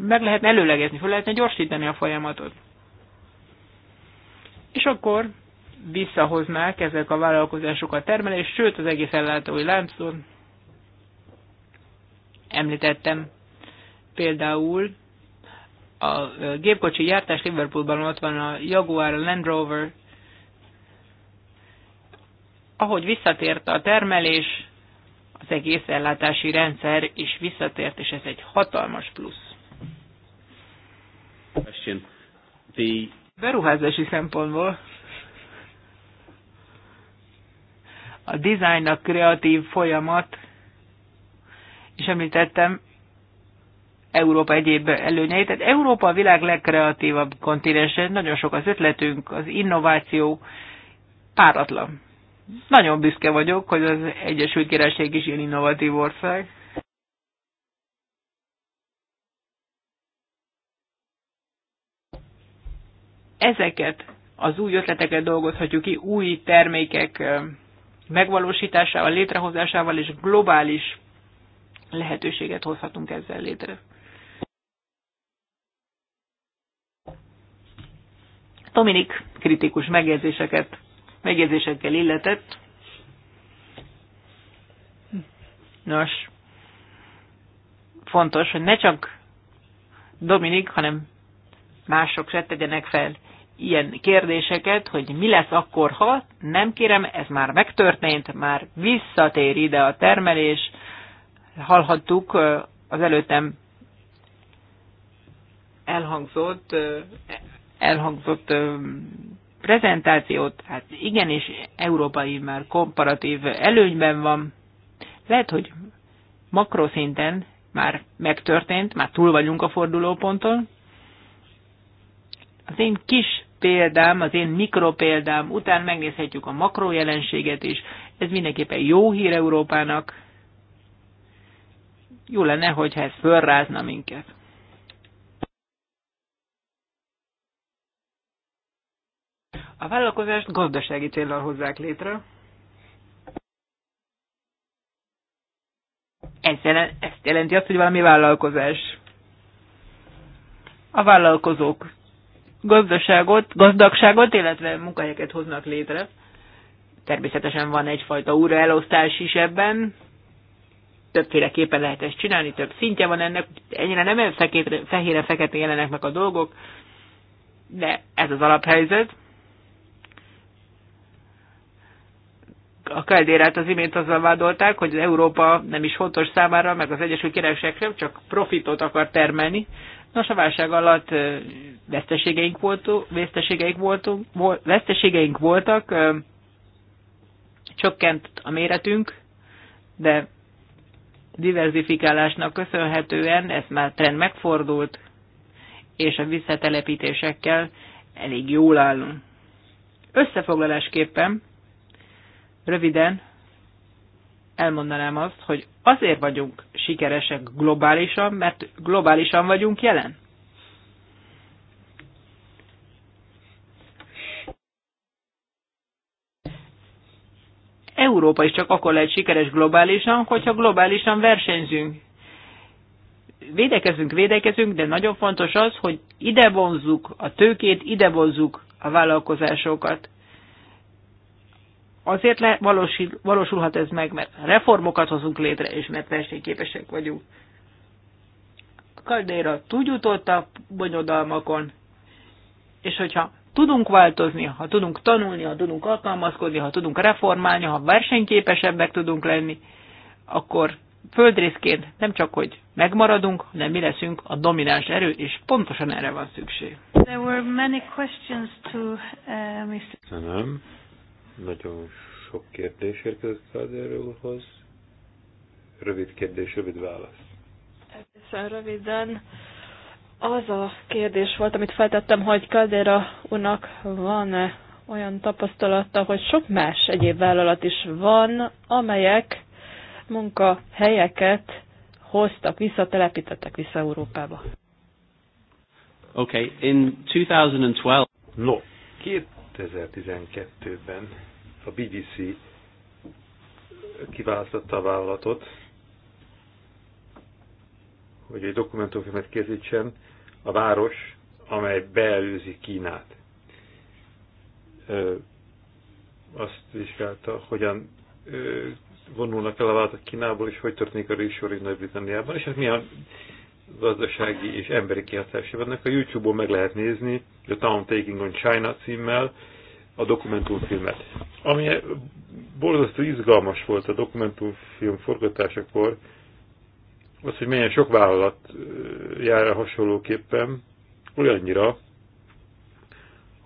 meg lehetne előlegezni, fel lehetne gyorsítani a folyamatot. És akkor visszahoznák ezek a vállalkozások a termelés. sőt az egész ellátói láncon. Említettem például a gépkocsi gyártás Liverpoolban ott van a Jaguar Land Rover. Ahogy visszatért a termelés, az egész ellátási rendszer is visszatért, és ez egy hatalmas plusz. Beruházási szempontból a design, a kreatív folyamat, és említettem Európa egyéb előnyeit. Tehát Európa a világ legkreatívabb kontinense, nagyon sok az ötletünk, az innováció páratlan. Nagyon büszke vagyok, hogy az Egyesült Királyság is ilyen innovatív ország. Ezeket az új ötleteket dolgozhatjuk ki, új termékek megvalósításával, létrehozásával és globális lehetőséget hozhatunk ezzel létre. Dominik kritikus megjegyzéseket, megjegyzésekkel illetett. Nos, fontos, hogy ne csak Dominik, hanem mások se tegyenek fel ilyen kérdéseket, hogy mi lesz akkor, ha nem kérem, ez már megtörtént, már visszatér ide a termelés. Hallhattuk az előttem elhangzott, elhangzott prezentációt, hát igenis európai már komparatív előnyben van. Lehet, hogy makroszinten már megtörtént, már túl vagyunk a fordulóponton, az én kis példám, az én mikropéldám után megnézhetjük a makrojelenséget is. Ez mindenképpen jó hír Európának. Jó lenne, hogyha ez fölrázna minket. A vállalkozást gazdasági célral hozzák létre. Ez jelent, ezt jelenti azt, hogy valami vállalkozás. A vállalkozók gazdaságot, gazdagságot, illetve munkahelyeket hoznak létre. Természetesen van egyfajta újraelosztás is ebben, többféleképpen lehet ezt csinálni, több szintje van ennek, ennyire nem fehére-fekete jelenek meg a dolgok, de ez az alaphelyzet. A Kaldérát az imént azzal vádolták, hogy az Európa nem is fontos számára, meg az Egyesült Királyság sem, csak profitot akar termelni. Nos, a válság alatt veszteségeink, voltunk, veszteségeink, voltunk, veszteségeink voltak, csökkent a méretünk, de diversifikálásnak köszönhetően ez már trend megfordult, és a visszatelepítésekkel elég jól állunk. Összefoglalásképpen, röviden, elmondanám azt, hogy azért vagyunk sikeresek globálisan, mert globálisan vagyunk jelen. Európa is csak akkor lehet sikeres globálisan, hogyha globálisan versenyzünk. Védekezünk, védekezünk, de nagyon fontos az, hogy ide vonzzuk a tőkét, ide vonzzuk a vállalkozásokat azért le, valósul, valósulhat ez meg, mert reformokat hozunk létre, és mert versenyképesek vagyunk. Kardéra Kaldéra jutott a bonyodalmakon, és hogyha tudunk változni, ha tudunk tanulni, ha tudunk alkalmazkodni, ha tudunk reformálni, ha versenyképesebbek tudunk lenni, akkor földrészként nem csak, hogy megmaradunk, hanem mi leszünk a domináns erő, és pontosan erre van szükség. There were many questions to uh, Mr. Nagyon sok kérdés érkezett Kádár Rövid kérdés, rövid válasz. Egészen röviden. Az a kérdés volt, amit feltettem, hogy Kaldera unak van-e olyan tapasztalata, hogy sok más egyéb vállalat is van, amelyek munkahelyeket hoztak vissza, telepítettek vissza Európába. Okay, in 2012... No, 2012-ben a BBC kiválasztotta a vállalatot, hogy egy dokumentumfilmet készítsen, a város, amely beelőzi Kínát. Ö, azt vizsgálta, hogyan ö, vonulnak el a vállalatok Kínából, és hogy történik a résor Nagy-Britanniában, és hát milyen gazdasági és emberi kihatása vannak. A YouTube-on meg lehet nézni, a Town Taking on China címmel, a dokumentumfilmet. Ami borzasztó izgalmas volt a dokumentumfilm forgatásakor, az, hogy milyen sok vállalat jár el hasonlóképpen, olyannyira,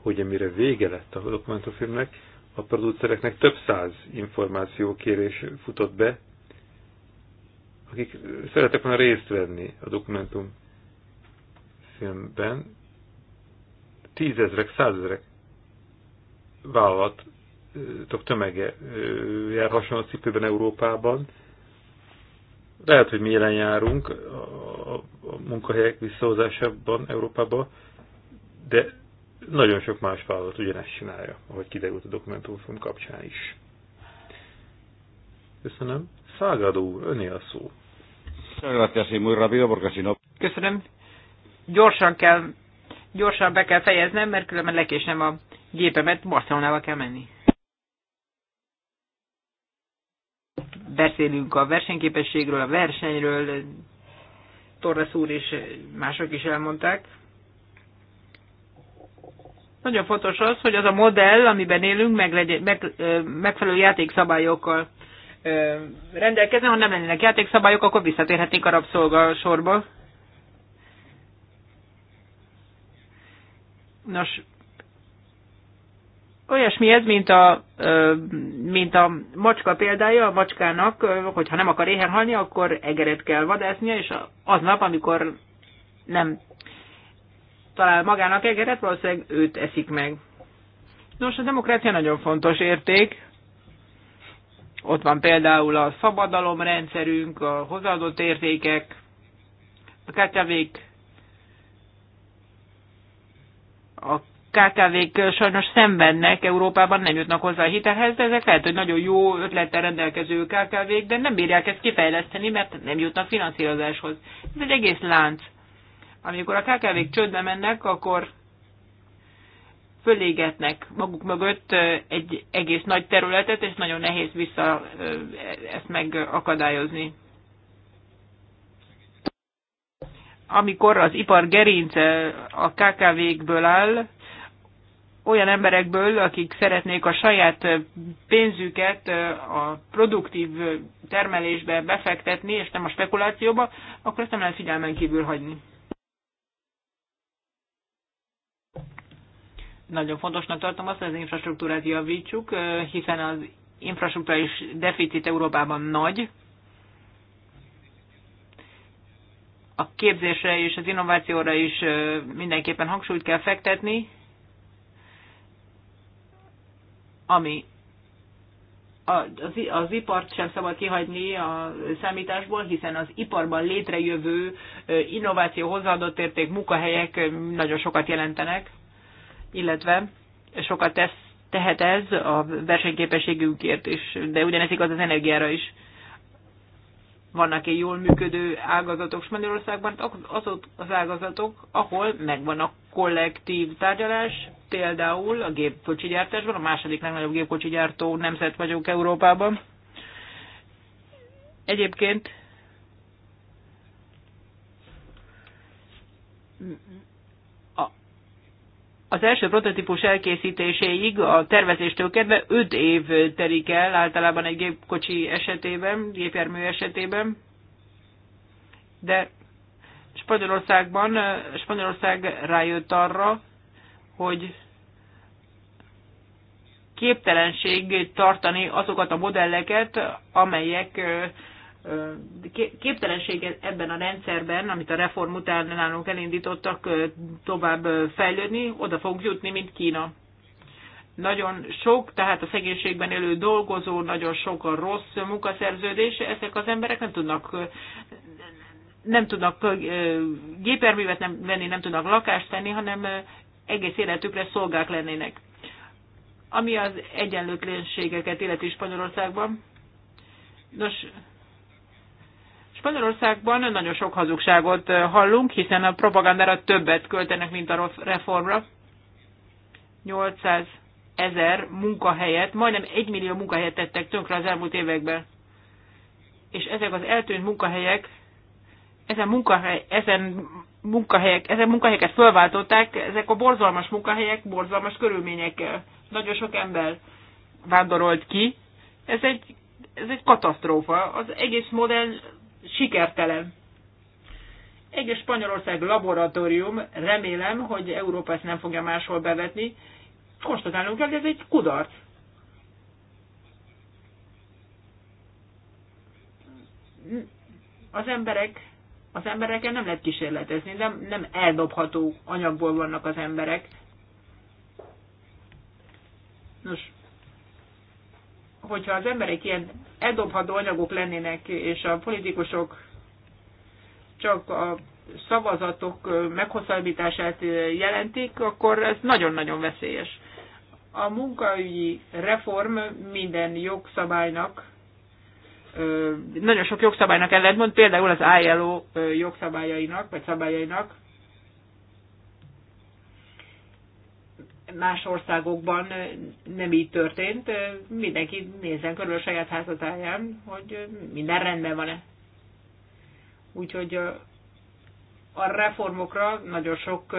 hogy amire vége lett a dokumentumfilmnek, a producereknek több száz információ kérés futott be, akik szeretek volna részt venni a dokumentumfilmben, tízezrek, százezrek vállalatok tömege jár hasonló cipőben Európában. Lehet, hogy mi jelen járunk a munkahelyek visszahozásában Európában, de nagyon sok más vállalat ugyanezt csinálja, ahogy kiderült a dokumentumfilm kapcsán is. Köszönöm. Szágadó öné a szó. Köszönöm. Gyorsan kell, gyorsan be kell fejeznem, mert különben lekésem a gépemet Barcelonába kell menni. Beszélünk a versenyképességről, a versenyről, Torres úr és mások is elmondták. Nagyon fontos az, hogy az a modell, amiben élünk, meg, legyen, meg megfelelő játékszabályokkal rendelkezne, ha nem lennének játékszabályok, akkor visszatérhetnénk a rabszolga sorba. Nos, Olyasmi ez, mint a, mint a macska példája, a macskának, hogyha nem akar éhen halni, akkor egeret kell vadásznia, és aznap, amikor nem talál magának egeret, valószínűleg őt eszik meg. Nos, a demokrácia nagyon fontos érték. Ott van például a szabadalomrendszerünk, a hozzáadott értékek, a kártyavék, a KKV-k sajnos szenvednek Európában, nem jutnak hozzá a hitelhez, de ezek lehet, hogy nagyon jó ötlettel rendelkező KKV-k, de nem bírják ezt kifejleszteni, mert nem jutnak finanszírozáshoz. Ez egy egész lánc. Amikor a KKV-k csődbe mennek, akkor fölégetnek maguk mögött egy egész nagy területet, és nagyon nehéz vissza ezt megakadályozni. Amikor az ipar gerince a KKV-kből áll, olyan emberekből, akik szeretnék a saját pénzüket a produktív termelésbe befektetni, és nem a spekulációba, akkor ezt nem lehet figyelmen kívül hagyni. Nagyon fontosnak tartom azt, hogy az infrastruktúrát javítsuk, hiszen az infrastruktúrális deficit Európában nagy. A képzésre és az innovációra is mindenképpen hangsúlyt kell fektetni, ami az, az ipart sem szabad kihagyni a számításból, hiszen az iparban létrejövő innováció, hozzáadott érték, munkahelyek nagyon sokat jelentenek, illetve sokat tesz, tehet ez a versenyképességünkért is, de ugyanez igaz az energiára is. Vannak-e jól működő ágazatok Spanyolországban? Azok az ágazatok, ahol megvan a kollektív tárgyalás, például a gépkocsigyártásban, a második legnagyobb gépkocsigyártó nemzet vagyok Európában. Egyébként az első prototípus elkészítéséig a tervezéstől kedve 5 év telik el általában egy gépkocsi esetében, gépjármű esetében, de Spanyolországban, Spanyolország rájött arra, hogy képtelenség tartani azokat a modelleket, amelyek képtelenség ebben a rendszerben, amit a reform után nálunk elindítottak, tovább fejlődni, oda fogunk jutni, mint Kína. Nagyon sok, tehát a szegénységben élő dolgozó, nagyon sok a rossz munkaszerződés, ezek az emberek nem tudnak nem tudnak gépjárművet nem venni, nem tudnak lakást venni, hanem egész életükre szolgák lennének. Ami az egyenlőtlenségeket illeti Spanyolországban, nos, Spanyolországban nagyon sok hazugságot hallunk, hiszen a propagandára többet költenek, mint a reformra. 800 ezer munkahelyet, majdnem 1 millió munkahelyet tettek tönkre az elmúlt években. És ezek az eltűnt munkahelyek, ezen, munkahely, ezen munkahelyek, ezek munkahelyeket felváltották, ezek a borzalmas munkahelyek, borzalmas körülményekkel. Nagyon sok ember vándorolt ki. Ez egy, ez egy katasztrófa. Az egész modell sikertelen. Egyes Spanyolország laboratórium, remélem, hogy Európa ezt nem fogja máshol bevetni, konstatálnunk kell, hogy ez egy kudarc. Az emberek az emberekkel nem lehet kísérletezni, nem, nem eldobható anyagból vannak az emberek. Nos, hogyha az emberek ilyen eldobható anyagok lennének, és a politikusok csak a szavazatok meghosszabbítását jelentik, akkor ez nagyon-nagyon veszélyes. A munkaügyi reform minden jogszabálynak nagyon sok jogszabálynak ellentmond, például az ILO jogszabályainak, vagy szabályainak, más országokban nem így történt. Mindenki nézzen körül a saját házatáján, hogy minden rendben van-e. Úgyhogy a reformokra nagyon sok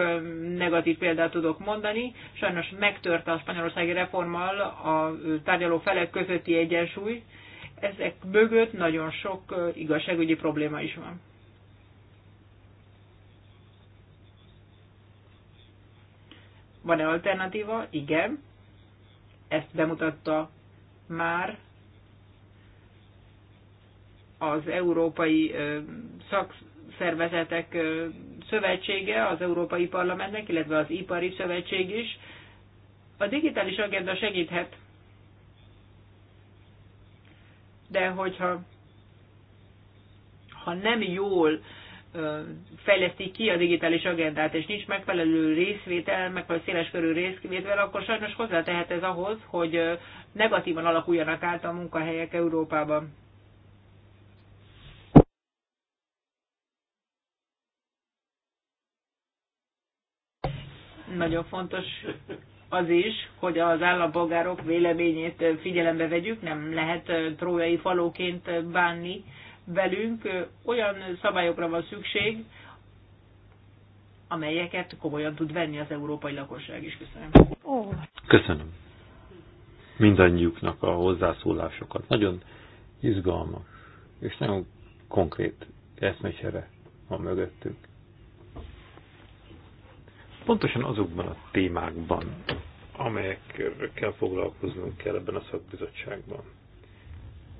negatív példát tudok mondani. Sajnos megtört a spanyolországi reformmal a tárgyaló felek közötti egyensúly, ezek mögött nagyon sok igazságügyi probléma is van. Van-e alternatíva? Igen. Ezt bemutatta már az Európai Szakszervezetek Szövetsége, az Európai Parlamentnek, illetve az Ipari Szövetség is. A digitális agenda segíthet de hogyha ha nem jól fejlesztik ki a digitális agendát, és nincs megfelelő részvétel, megfelelő széleskörű részvétel, akkor sajnos hozzátehet ez ahhoz, hogy negatívan alakuljanak át a munkahelyek Európában. Nagyon fontos az is, hogy az állampolgárok véleményét figyelembe vegyük, nem lehet trójai falóként bánni velünk. Olyan szabályokra van szükség, amelyeket komolyan tud venni az európai lakosság is. Köszönöm. Köszönöm. Mindannyiuknak a hozzászólásokat. Nagyon izgalmas és nagyon konkrét eszmecsere van mögöttünk pontosan azokban a témákban, amelyekkel foglalkoznunk kell ebben a szakbizottságban.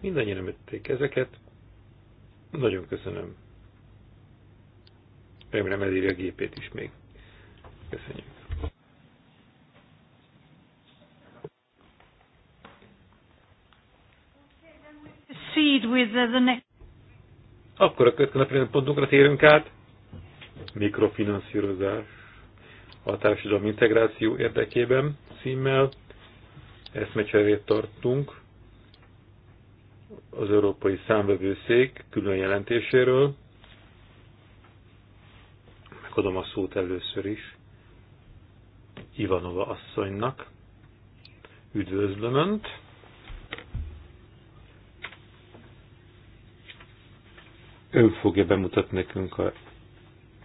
Mindannyian említették ezeket. Nagyon köszönöm. Remélem elírja a gépét is még. Köszönjük. Akkor a következő pontunkra térünk át. Mikrofinanszírozás a társadalmi integráció érdekében címmel. Eszmecserét tartunk az Európai Számvevőszék külön jelentéséről. Megadom a szót először is Ivanova asszonynak. Üdvözlöm Önt! Ön fogja bemutatni nekünk a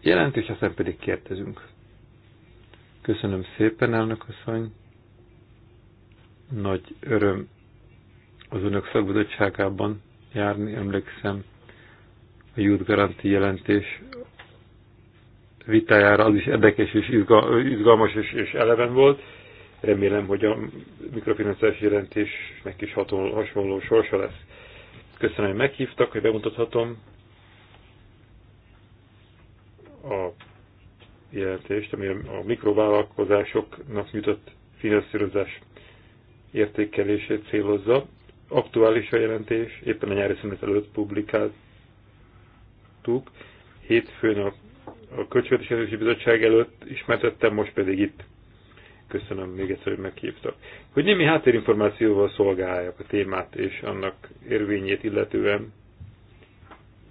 jelentést, aztán pedig kérdezünk. Köszönöm szépen, elnök asszony. Nagy öröm az önök szakbizottságában járni, emlékszem a Youth Garanti jelentés vitájára, az is érdekes és izgalmas és, és eleven volt. Remélem, hogy a mikrofinanszás jelentésnek is hasonló sorsa lesz. Köszönöm, hogy meghívtak, hogy bemutathatom a jelentést, ami a mikrovállalkozásoknak nyújtott finanszírozás értékelését célozza. Aktuális a jelentés, éppen a nyári szünet előtt publikáltuk. Hétfőn a, a Költségvetési Bizottság előtt ismertettem, most pedig itt. Köszönöm még egyszer, hogy meghívtak. Hogy némi háttérinformációval szolgáljak a témát és annak érvényét illetően,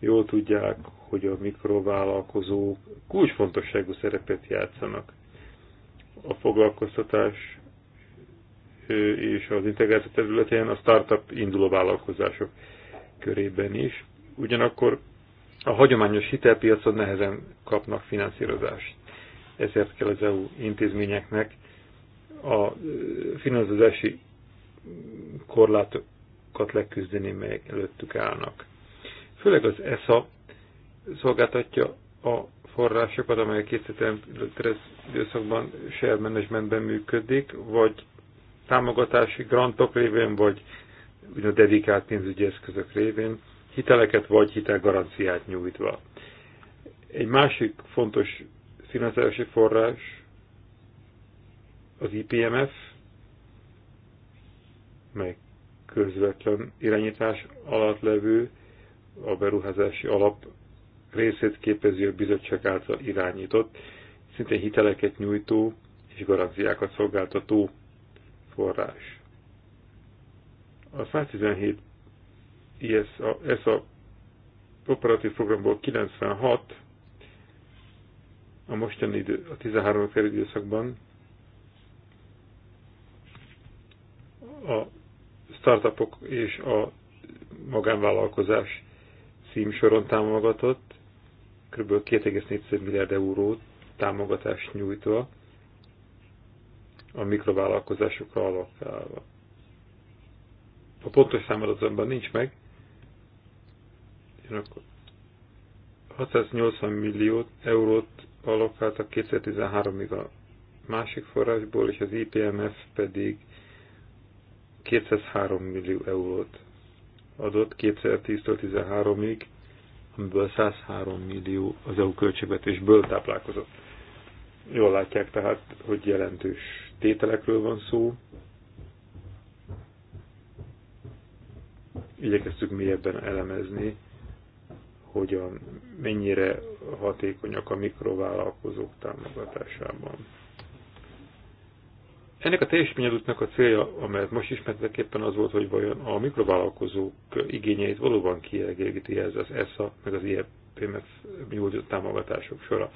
jól tudják, hogy a mikrovállalkozók kulcsfontosságú szerepet játszanak. A foglalkoztatás és az integráció területén a startup induló vállalkozások körében is. Ugyanakkor a hagyományos hitelpiacon nehezen kapnak finanszírozást. Ezért kell az EU intézményeknek a finanszírozási korlátokat leküzdeni, melyek előttük állnak. Főleg az ESA szolgáltatja a forrásokat, amelyek készített időszakban share managementben működik, vagy támogatási grantok révén, vagy a dedikált pénzügyi eszközök révén, hiteleket vagy hitelgaranciát nyújtva. Egy másik fontos finanszírozási forrás az IPMF, mely közvetlen irányítás alatt levő a beruházási alap részét képező a bizottság által irányított, szinte hiteleket nyújtó és garanciákat szolgáltató forrás. A 117 ez a, ez a operatív programból 96 a mostani idő, a 13. időszakban a startupok és a magánvállalkozás címsoron támogatott, kb. 2,4 milliárd euró támogatást nyújtva a mikrovállalkozásokra alapjálva. A pontos azonban nincs meg, akkor 680 millió eurót alokáltak 2013-ig a másik forrásból, és az IPMF pedig 203 millió eurót adott 2010 13-ig amiből 103 millió az EU költségvetésből táplálkozott. Jól látják tehát, hogy jelentős tételekről van szó. Igyekeztük mélyebben elemezni, hogy a, mennyire hatékonyak a mikrovállalkozók támogatásában. Ennek a teljesítményadóknak a célja, amelyet most ismertek éppen az volt, hogy vajon a mikrovállalkozók igényeit valóban kielégíti ez az ESA, meg az IEPMF nyújtott támogatások sora.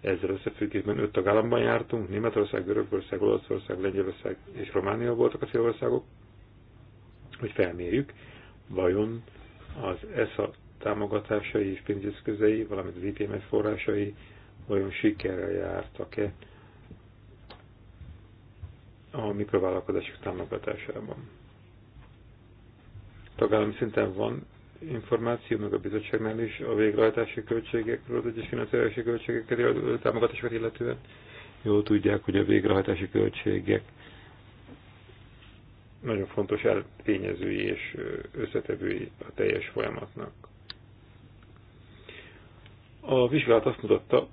Ezzel összefüggésben öt tagállamban jártunk, Németország, Görögország, Olaszország, Lengyelország és Románia voltak a célországok, hogy felmérjük, vajon az ESA támogatásai és pénzeszközei, valamint az IPMF forrásai vajon sikerrel jártak-e a mikrovállalkozások támogatásában. Tagállami szinten van információ, meg a bizottságnál is a végrehajtási költségekről, az egyes finanszírozási költségekkel, támogatásokat illetően. Jól tudják, hogy a végrehajtási költségek nagyon fontos eltényezői és összetevői a teljes folyamatnak. A vizsgálat azt mutatta,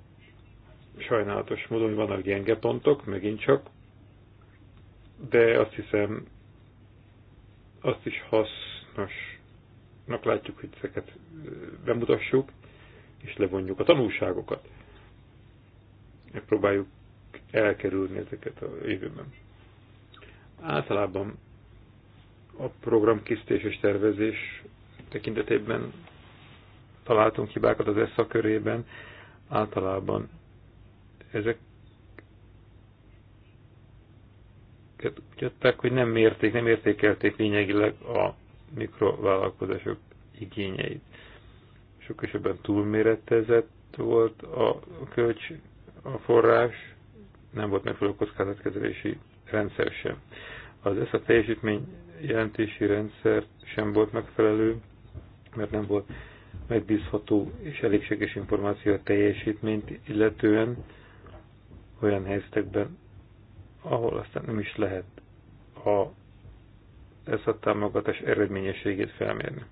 sajnálatos módon, hogy vannak gyenge pontok, megint csak, de azt hiszem, azt is hasznosnak látjuk, hogy ezeket bemutassuk, és levonjuk a tanulságokat. Megpróbáljuk elkerülni ezeket a jövőben. Általában a programkészítés és tervezés tekintetében találtunk hibákat az ESZA körében, általában ezek úgy adták, hogy nem mérték, nem értékelték lényegileg a mikrovállalkozások igényeit. Sok esetben túlméretezett volt a kölcs, a forrás, nem volt megfelelő kockázatkezelési rendszer sem. Az a teljesítmény jelentési rendszer sem volt megfelelő, mert nem volt megbízható és elégséges információ a teljesítményt, illetően olyan helyzetekben, ahol aztán nem is lehet a, ezt a támogatás eredményességét felmérni.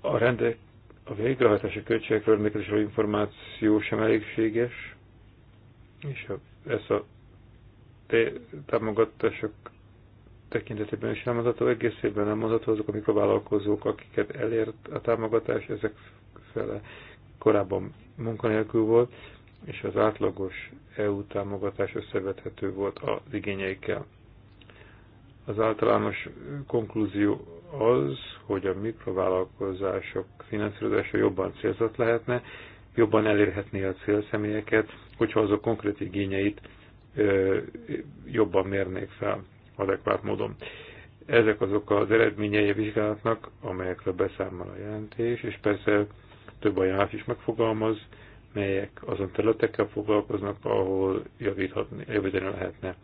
A rendek, a végrehajtási költségekről rendelkezésre információ sem elégséges, és a, ez a támogatások tekintetében is elmondható, egészében mondható azok a mikrovállalkozók, akiket elért a támogatás, ezek fele korábban munkanélkül volt, és az átlagos EU támogatás összevethető volt az igényeikkel. Az általános konklúzió az, hogy a mikrovállalkozások finanszírozása jobban célzott lehetne, jobban elérhetné a célszemélyeket, hogyha azok konkrét igényeit ö, jobban mérnék fel adekvát módon. Ezek azok az eredményei a vizsgálatnak, amelyekről beszámol a jelentés, és persze több ajánlás is megfogalmaz, melyek azon területekkel foglalkoznak, ahol javíthatni, javítani lehetne.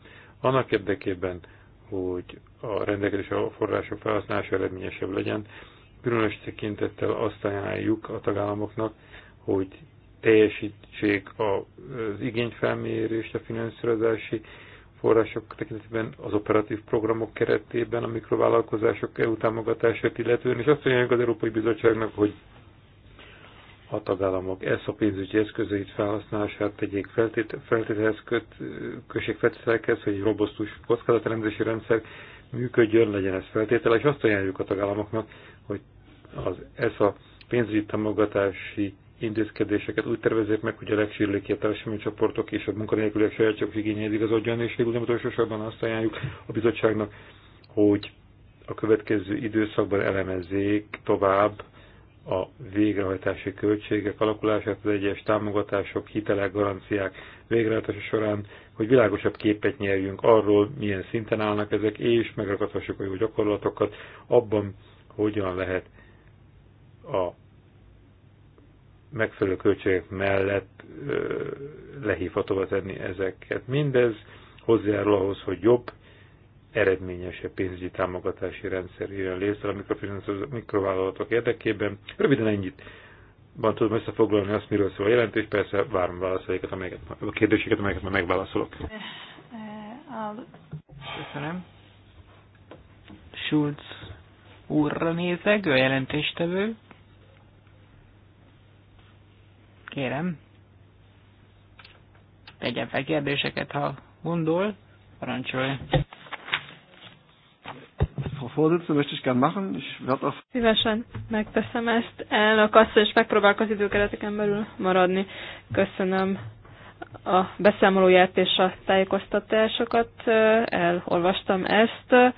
Annak érdekében, hogy a rendelkezésre a források felhasználása eredményesebb legyen, különös tekintettel azt ajánljuk a tagállamoknak, hogy teljesítsék az igényfelmérést a finanszírozási források tekintetében, az operatív programok keretében a mikrovállalkozások EU támogatását illetően, és azt mondják az Európai Bizottságnak, hogy a tagállamok ezt a pénzügyi eszközeit felhasználását tegyék feltételhez, kössék feltételekhez, hogy egy robosztus kockázatelemzési rendszer működjön, legyen ez feltétele, és azt ajánljuk a tagállamoknak, hogy az, ez a pénzügyi támogatási intézkedéseket úgy tervezzék meg, hogy a legsérülékebb csoportok és a munkanélküliek csak igényeit igazodjon, és végül nem utolsó sorban azt ajánljuk a bizottságnak, hogy a következő időszakban elemezzék tovább a végrehajtási költségek alakulását, az egyes támogatások, hitelek, garanciák végrehajtása során, hogy világosabb képet nyerjünk arról, milyen szinten állnak ezek, és megragadhassuk a jó gyakorlatokat abban, hogyan lehet a megfelelő költségek mellett lehívhatóba tenni ezeket. Mindez hozzájárul ahhoz, hogy jobb eredményesebb pénzügyi támogatási rendszer jön létre a mikrovállalatok érdekében. Röviden ennyit van tudom összefoglalni azt, miről szól a jelentés, persze várom válaszaikat, amelyeket, a kérdéseket, amelyeket már megválaszolok. Köszönöm. Schulz úrra nézek, ő a jelentéstevő. Kérem, tegyen fel kérdéseket, ha gondol, parancsolj. Vorsitzende, möchte ich gern machen. Ich werde auf... Szívesen megteszem ezt. Elnök asszony, és megpróbálok az időkereteken belül maradni. Köszönöm a beszámolóját és a tájékoztatásokat. Elolvastam ezt.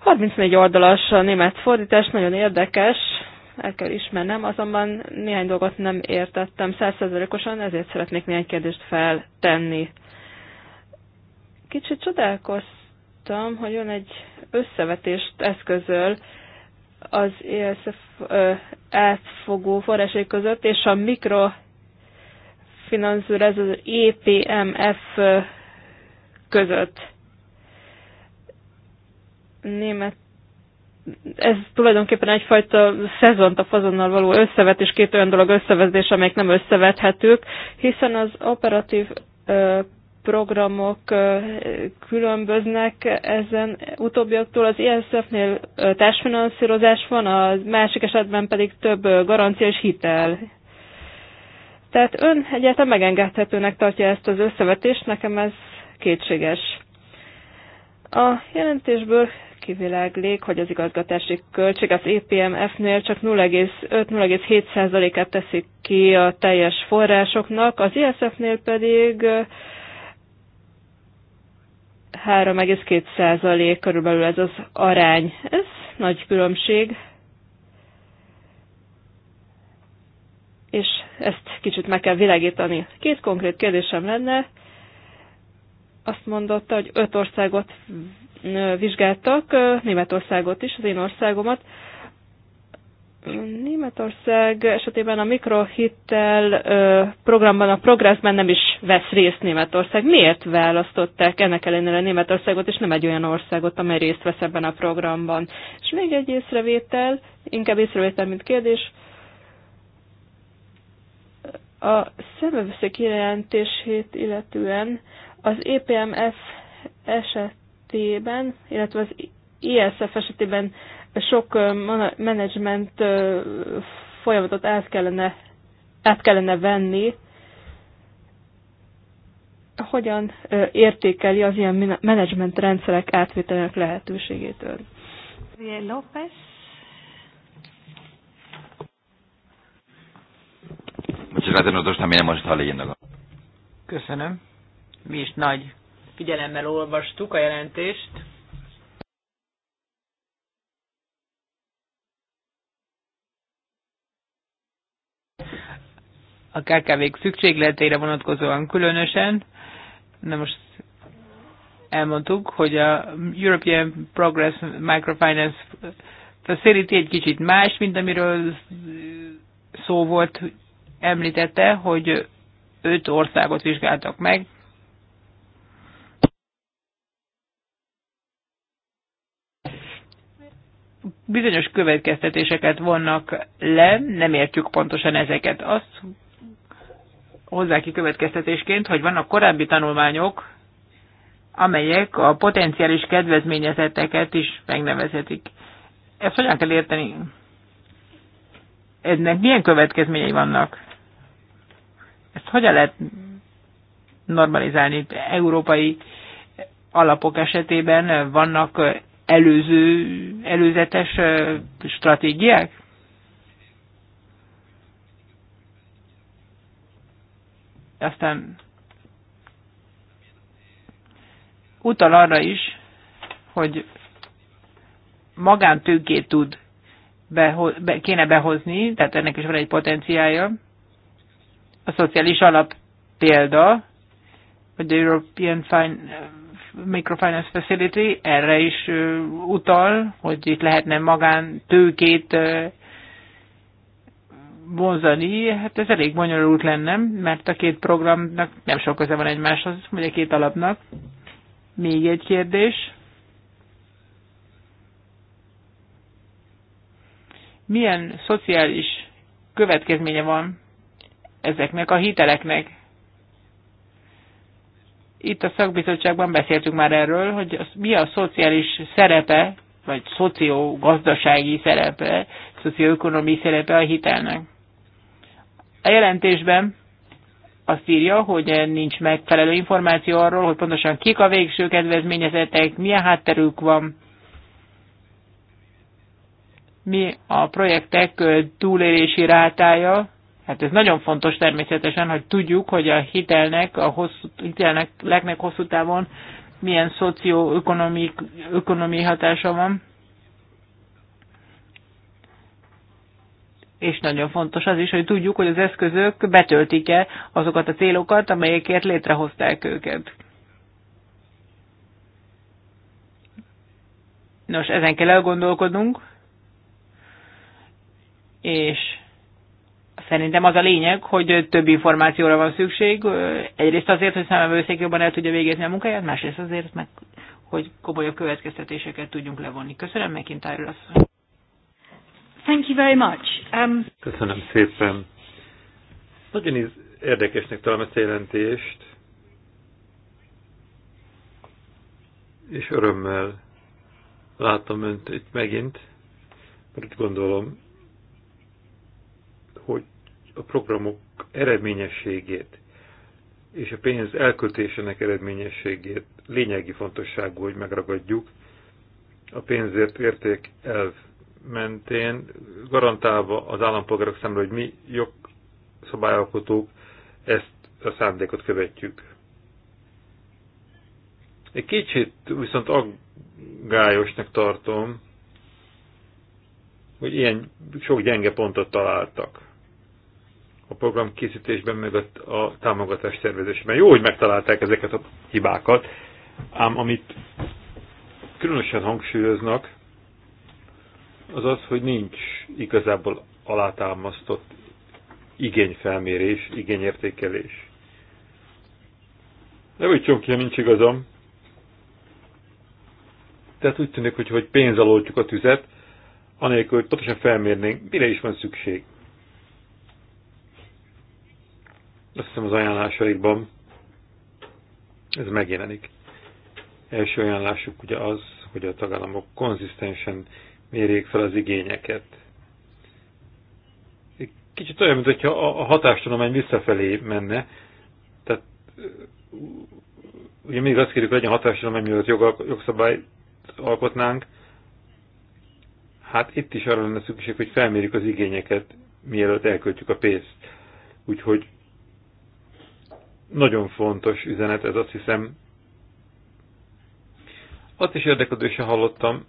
34 oldalas a német fordítás, nagyon érdekes, el kell ismernem, azonban néhány dolgot nem értettem százszerzelékosan, ezért szeretnék néhány kérdést feltenni. Kicsit csodálkoztam hallottam, hogy ön egy összevetést eszközöl az ESF átfogó forrásai között, és a mikrofinanszúr, ez az EPMF között. Német ez tulajdonképpen egyfajta szezont a fazonnal való összevetés, két olyan dolog összevetés, amelyek nem összevethetők, hiszen az operatív ö, programok különböznek ezen utóbbiaktól. Az ISF-nél társfinanszírozás van, a másik esetben pedig több garancia és hitel. Tehát ön egyáltalán megengedhetőnek tartja ezt az összevetést, nekem ez kétséges. A jelentésből kiviláglik, hogy az igazgatási költség az EPMF-nél csak 0,5-0,7%-át teszik ki a teljes forrásoknak, az ISF-nél e pedig 3,2% körülbelül ez az arány. Ez nagy különbség. És ezt kicsit meg kell világítani. Két konkrét kérdésem lenne. Azt mondotta, hogy öt országot vizsgáltak, Németországot is, az én országomat. Németország esetében a mikrohittel programban, a progressben nem is vesz részt Németország. Miért választották ennek ellenére Németországot, és nem egy olyan országot, amely részt vesz ebben a programban? És még egy észrevétel, inkább észrevétel, mint kérdés. A szemövőszék jelentését illetően az EPMF esetében, illetve az ISF esetében sok menedzsment folyamatot át kellene, át kellene venni, hogyan értékeli az ilyen menedzsment rendszerek átvételének lehetőségétől. López. Köszönöm. Mi is nagy figyelemmel olvastuk a jelentést. a KKV-k szükségleteire vonatkozóan különösen. de most elmondtuk, hogy a European Progress Microfinance Facility egy kicsit más, mint amiről szó volt, említette, hogy öt országot vizsgáltak meg. Bizonyos következtetéseket vannak le, nem értjük pontosan ezeket. Azt hozzá ki következtetésként, hogy vannak korábbi tanulmányok, amelyek a potenciális kedvezményezetteket is megnevezhetik. Ezt hogyan kell érteni? Ennek milyen következményei vannak? Ezt hogyan lehet normalizálni? Európai alapok esetében vannak előző, előzetes stratégiák? Aztán utal arra is, hogy magántőkét tud beho- be, kéne behozni, tehát ennek is van egy potenciája. A szociális alap példa, vagy a European Fin- Microfinance Facility erre is utal, hogy itt lehetne magántőkét vonzani, hát ez elég bonyolult lenne, mert a két programnak nem sok köze van egymáshoz, vagy a két alapnak. Még egy kérdés. Milyen szociális következménye van ezeknek a hiteleknek? Itt a szakbizottságban beszéltünk már erről, hogy mi a szociális szerepe, vagy szociogazdasági szerepe, szocioökonomi szerepe a hitelnek. A jelentésben azt írja, hogy nincs megfelelő információ arról, hogy pontosan kik a végső kedvezményezetek, milyen hátterük van, mi a projektek túlélési rátája. Hát ez nagyon fontos természetesen, hogy tudjuk, hogy a hitelnek, a hosszú, hitelnek legnek hosszú távon milyen szocioökonomiai hatása van. és nagyon fontos az is, hogy tudjuk, hogy az eszközök betöltik-e azokat a célokat, amelyekért létrehozták őket. Nos, ezen kell elgondolkodnunk, és szerintem az a lényeg, hogy több információra van szükség. Egyrészt azért, hogy számvevőszék jobban el tudja végezni a munkáját, másrészt azért, meg, hogy komolyabb következtetéseket tudjunk levonni. Köszönöm, megint asszony. Thank you very much. Um... Köszönöm szépen. Nagyon érdekesnek találom ezt a jelentést, és örömmel látom önt itt megint, mert gondolom, hogy a programok eredményességét és a pénz elköltésének eredményességét lényegi fontosságú, hogy megragadjuk. A pénzért érték elv mentén garantálva az állampolgárok számára, hogy mi jogszabályalkotók ezt a szándékot követjük. Egy kicsit viszont aggályosnak tartom, hogy ilyen sok gyenge pontot találtak a program készítésben, meg a, támogatás szervezésben. Jó, hogy megtalálták ezeket a hibákat, ám amit különösen hangsúlyoznak, az az, hogy nincs igazából alátámasztott igényfelmérés, igényértékelés. Ne vagytson ki, ha nincs igazam. Tehát úgy tűnik, hogy, hogy pénz aloltjuk a tüzet, anélkül, hogy pontosan felmérnénk, mire is van szükség. Azt hiszem az ajánlásaikban ez megjelenik. Első ajánlásuk ugye az, hogy a tagállamok konzisztensen mérjék fel az igényeket. Kicsit olyan, mintha a hatástudomány visszafelé menne. Tehát ugye mindig azt kérjük, hogy legyen hatástudomány, mielőtt jogszabályt alkotnánk. Hát itt is arra lenne szükség, hogy felmérjük az igényeket, mielőtt elköltjük a pénzt. Úgyhogy nagyon fontos üzenet ez, azt hiszem. Azt is érdeklődősen hallottam,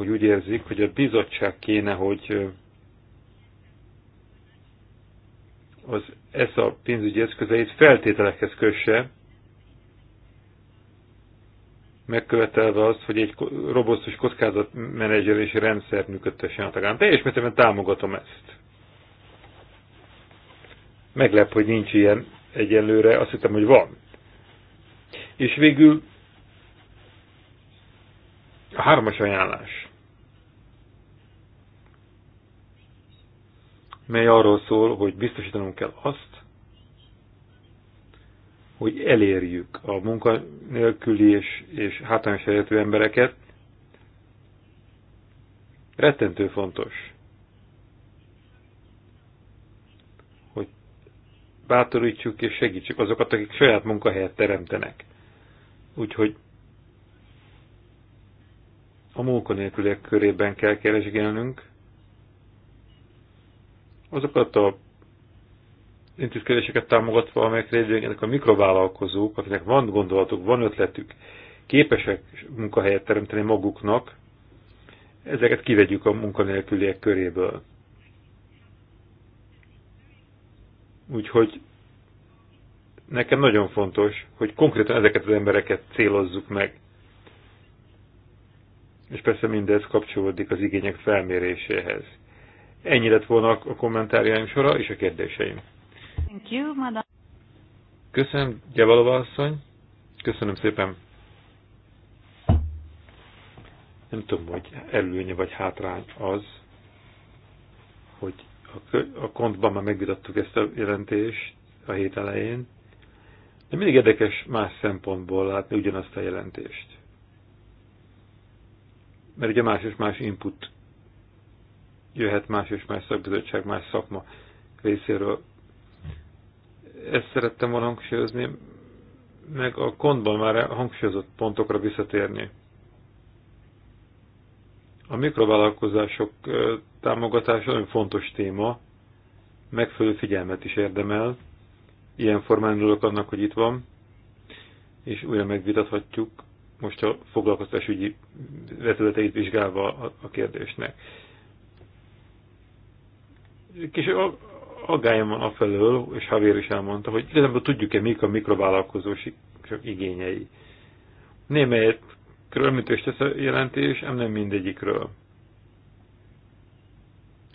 hogy úgy érzik, hogy a bizottság kéne, hogy az a pénzügyi eszközeit feltételekhez kösse, megkövetelve azt, hogy egy robosztus kockázatmenedzselési rendszer működtessen a tagán. Teljes mértékben támogatom ezt. Meglep, hogy nincs ilyen egyenlőre, azt hittem, hogy van. És végül a hármas ajánlás. mely arról szól, hogy biztosítanunk kell azt, hogy elérjük a munkanélküli és, és hátrányos helyzetű embereket. Rettentő fontos, hogy bátorítsuk és segítsük azokat, akik saját munkahelyet teremtenek. Úgyhogy a munkanélküliek körében kell keresgélnünk, azokat a intézkedéseket támogatva, amelyek lényegének a mikrovállalkozók, akinek van gondolatuk, van ötletük, képesek munkahelyet teremteni maguknak, ezeket kivegyük a munkanélküliek köréből. Úgyhogy nekem nagyon fontos, hogy konkrétan ezeket az embereket célozzuk meg. És persze mindez kapcsolódik az igények felméréséhez Ennyi lett volna a kommentárjaim sora és a kérdéseim. Thank you, madam. Köszönöm, Gyavalova asszony. Köszönöm szépen. Nem tudom, hogy előnye vagy hátrány az, hogy a, a kontban már megvitattuk ezt a jelentést a hét elején, de mindig érdekes más szempontból látni ugyanazt a jelentést. Mert ugye más és más input jöhet más és más szakbizottság, más szakma részéről. Ezt szerettem volna hangsúlyozni, meg a kontban már hangsúlyozott pontokra visszatérni. A mikrovállalkozások támogatása nagyon fontos téma, megfelelő figyelmet is érdemel. Ilyen formán örülök annak, hogy itt van, és újra megvitathatjuk most a foglalkoztatásügyi vetületeit vizsgálva a kérdésnek kis aggályom a afelől, és Javier is elmondta, hogy igazából tudjuk-e, mik a mikrovállalkozósok igényei. Némelyet körülmítést tesz a jelentés, ám nem mindegyikről.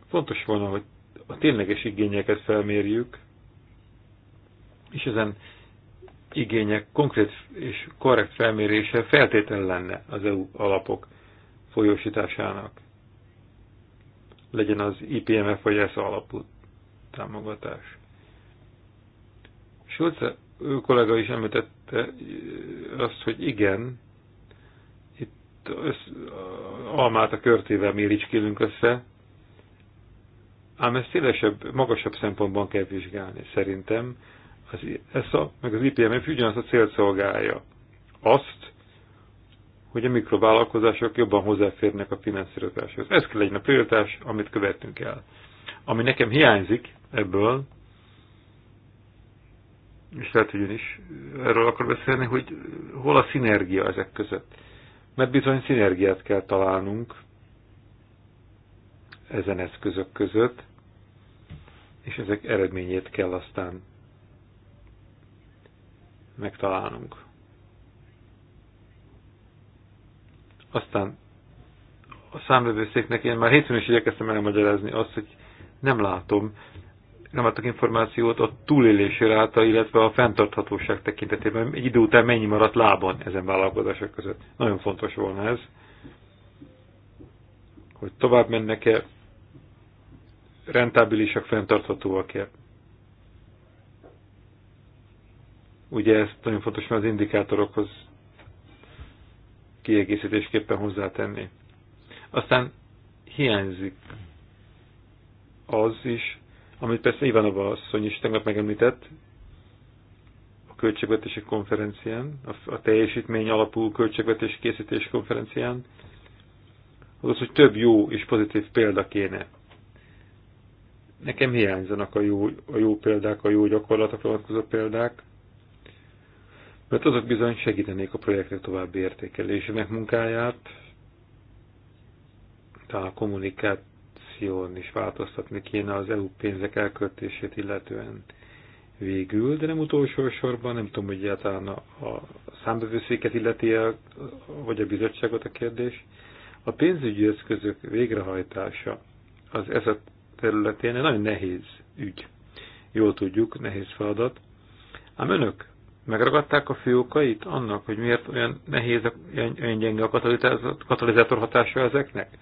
Fontos volna, hogy a tényleges igényeket felmérjük, és ezen igények konkrét és korrekt felmérése feltétel lenne az EU alapok folyósításának legyen az IPMF vagy ESZA alapú támogatás. Schulze ő kollega is említette azt, hogy igen, itt össz, almát a körtével méricskélünk össze, ám ezt szélesebb, magasabb szempontban kell vizsgálni. Szerintem az ESZA meg az IPMF ugyanazt a célt szolgálja. Azt, hogy a mikrovállalkozások jobban hozzáférnek a finanszírozáshoz. Ez kell legyen a prioritás, amit követnünk el. Ami nekem hiányzik ebből, és lehet, hogy ön is erről akar beszélni, hogy hol a szinergia ezek között. Mert bizony szinergiát kell találnunk ezen eszközök között, és ezek eredményét kell aztán megtalálnunk. Aztán a számvevőszéknek én már hétfőn is igyekeztem elmagyarázni azt, hogy nem látom, nem adtak információt a túlélésére által, illetve a fenntarthatóság tekintetében. Egy idő után mennyi maradt lábon ezen vállalkozások között. Nagyon fontos volna ez, hogy tovább mennek-e, rentábilisak, fenntarthatóak-e. Ugye ez nagyon fontos, mert az indikátorokhoz kiegészítésképpen hozzátenni. Aztán hiányzik az is, amit persze Ivanova asszony is tegnap megemlített, a költségvetési konferencián, a teljesítmény alapú költségvetési készítés konferencián, az az, hogy több jó és pozitív példa kéne. Nekem hiányzanak a jó, a jó példák, a jó gyakorlatok vonatkozó példák, mert azok bizony segítenék a projektek további értékelésének munkáját, talán a kommunikáción is változtatni kéne az EU pénzek elköltését illetően végül, de nem utolsó sorban, nem tudom, hogy egyáltalán a, a számbevőszéket illeti -e, vagy a bizottságot a kérdés. A pénzügyi eszközök végrehajtása az ez a területén egy nagyon nehéz ügy. Jól tudjuk, nehéz feladat. Ám önök megragadták a fiókait annak, hogy miért olyan nehéz, olyan, olyan gyenge a katalizátor hatása ezeknek?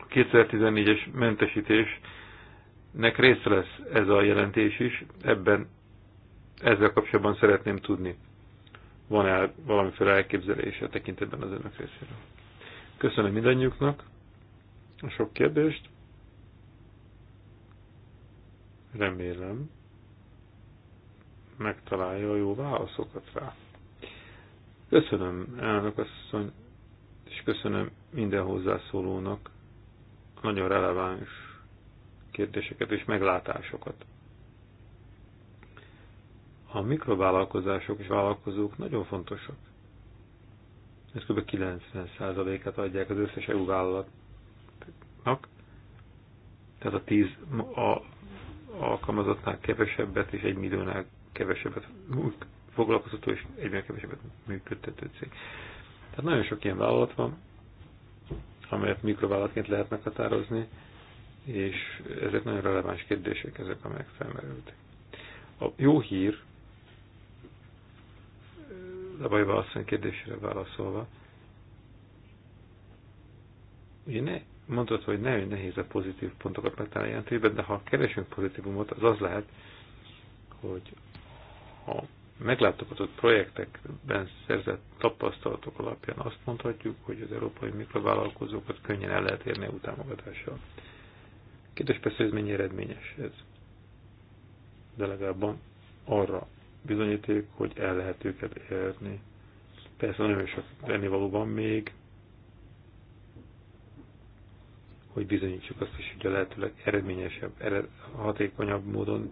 A 2014-es mentesítésnek része lesz ez a jelentés is, ebben ezzel kapcsolatban szeretném tudni, van-e valamiféle elképzelése tekintetben az önök részéről. Köszönöm mindannyiuknak! a sok kérdést. Remélem megtalálja a jó válaszokat rá. Köszönöm, elnök asszony, és köszönöm minden hozzászólónak nagyon releváns kérdéseket és meglátásokat. A mikrovállalkozások és vállalkozók nagyon fontosak. Ez kb. 90%-át adják az összes EU vállalat alkalmazottnak, tehát a 10 a, alkalmazottnál kevesebbet és egy milliónál kevesebbet foglalkoztató és egyre kevesebbet működtető cég. Tehát nagyon sok ilyen vállalat van, amelyet mikrovállalatként lehet meghatározni, és ezek nagyon releváns kérdések, ezek amelyek felmerültek. A jó hír, a baj kérdésére válaszolva, ugye ne mondtad, hogy nagyon nehéz a pozitív pontokat megtalálni a jelentőben, de ha keresünk pozitívumot, az az lehet, hogy a meglátogatott projektekben szerzett tapasztalatok alapján azt mondhatjuk, hogy az európai mikrovállalkozókat könnyen el lehet érni a támogatással. Kérdés persze, hogy ez mennyi eredményes ez. De legalább arra bizonyíték, hogy el lehet őket érni. Persze nagyon sok ennivaló van még, hogy bizonyítsuk azt is, hogy a lehetőleg eredményesebb, ered, hatékonyabb módon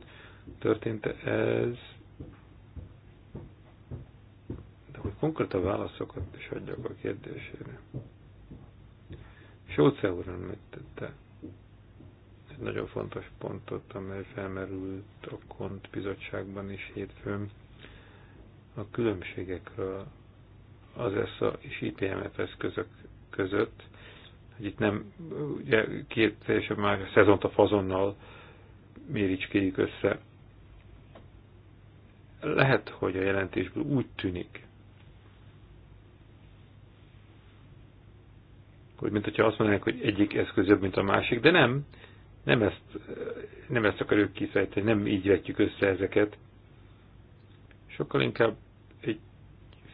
történt ez. De hogy konkrét a válaszokat is adjak a kérdésére. Sóce úr említette egy nagyon fontos pontot, amely felmerült a Kont bizottságban is hétfőn, a különbségekről az ESZA és IPMF eszközök között, hogy itt nem ugye, két teljesen már szezont a fazonnal méricskéjük össze. Lehet, hogy a jelentésből úgy tűnik, hogy mint azt mondanák, hogy egyik eszköz jobb, mint a másik, de nem, nem ezt, nem ezt akarjuk kifejteni, nem így vetjük össze ezeket. Sokkal inkább egy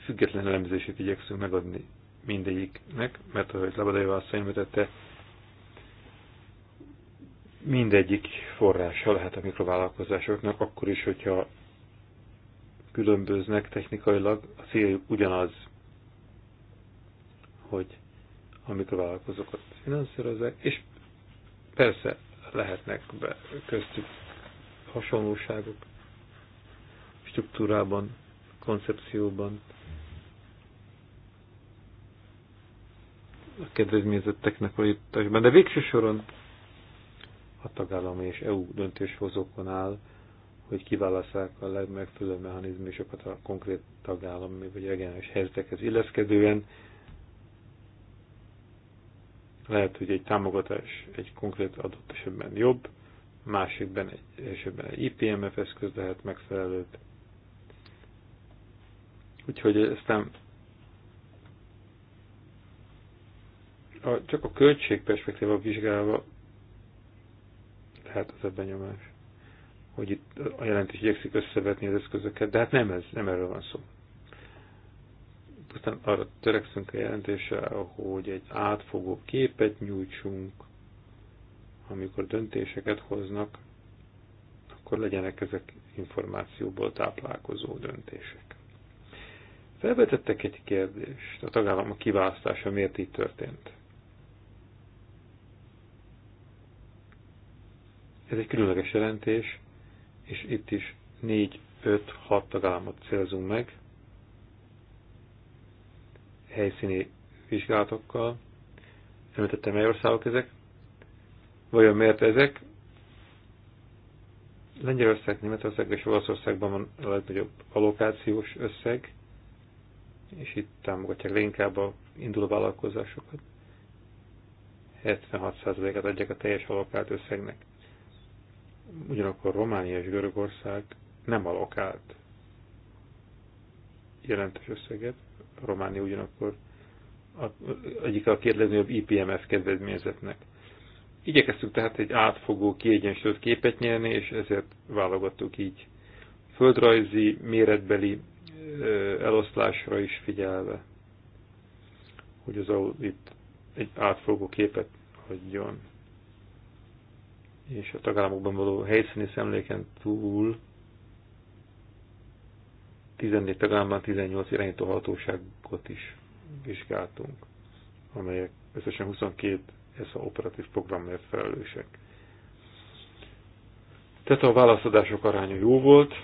független elemzését igyekszünk megadni mindegyiknek, mert ahogy Labadajva azt vetette, mindegyik forrása lehet a mikrovállalkozásoknak, akkor is, hogyha különböznek technikailag, a cél ugyanaz, hogy a mikrovállalkozókat finanszírozzák, és persze lehetnek be köztük hasonlóságok struktúrában, koncepcióban, a kedvezményezetteknek a jutásban, de végső soron a tagállami és EU döntéshozókon áll, hogy kiválaszák a legmegfelelőbb mechanizmusokat a konkrét tagállami vagy regionális helyzetekhez illeszkedően. Lehet, hogy egy támogatás egy konkrét adott esetben jobb, másikben egy, esetben egy IPMF eszköz lehet megfelelőbb. Úgyhogy aztán a, csak a költség perspektíva vizsgálva, tehát az a benyomás, hogy itt a jelentés igyekszik összevetni az eszközöket, de hát nem ez, nem erről van szó. Aztán arra törekszünk a jelentéssel, hogy egy átfogó képet nyújtsunk, amikor döntéseket hoznak, akkor legyenek ezek információból táplálkozó döntések. Felvetettek egy kérdést, a tagállamok kiválasztása miért így történt. Ez egy különleges jelentés, és itt is 4-5-6 tagállamot célzunk meg helyszíni vizsgálatokkal. Említettem, mely országok ezek? Vajon miért ezek? Lengyelország, Németország és Olaszországban van a legnagyobb allokációs összeg, és itt támogatják leginkább a induló vállalkozásokat. 76%-át adják a teljes allokált összegnek ugyanakkor Románia és Görögország nem alokált jelentős összeget. Románia ugyanakkor a, egyik a két legnagyobb IPMF kedvezményezetnek. Igyekeztünk tehát egy átfogó, kiegyensúlyozott képet nyerni, és ezért válogattuk így földrajzi, méretbeli eloszlásra is figyelve, hogy az ahol itt egy átfogó képet adjon és a tagállamokban való helyszíni szemléken túl 14 tagállamban 18 irányító hatóságot is vizsgáltunk, amelyek összesen 22 ESZA operatív programért felelősek. Tehát a válaszadások aránya jó volt,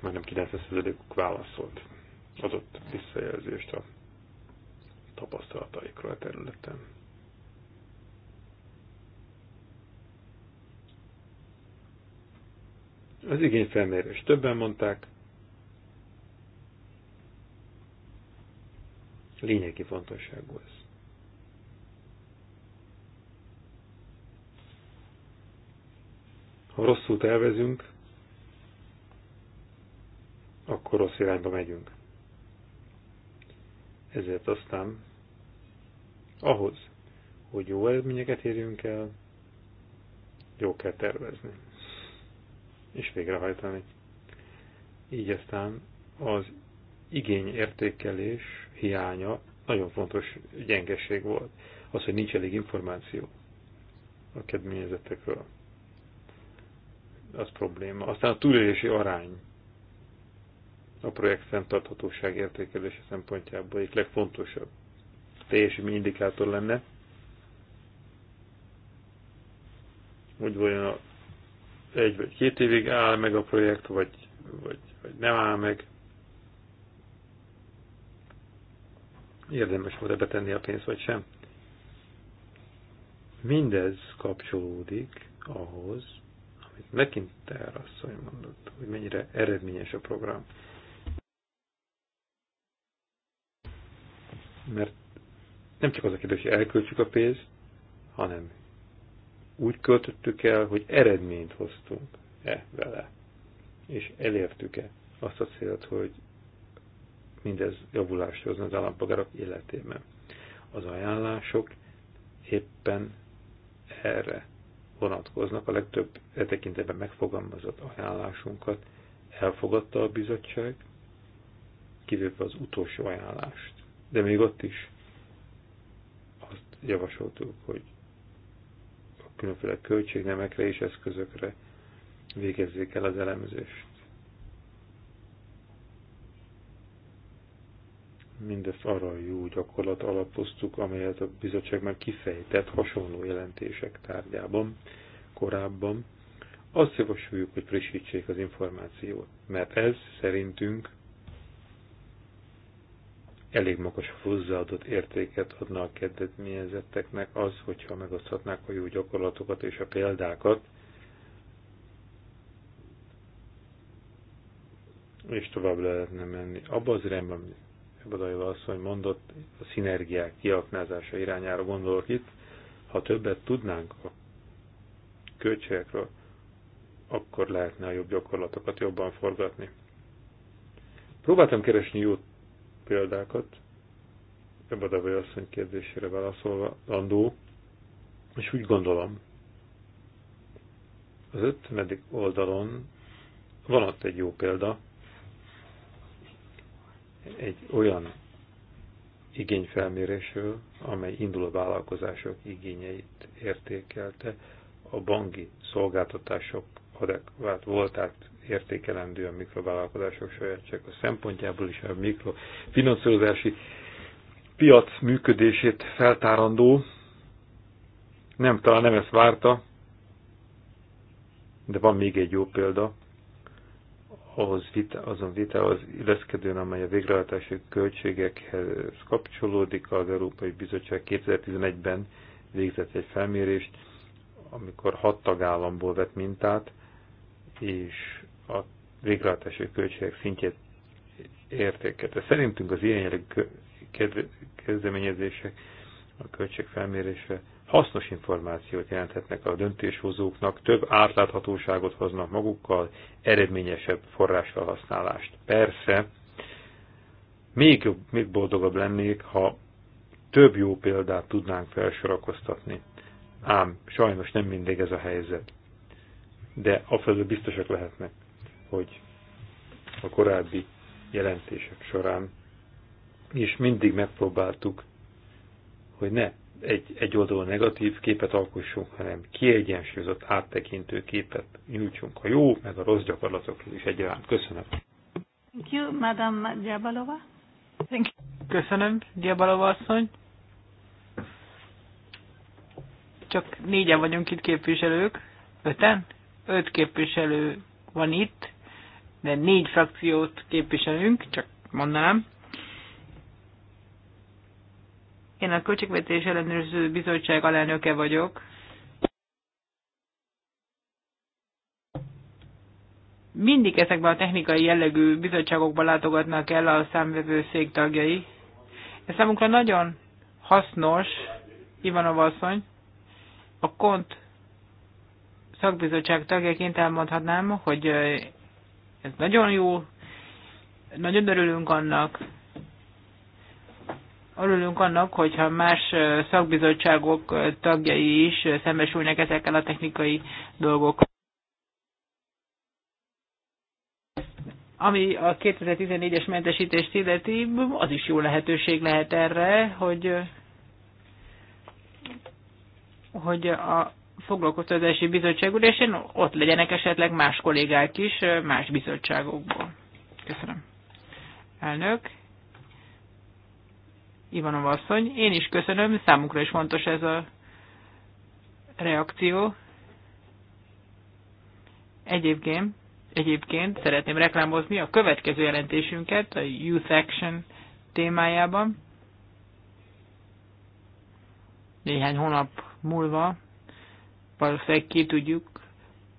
majdnem 90%-uk válaszolt, adott visszajelzést a tapasztalataikról a területen. Az igényfelmérés. Többen mondták. Lényegi fontosságú ez. Ha rosszul tervezünk, akkor rossz irányba megyünk. Ezért aztán ahhoz, hogy jó eredményeket érjünk el, jó kell tervezni és végrehajtani. Így aztán az igényértékelés hiánya nagyon fontos gyengeség volt. Az, hogy nincs elég információ a kedményezetekről. Az probléma. Aztán a túlélési arány a projekt fenntarthatóság értékelése szempontjából egyik legfontosabb teljesítmény indikátor lenne, hogy vajon a egy vagy két évig áll meg a projekt, vagy, vagy, vagy nem áll meg. Érdemes volt-e betenni a pénzt, vagy sem. Mindez kapcsolódik ahhoz, amit McIntyre asszony mondott, hogy mennyire eredményes a program. Mert nem csak az a kérdés, hogy elköltsük a pénzt, hanem úgy költöttük el, hogy eredményt hoztunk-e vele, és elértük-e azt a célt, hogy mindez javulást hozna az állampolgárok életében. Az ajánlások éppen erre vonatkoznak, a legtöbb e tekintetben megfogalmazott ajánlásunkat elfogadta a bizottság, kivéve az utolsó ajánlást. De még ott is azt javasoltuk, hogy különféle költségnemekre és eszközökre végezzék el az elemzést. Mindezt arra a jó gyakorlat alapoztuk, amelyet a bizottság már kifejtett hasonló jelentések tárgyában korábban. Azt javasoljuk, hogy frissítsék az információt, mert ez szerintünk elég magas hozzáadott értéket adna a kedvezményezetteknek az, hogyha megoszthatnák a jó gyakorlatokat és a példákat, és tovább lehetne menni. Abba az irányban, amit Badajla asszony mondott, a szinergiák kiaknázása irányára gondolok itt, ha többet tudnánk a költségekről, akkor lehetne a jobb gyakorlatokat jobban forgatni. Próbáltam keresni jó példákat, Ebadavai asszony kérdésére válaszolva, Landó, és úgy gondolom, az ötmedik oldalon van ott egy jó példa, egy olyan igényfelmérésről, amely induló vállalkozások igényeit értékelte, a banki szolgáltatások adekvát voltát értékelendő a mikrovállalkozások a szempontjából is a mikrofinanszírozási piac működését feltárandó. Nem, talán nem ezt várta, de van még egy jó példa, ahhoz vita, azon vitához illeszkedően, amely a végrehajtási költségekhez kapcsolódik, az Európai Bizottság 2011-ben végzett egy felmérést, amikor hat tagállamból vett mintát, és a végrehajtási költségek szintjét értéket. szerintünk az ilyen jellegű kezdeményezések a felmérése hasznos információt jelenthetnek a döntéshozóknak, több átláthatóságot hoznak magukkal, eredményesebb forrásfelhasználást. Persze, még, jobb, még boldogabb lennék, ha több jó példát tudnánk felsorakoztatni. Ám sajnos nem mindig ez a helyzet. De afelől biztosak lehetnek, hogy a korábbi jelentések során és mindig megpróbáltuk, hogy ne egy, egy oldalon negatív képet alkossunk, hanem kiegyensúlyozott, áttekintő képet nyújtsunk a jó, meg a rossz gyakorlatokról is egyaránt. Köszönöm. Thank you, Madam Diabalova. Thank you. Köszönöm, Diabalova asszony. Csak négyen vagyunk itt képviselők. Öten? Öt képviselő van itt de négy frakciót képviselünk, csak mondanám. Én a Költségvetés Ellenőrző Bizottság alelnöke vagyok. Mindig ezekben a technikai jellegű bizottságokban látogatnak el a számvevőszék tagjai. Ez számunkra nagyon hasznos, Ivanov asszony, a KONT szakbizottság tagjaként elmondhatnám, hogy ez nagyon jó, nagyon örülünk annak, örülünk annak, hogyha más szakbizottságok tagjai is szembesülnek ezekkel a technikai dolgokkal. Ami a 2014-es mentesítést illeti, az is jó lehetőség lehet erre, hogy, hogy a foglalkoztatási bizottság ülésén ott legyenek esetleg más kollégák is más bizottságokból. Köszönöm. Elnök. Ivanov asszony, én is köszönöm, számukra is fontos ez a reakció. Egyébként, egyébként szeretném reklámozni a következő jelentésünket a Youth Action témájában. Néhány hónap múlva valószínűleg ki tudjuk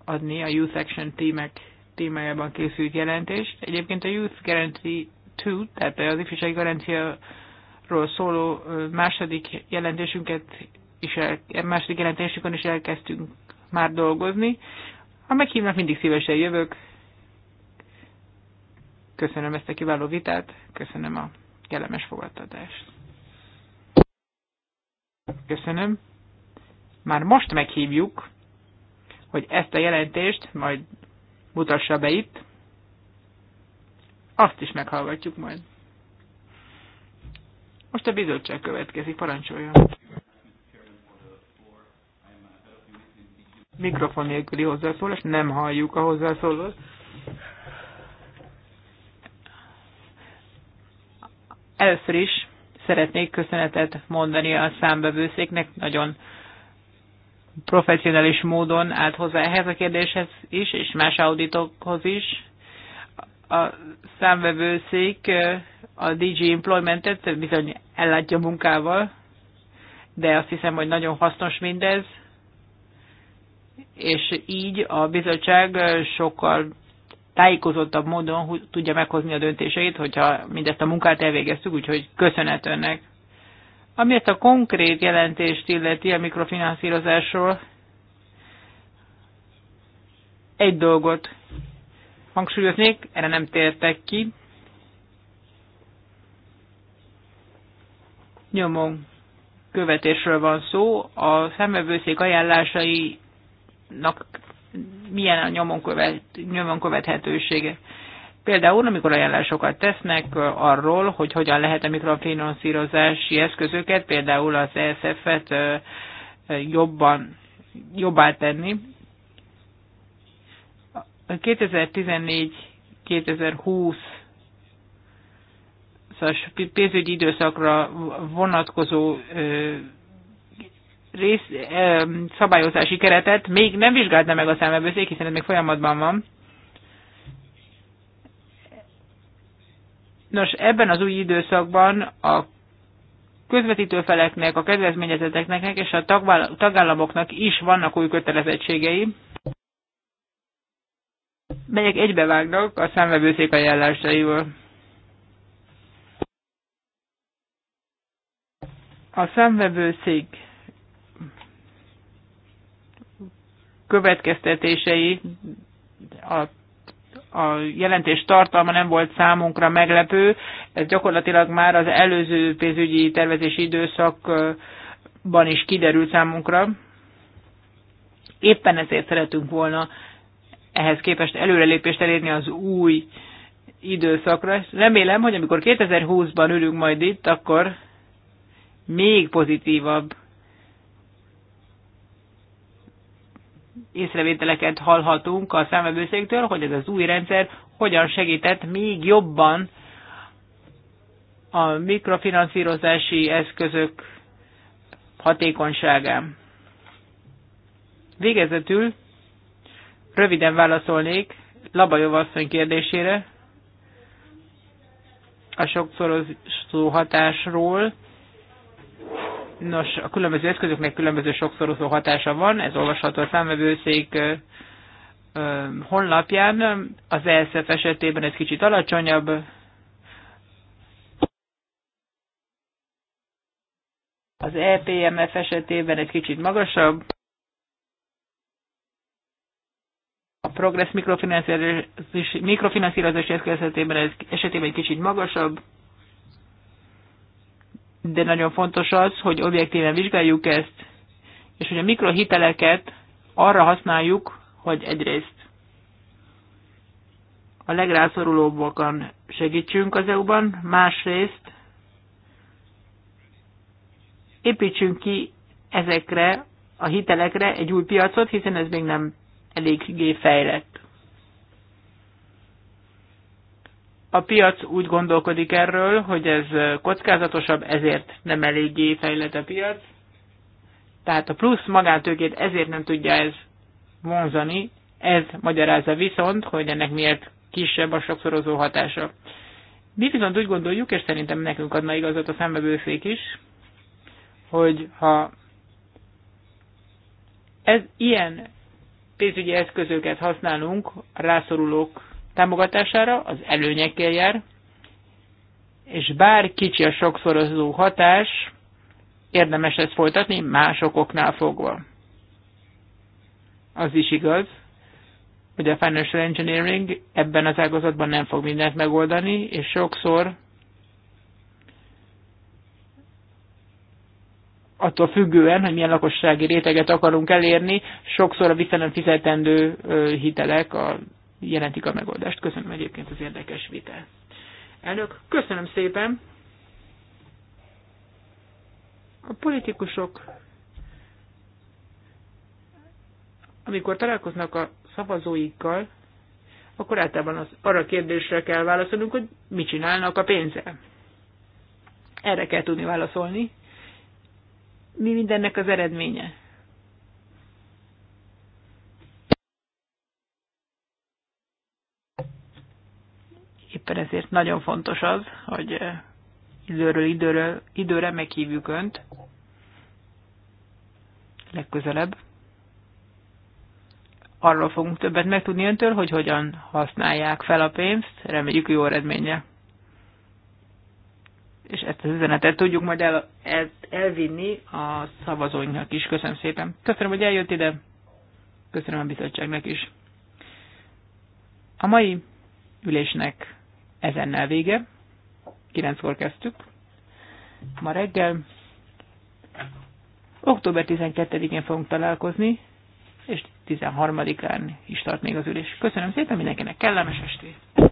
adni a Youth Action témek témájában készült jelentést. Egyébként a Youth Guarantee 2, tehát az ifjúsági garanciáról szóló második jelentésünket is el, második jelentésükön is elkezdtünk már dolgozni. Ha meghívnak, mindig szívesen jövök. Köszönöm ezt a kiváló vitát, köszönöm a kellemes fogadtatást. Köszönöm már most meghívjuk, hogy ezt a jelentést majd mutassa be itt, azt is meghallgatjuk majd. Most a bizottság következik, parancsoljon. Mikrofon nélküli hozzászólás, nem halljuk a hozzászólót. Először is szeretnék köszönetet mondani a számbevőszéknek, nagyon professzionális módon állt hozzá ehhez a kérdéshez is, és más auditokhoz is. A számvevőszék a DG Employment-et bizony ellátja munkával, de azt hiszem, hogy nagyon hasznos mindez, és így a bizottság sokkal tájékozottabb módon tudja meghozni a döntéseit, hogyha mindezt a munkát elvégeztük, úgyhogy köszönet önnek. Amiért a konkrét jelentést illeti a mikrofinanszírozásról, egy dolgot hangsúlyoznék, erre nem tértek ki. Nyomon követésről van szó. A szemvevőszék ajánlásainak milyen a nyomon, követ, nyomon követhetősége. Például, amikor ajánlásokat tesznek arról, hogy hogyan lehet a mikrofinanszírozási eszközöket, például az ESF-et jobban, jobbá tenni. 2014-2020 pénzügyi időszakra vonatkozó rész, szabályozási keretet még nem vizsgálta meg a számvevőszék, hiszen ez még folyamatban van. Nos, ebben az új időszakban a közvetítőfeleknek, a kedvezményezeteknek és a tagállamoknak is vannak új kötelezettségei, melyek egybevágnak a számvevőszék ajánlásaival. A számvevőszék következtetései a a jelentés tartalma nem volt számunkra meglepő. Ez gyakorlatilag már az előző pénzügyi tervezési időszakban is kiderült számunkra. Éppen ezért szeretünk volna ehhez képest előrelépést elérni az új időszakra. Remélem, hogy amikor 2020-ban ülünk majd itt, akkor még pozitívabb észrevételeket hallhatunk a számvevőszéktől, hogy ez az új rendszer hogyan segített még jobban a mikrofinanszírozási eszközök hatékonyságán. Végezetül röviden válaszolnék Labajov asszony kérdésére a sokszorozó hatásról. Nos, a különböző eszközöknek különböző sokszorozó hatása van, ez olvasható a számvevőszék honlapján. Az ESF esetében ez kicsit alacsonyabb, az EPMF esetében egy kicsit magasabb, a progress mikrofinanszírozási eszköz esetében, esetében egy kicsit magasabb, de nagyon fontos az, hogy objektíven vizsgáljuk ezt, és hogy a mikrohiteleket arra használjuk, hogy egyrészt a legrászorulóbbakon segítsünk az EU-ban, másrészt építsünk ki ezekre a hitelekre egy új piacot, hiszen ez még nem eléggé fejlett. A piac úgy gondolkodik erről, hogy ez kockázatosabb, ezért nem eléggé fejlett a piac. Tehát a plusz magántőkét ezért nem tudja ez vonzani, ez magyarázza viszont, hogy ennek miért kisebb a sokszorozó hatása. Mi viszont úgy gondoljuk, és szerintem nekünk adna igazat a szembebőszék is, hogy ha ez ilyen pénzügyi eszközöket használunk rászorulók támogatására, az előnyekkel jár, és bár kicsi a sokszorozó hatás, érdemes ezt folytatni más okoknál fogva. Az is igaz, hogy a financial engineering ebben az ágazatban nem fog mindent megoldani, és sokszor attól függően, hogy milyen lakossági réteget akarunk elérni, sokszor a vissza nem fizetendő hitelek, a jelentik a megoldást. Köszönöm egyébként az érdekes vitát. Elnök, köszönöm szépen! A politikusok, amikor találkoznak a szavazóikkal, akkor általában az, arra kérdésre kell válaszolnunk, hogy mit csinálnak a pénzzel. Erre kell tudni válaszolni. Mi mindennek az eredménye? Éppen ezért nagyon fontos az, hogy eh, időről időről, időre meghívjuk Önt legközelebb. Arról fogunk többet megtudni Öntől, hogy hogyan használják fel a pénzt, reméljük jó eredménye. És ezt az üzenetet tudjuk majd el, el, elvinni a szavazóinknak is. Köszönöm szépen. Köszönöm, hogy eljött ide. Köszönöm a bizottságnak is. A mai ülésnek ezennel vége. Kilenckor kezdtük. Ma reggel. Október 12-én fogunk találkozni, és 13-án is tart még az ülés. Köszönöm szépen mindenkinek, kellemes estét!